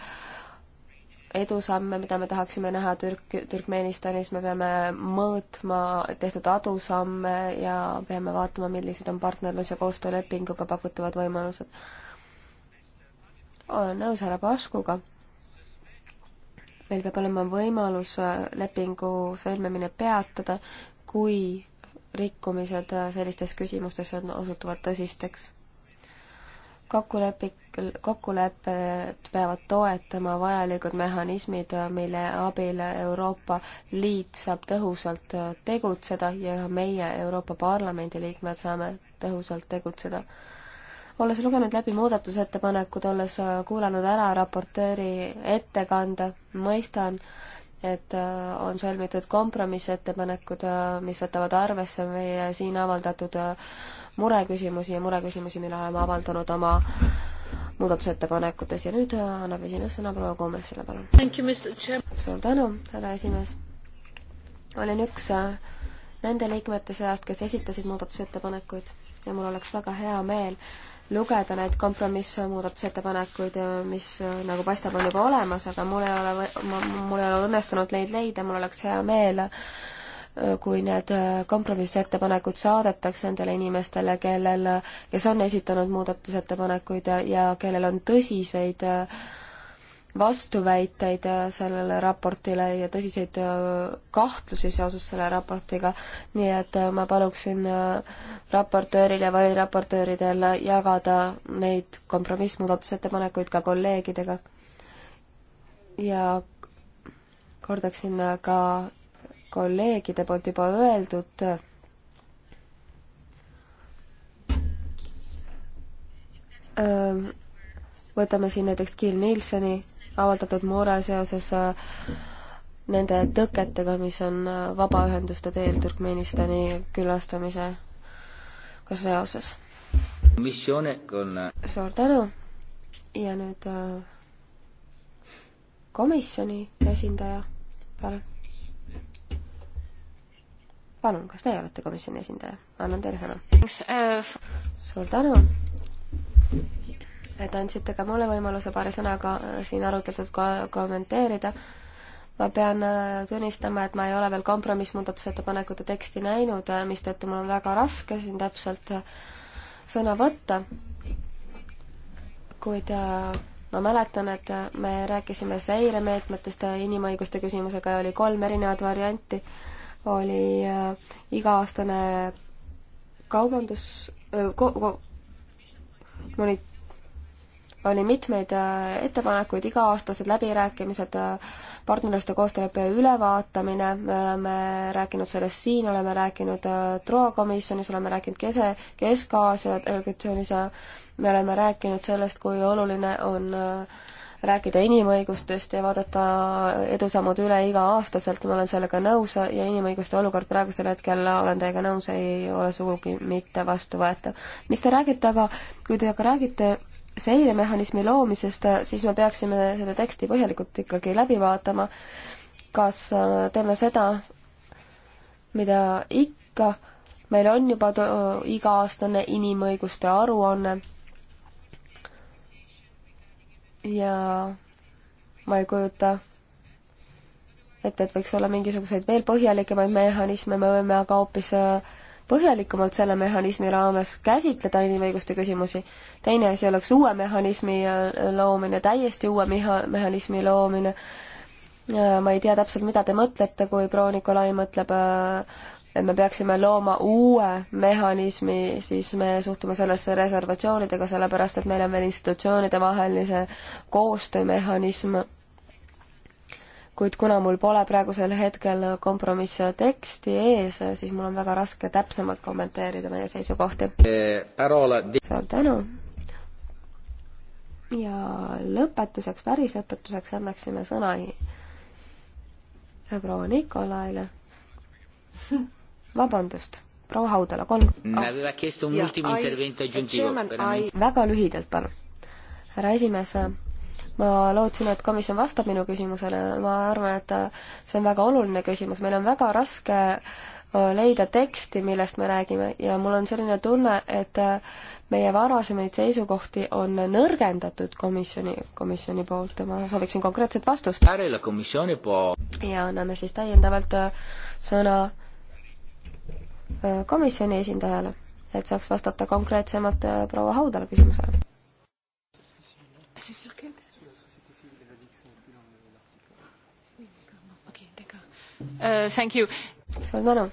edusamme, mida me tahaksime näha Türk-, Türkmenistanis, me peame mõõtma tehtud adusamme ja peame vaatama, millised on partnerlus- ja koostöölepinguga pakutavad võimalused olen nõus härra Paskuga. meil peab olema võimalus äh, lepingu sõlmimine peatada, kui rikkumised äh, sellistes küsimustes on, osutuvad tõsisteks. kokkulepik, kokkulepped peavad toetama vajalikud mehhanismid, äh, mille abil Euroopa Liit saab tõhusalt tegutseda ja meie Euroopa Parlamendi liikmed saame tõhusalt tegutseda olles lugenud läbi muudatusettepanekud, olles äh, kuulanud ära raportööri ettekande, mõistan, et äh, on sõlmitud kompromissettepanekud, äh, mis võtavad arvesse meie siin avaldatud mureküsimusi ja mureküsimusi, mille oleme avaldanud oma muudatusettepanekutes ja nüüd annab esimees sõna proua Koomessele, palun. suur tänu, härra esimees. olin üks nende liikmete seast, kes esitasid muudatusettepanekuid ja mul oleks väga hea meel, lugeda neid kompromissmuudatusettepanekuid, mis nagu paistab, on juba olemas, aga mul ei ole, mul ei ole õnnestunud neid leida, mul oleks hea meel, kui need kompromissettepanekud saadetakse nendele inimestele, kellel, kes on esitanud muudatusettepanekuid ja, ja kellel on tõsiseid äh, vastuväiteid äh, sellele raportile ja tõsiseid äh, kahtlusi seoses selle raportiga, nii et äh, ma paluksin raportööril ja variraportööridel jagada neid kompromissmuudatusettepanekuid ka kolleegidega. ja kordaksin ka kolleegide poolt juba öeldud võtame siin näiteks Kill Nilsoni avaldatud mure seoses äh, nende tõketega, mis on äh, vabaühenduste teel Turkmenistani külastamisega seoses. Äh, suur tänu ja nüüd komisjoni esindaja, palun. palun, kas teie olete komisjoni esindaja? annan teile sõna. suur tänu et andsite ka mulle võimaluse paari sõnaga äh, siin arutletud ko kommenteerida. ma pean äh, tunnistama, et ma ei ole veel kompromissmuudatusettepanekute teksti näinud, äh, mistõttu mul on väga raske siin täpselt sõna võtta. kuid ma mäletan, et me rääkisime seiremeetmetest, inimõiguste küsimusega oli kolm erinevat varianti. oli iga-aastane kaubandus ko, ko, monit-, oli mitmeid äh, ettepanekuid, iga-aastased läbirääkimised, äh, partnerluste koostööleppe ülevaatamine, me oleme rääkinud sellest siin, oleme rääkinud äh, TROA komisjonis, oleme rääkinud Kese, Kesk-Aasia delegatsioonis ja me oleme rääkinud sellest, kui oluline on rääkida inimõigustest ja vaadata edusammud üle iga-aastaselt, ma olen sellega nõus ja inimõiguste olukord praegusel hetkel, olen teiega nõus, ei ole sugugi mitte vastuvõetav. mis te räägite, aga kui te aga räägite seiremehhanismi loomisest, siis me peaksime selle teksti põhjalikult ikkagi läbi vaatama, kas äh, teeme seda, mida ikka, meil on juba iga-aastane inimõiguste aruanne ja ma ei kujuta ette, et võiks olla mingisuguseid veel põhjalikemaid mehhanisme, me võime aga hoopis äh, põhjalikumalt selle mehhanismi raames käsitleda inimõiguste küsimusi. teine asi oleks uue mehhanismi äh, loomine, täiesti uue meha-, mehhanismi loomine. Äh, ma ei tea täpselt, mida te mõtlete, kui proua Nikolai mõtleb, äh, et me peaksime looma uue mehhanismi, siis me suhtume sellesse reservatsioonidega, sellepärast et meil on veel institutsioonide vahelise koostöömehhanism kuid kuna mul pole praegusel hetkel kompromisse teksti ees, siis mul on väga raske täpsemalt kommenteerida meie seisukohti. Eh, suur tänu! ja lõpetuseks, päris lõpetuseks annaksime sõna proua Nikolaile. vabandust, proua Haudala, kolm oh.. väga lühidalt, palun. härra esimees ma lootsin, et komisjon vastab minu küsimusele, ma arvan, et see on väga oluline küsimus, meil on väga raske äh, leida teksti, millest me räägime ja mul on selline tunne, et äh, meie varasemaid seisukohti on nõrgendatud komisjoni, komisjoni poolt ja ma sooviksin konkreetset vastust. ja anname siis täiendavalt äh, sõna komisjoni esindajale, et saaks vastata konkreetsemalt proua Haudala küsimusele. uh,. Thank you. suur tänu.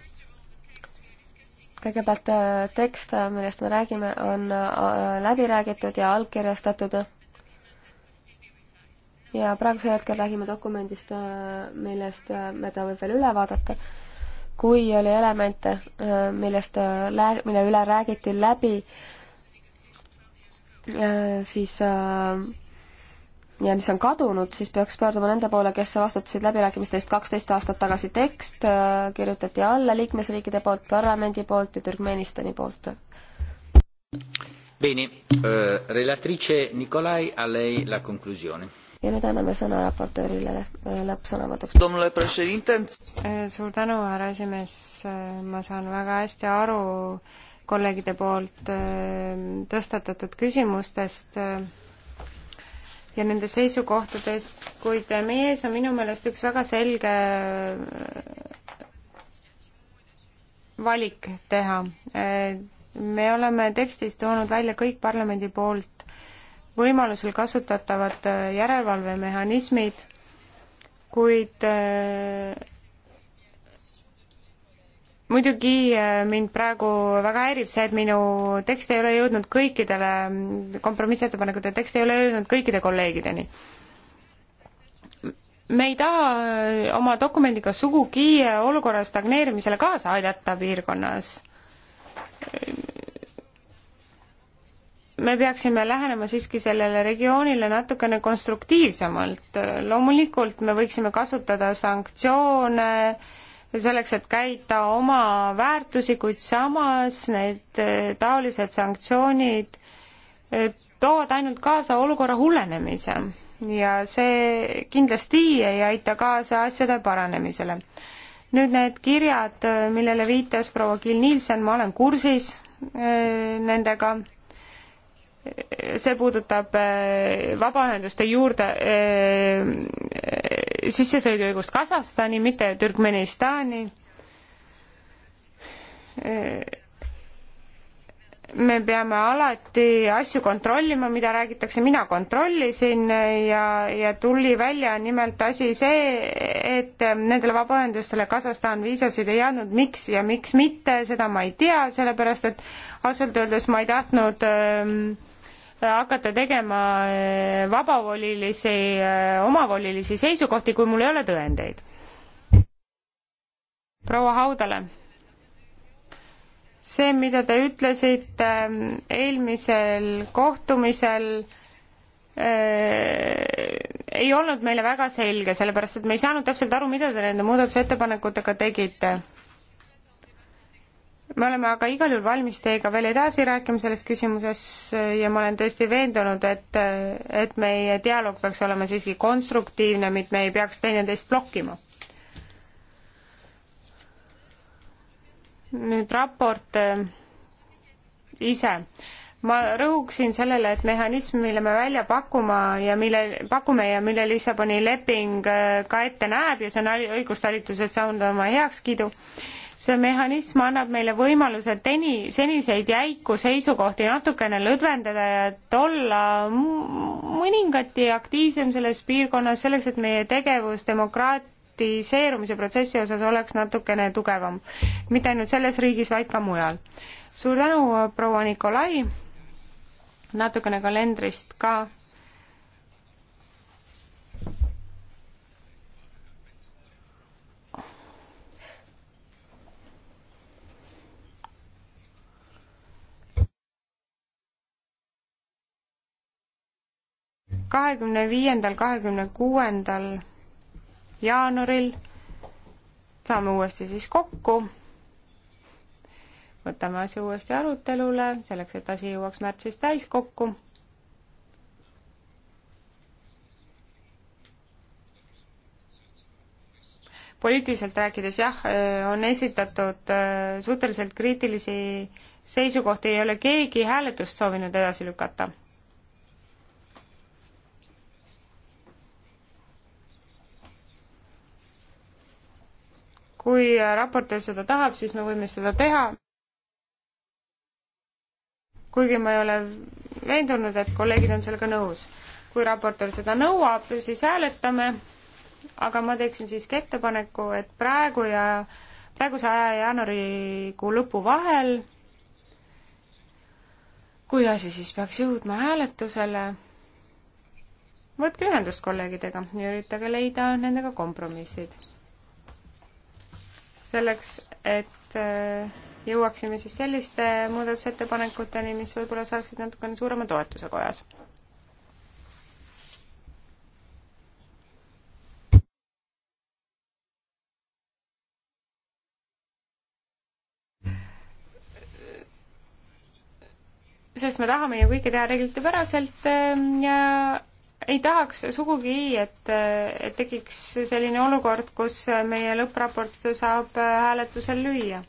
kõigepealt uh, tekst, uh, millest me räägime, on uh, läbi räägitud ja allkirjastatud. ja praegusel hetkel räägime dokumendist, millest me tahame veel üle vaadata. kui oli elemente, millest, mille üle räägiti läbi, siis äh, ja mis on kadunud, siis peaks pöörduma nende poole, kes vastutasid läbirääkimiste eest kaksteist aastat tagasi tekst, äh, kirjutati alla liikmesriikide poolt, parlamendi poolt ja Türkmenistani poolt. Bene, äh, relatrice Nikolai, a lei la conclusione. ja nüüd anname sõna raportöörile äh, lõppsõnavõtuks. suur tänu, härra esimees, ma saan väga hästi aru kolleegide poolt tõstatatud küsimustest ja nende seisukohtadest, kuid meie ees on minu meelest üks väga selge äh, valik teha. Äh, me oleme tekstis toonud välja kõik parlamendi poolt võimalusel kasutatavad äh, järelevalvemehhanismid, kuid muidugi äh, mind praegu väga häirib see, et minu tekst ei ole jõudnud kõikidele, kompromissettepanekute tekst ei ole jõudnud kõikide kolleegideni. me ei taha äh, oma dokumendiga sugugi äh, olukorra stagneerimisele kaasa aidata piirkonnas. me peaksime lähenema siiski sellele regioonile natukene konstruktiivsemalt. loomulikult me võiksime kasutada sanktsioone, selleks, et käita oma väärtusi, kuid samas need eh, taolised sanktsioonid eh, toovad ainult kaasa olukorra hullenemise ja see kindlasti ei aita kaasa asjade paranemisele. nüüd need kirjad, eh, millele viitas proua Kill Nielsen, ma olen kursis nendega, see puudutab vabaühenduste juurde sissesõiduõigust Kasahstani, mitte Türkmenistani. me peame alati asju kontrollima, mida räägitakse, mina kontrollisin ja, ja tuli välja nimelt asi see, et nendele vabaühendustele Kasahstan viisasid ei andnud, miks ja miks mitte, seda ma ei tea, sellepärast et ausalt öeldes ma ei tahtnud öö, ähm, hakata tegema eh, vabavolilisi, eh, omavolilisi seisukohti, kui mul ei ole tõendeid. proua Haudale see, mida te ütlesite eh, eelmisel kohtumisel äh,, ei olnud meile väga selge, sellepärast et me ei saanud täpselt aru, mida te nende muudatusettepanekutega tegite me oleme aga igal juhul valmis teiega veel edasi rääkima selles küsimuses ja ma olen tõesti veendunud, et, et meie dialoog peaks olema siiski konstruktiivne, mitte me ei peaks teineteist blokkima. nüüd raport äh, ise. ma rõhuksin sellele, et mehhanism, mille me välja pakuma ja mille, pakume ja mille Lissaboni leping äh, ka ette näeb ja see on õigustalitused saanud oma heakskiidu, see mehhanism annab meile võimaluse teni, seniseid jäiku seisukohti natukene lõdvendada ja et olla mõningati aktiivsem selles piirkonnas, selleks et meie tegevus demokraatiseerumise protsessi osas oleks natukene tugevam. mitte ainult selles riigis, vaid ka mujal. suur tänu, proua Nikolai, natukene kalendrist ka kahekümne viiendal, kahekümne kuuendal jaanuaril saame uuesti siis kokku, võtame asja uuesti arutelule, selleks et asi jõuaks märtsis täiskokku poliitiliselt rääkides jah, äh, on esitatud äh, suhteliselt kriitilisi seisukohti, ei ole keegi hääletust soovinud edasi lükata kui raportöör seda tahab, siis me võime seda teha. kuigi ma ei ole veendunud, et kolleegid on sellega nõus. kui raportöör seda nõuab, siis hääletame, aga ma teeksin siiski ettepaneku, et praegu ja, praeguse aja jaanuarikuu lõpu vahel, kui asi siis peaks jõudma hääletusele, võtke ühendust kolleegidega ja üritage leida nendega kompromissid selleks, et äh, jõuaksime siis selliste muudatusettepanekuteni, mis võib-olla saaksid natukene suurema toetuse kojas. sest me tahame ju kõike teha reeglitepäraselt äh, ja ei tahaks sugugi, et, et tekiks selline olukord, kus meie lõppraport saab hääletusel lüüa.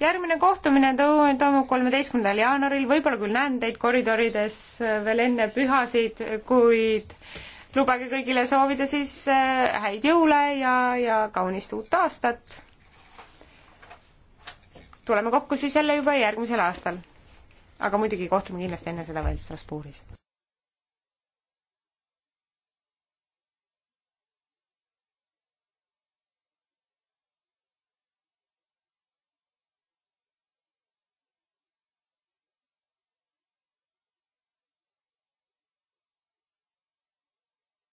järgmine kohtumine toimub kolmeteistkümnendal jaanuaril, võib-olla küll näen teid koridorides veel enne pühasid, kuid lubage kõigile soovida siis äh, häid jõule ja, ja kaunist uut aastat. tuleme kokku siis jälle juba järgmisel aastal. aga muidugi kohtume kindlasti enne seda veel Strasbourgis.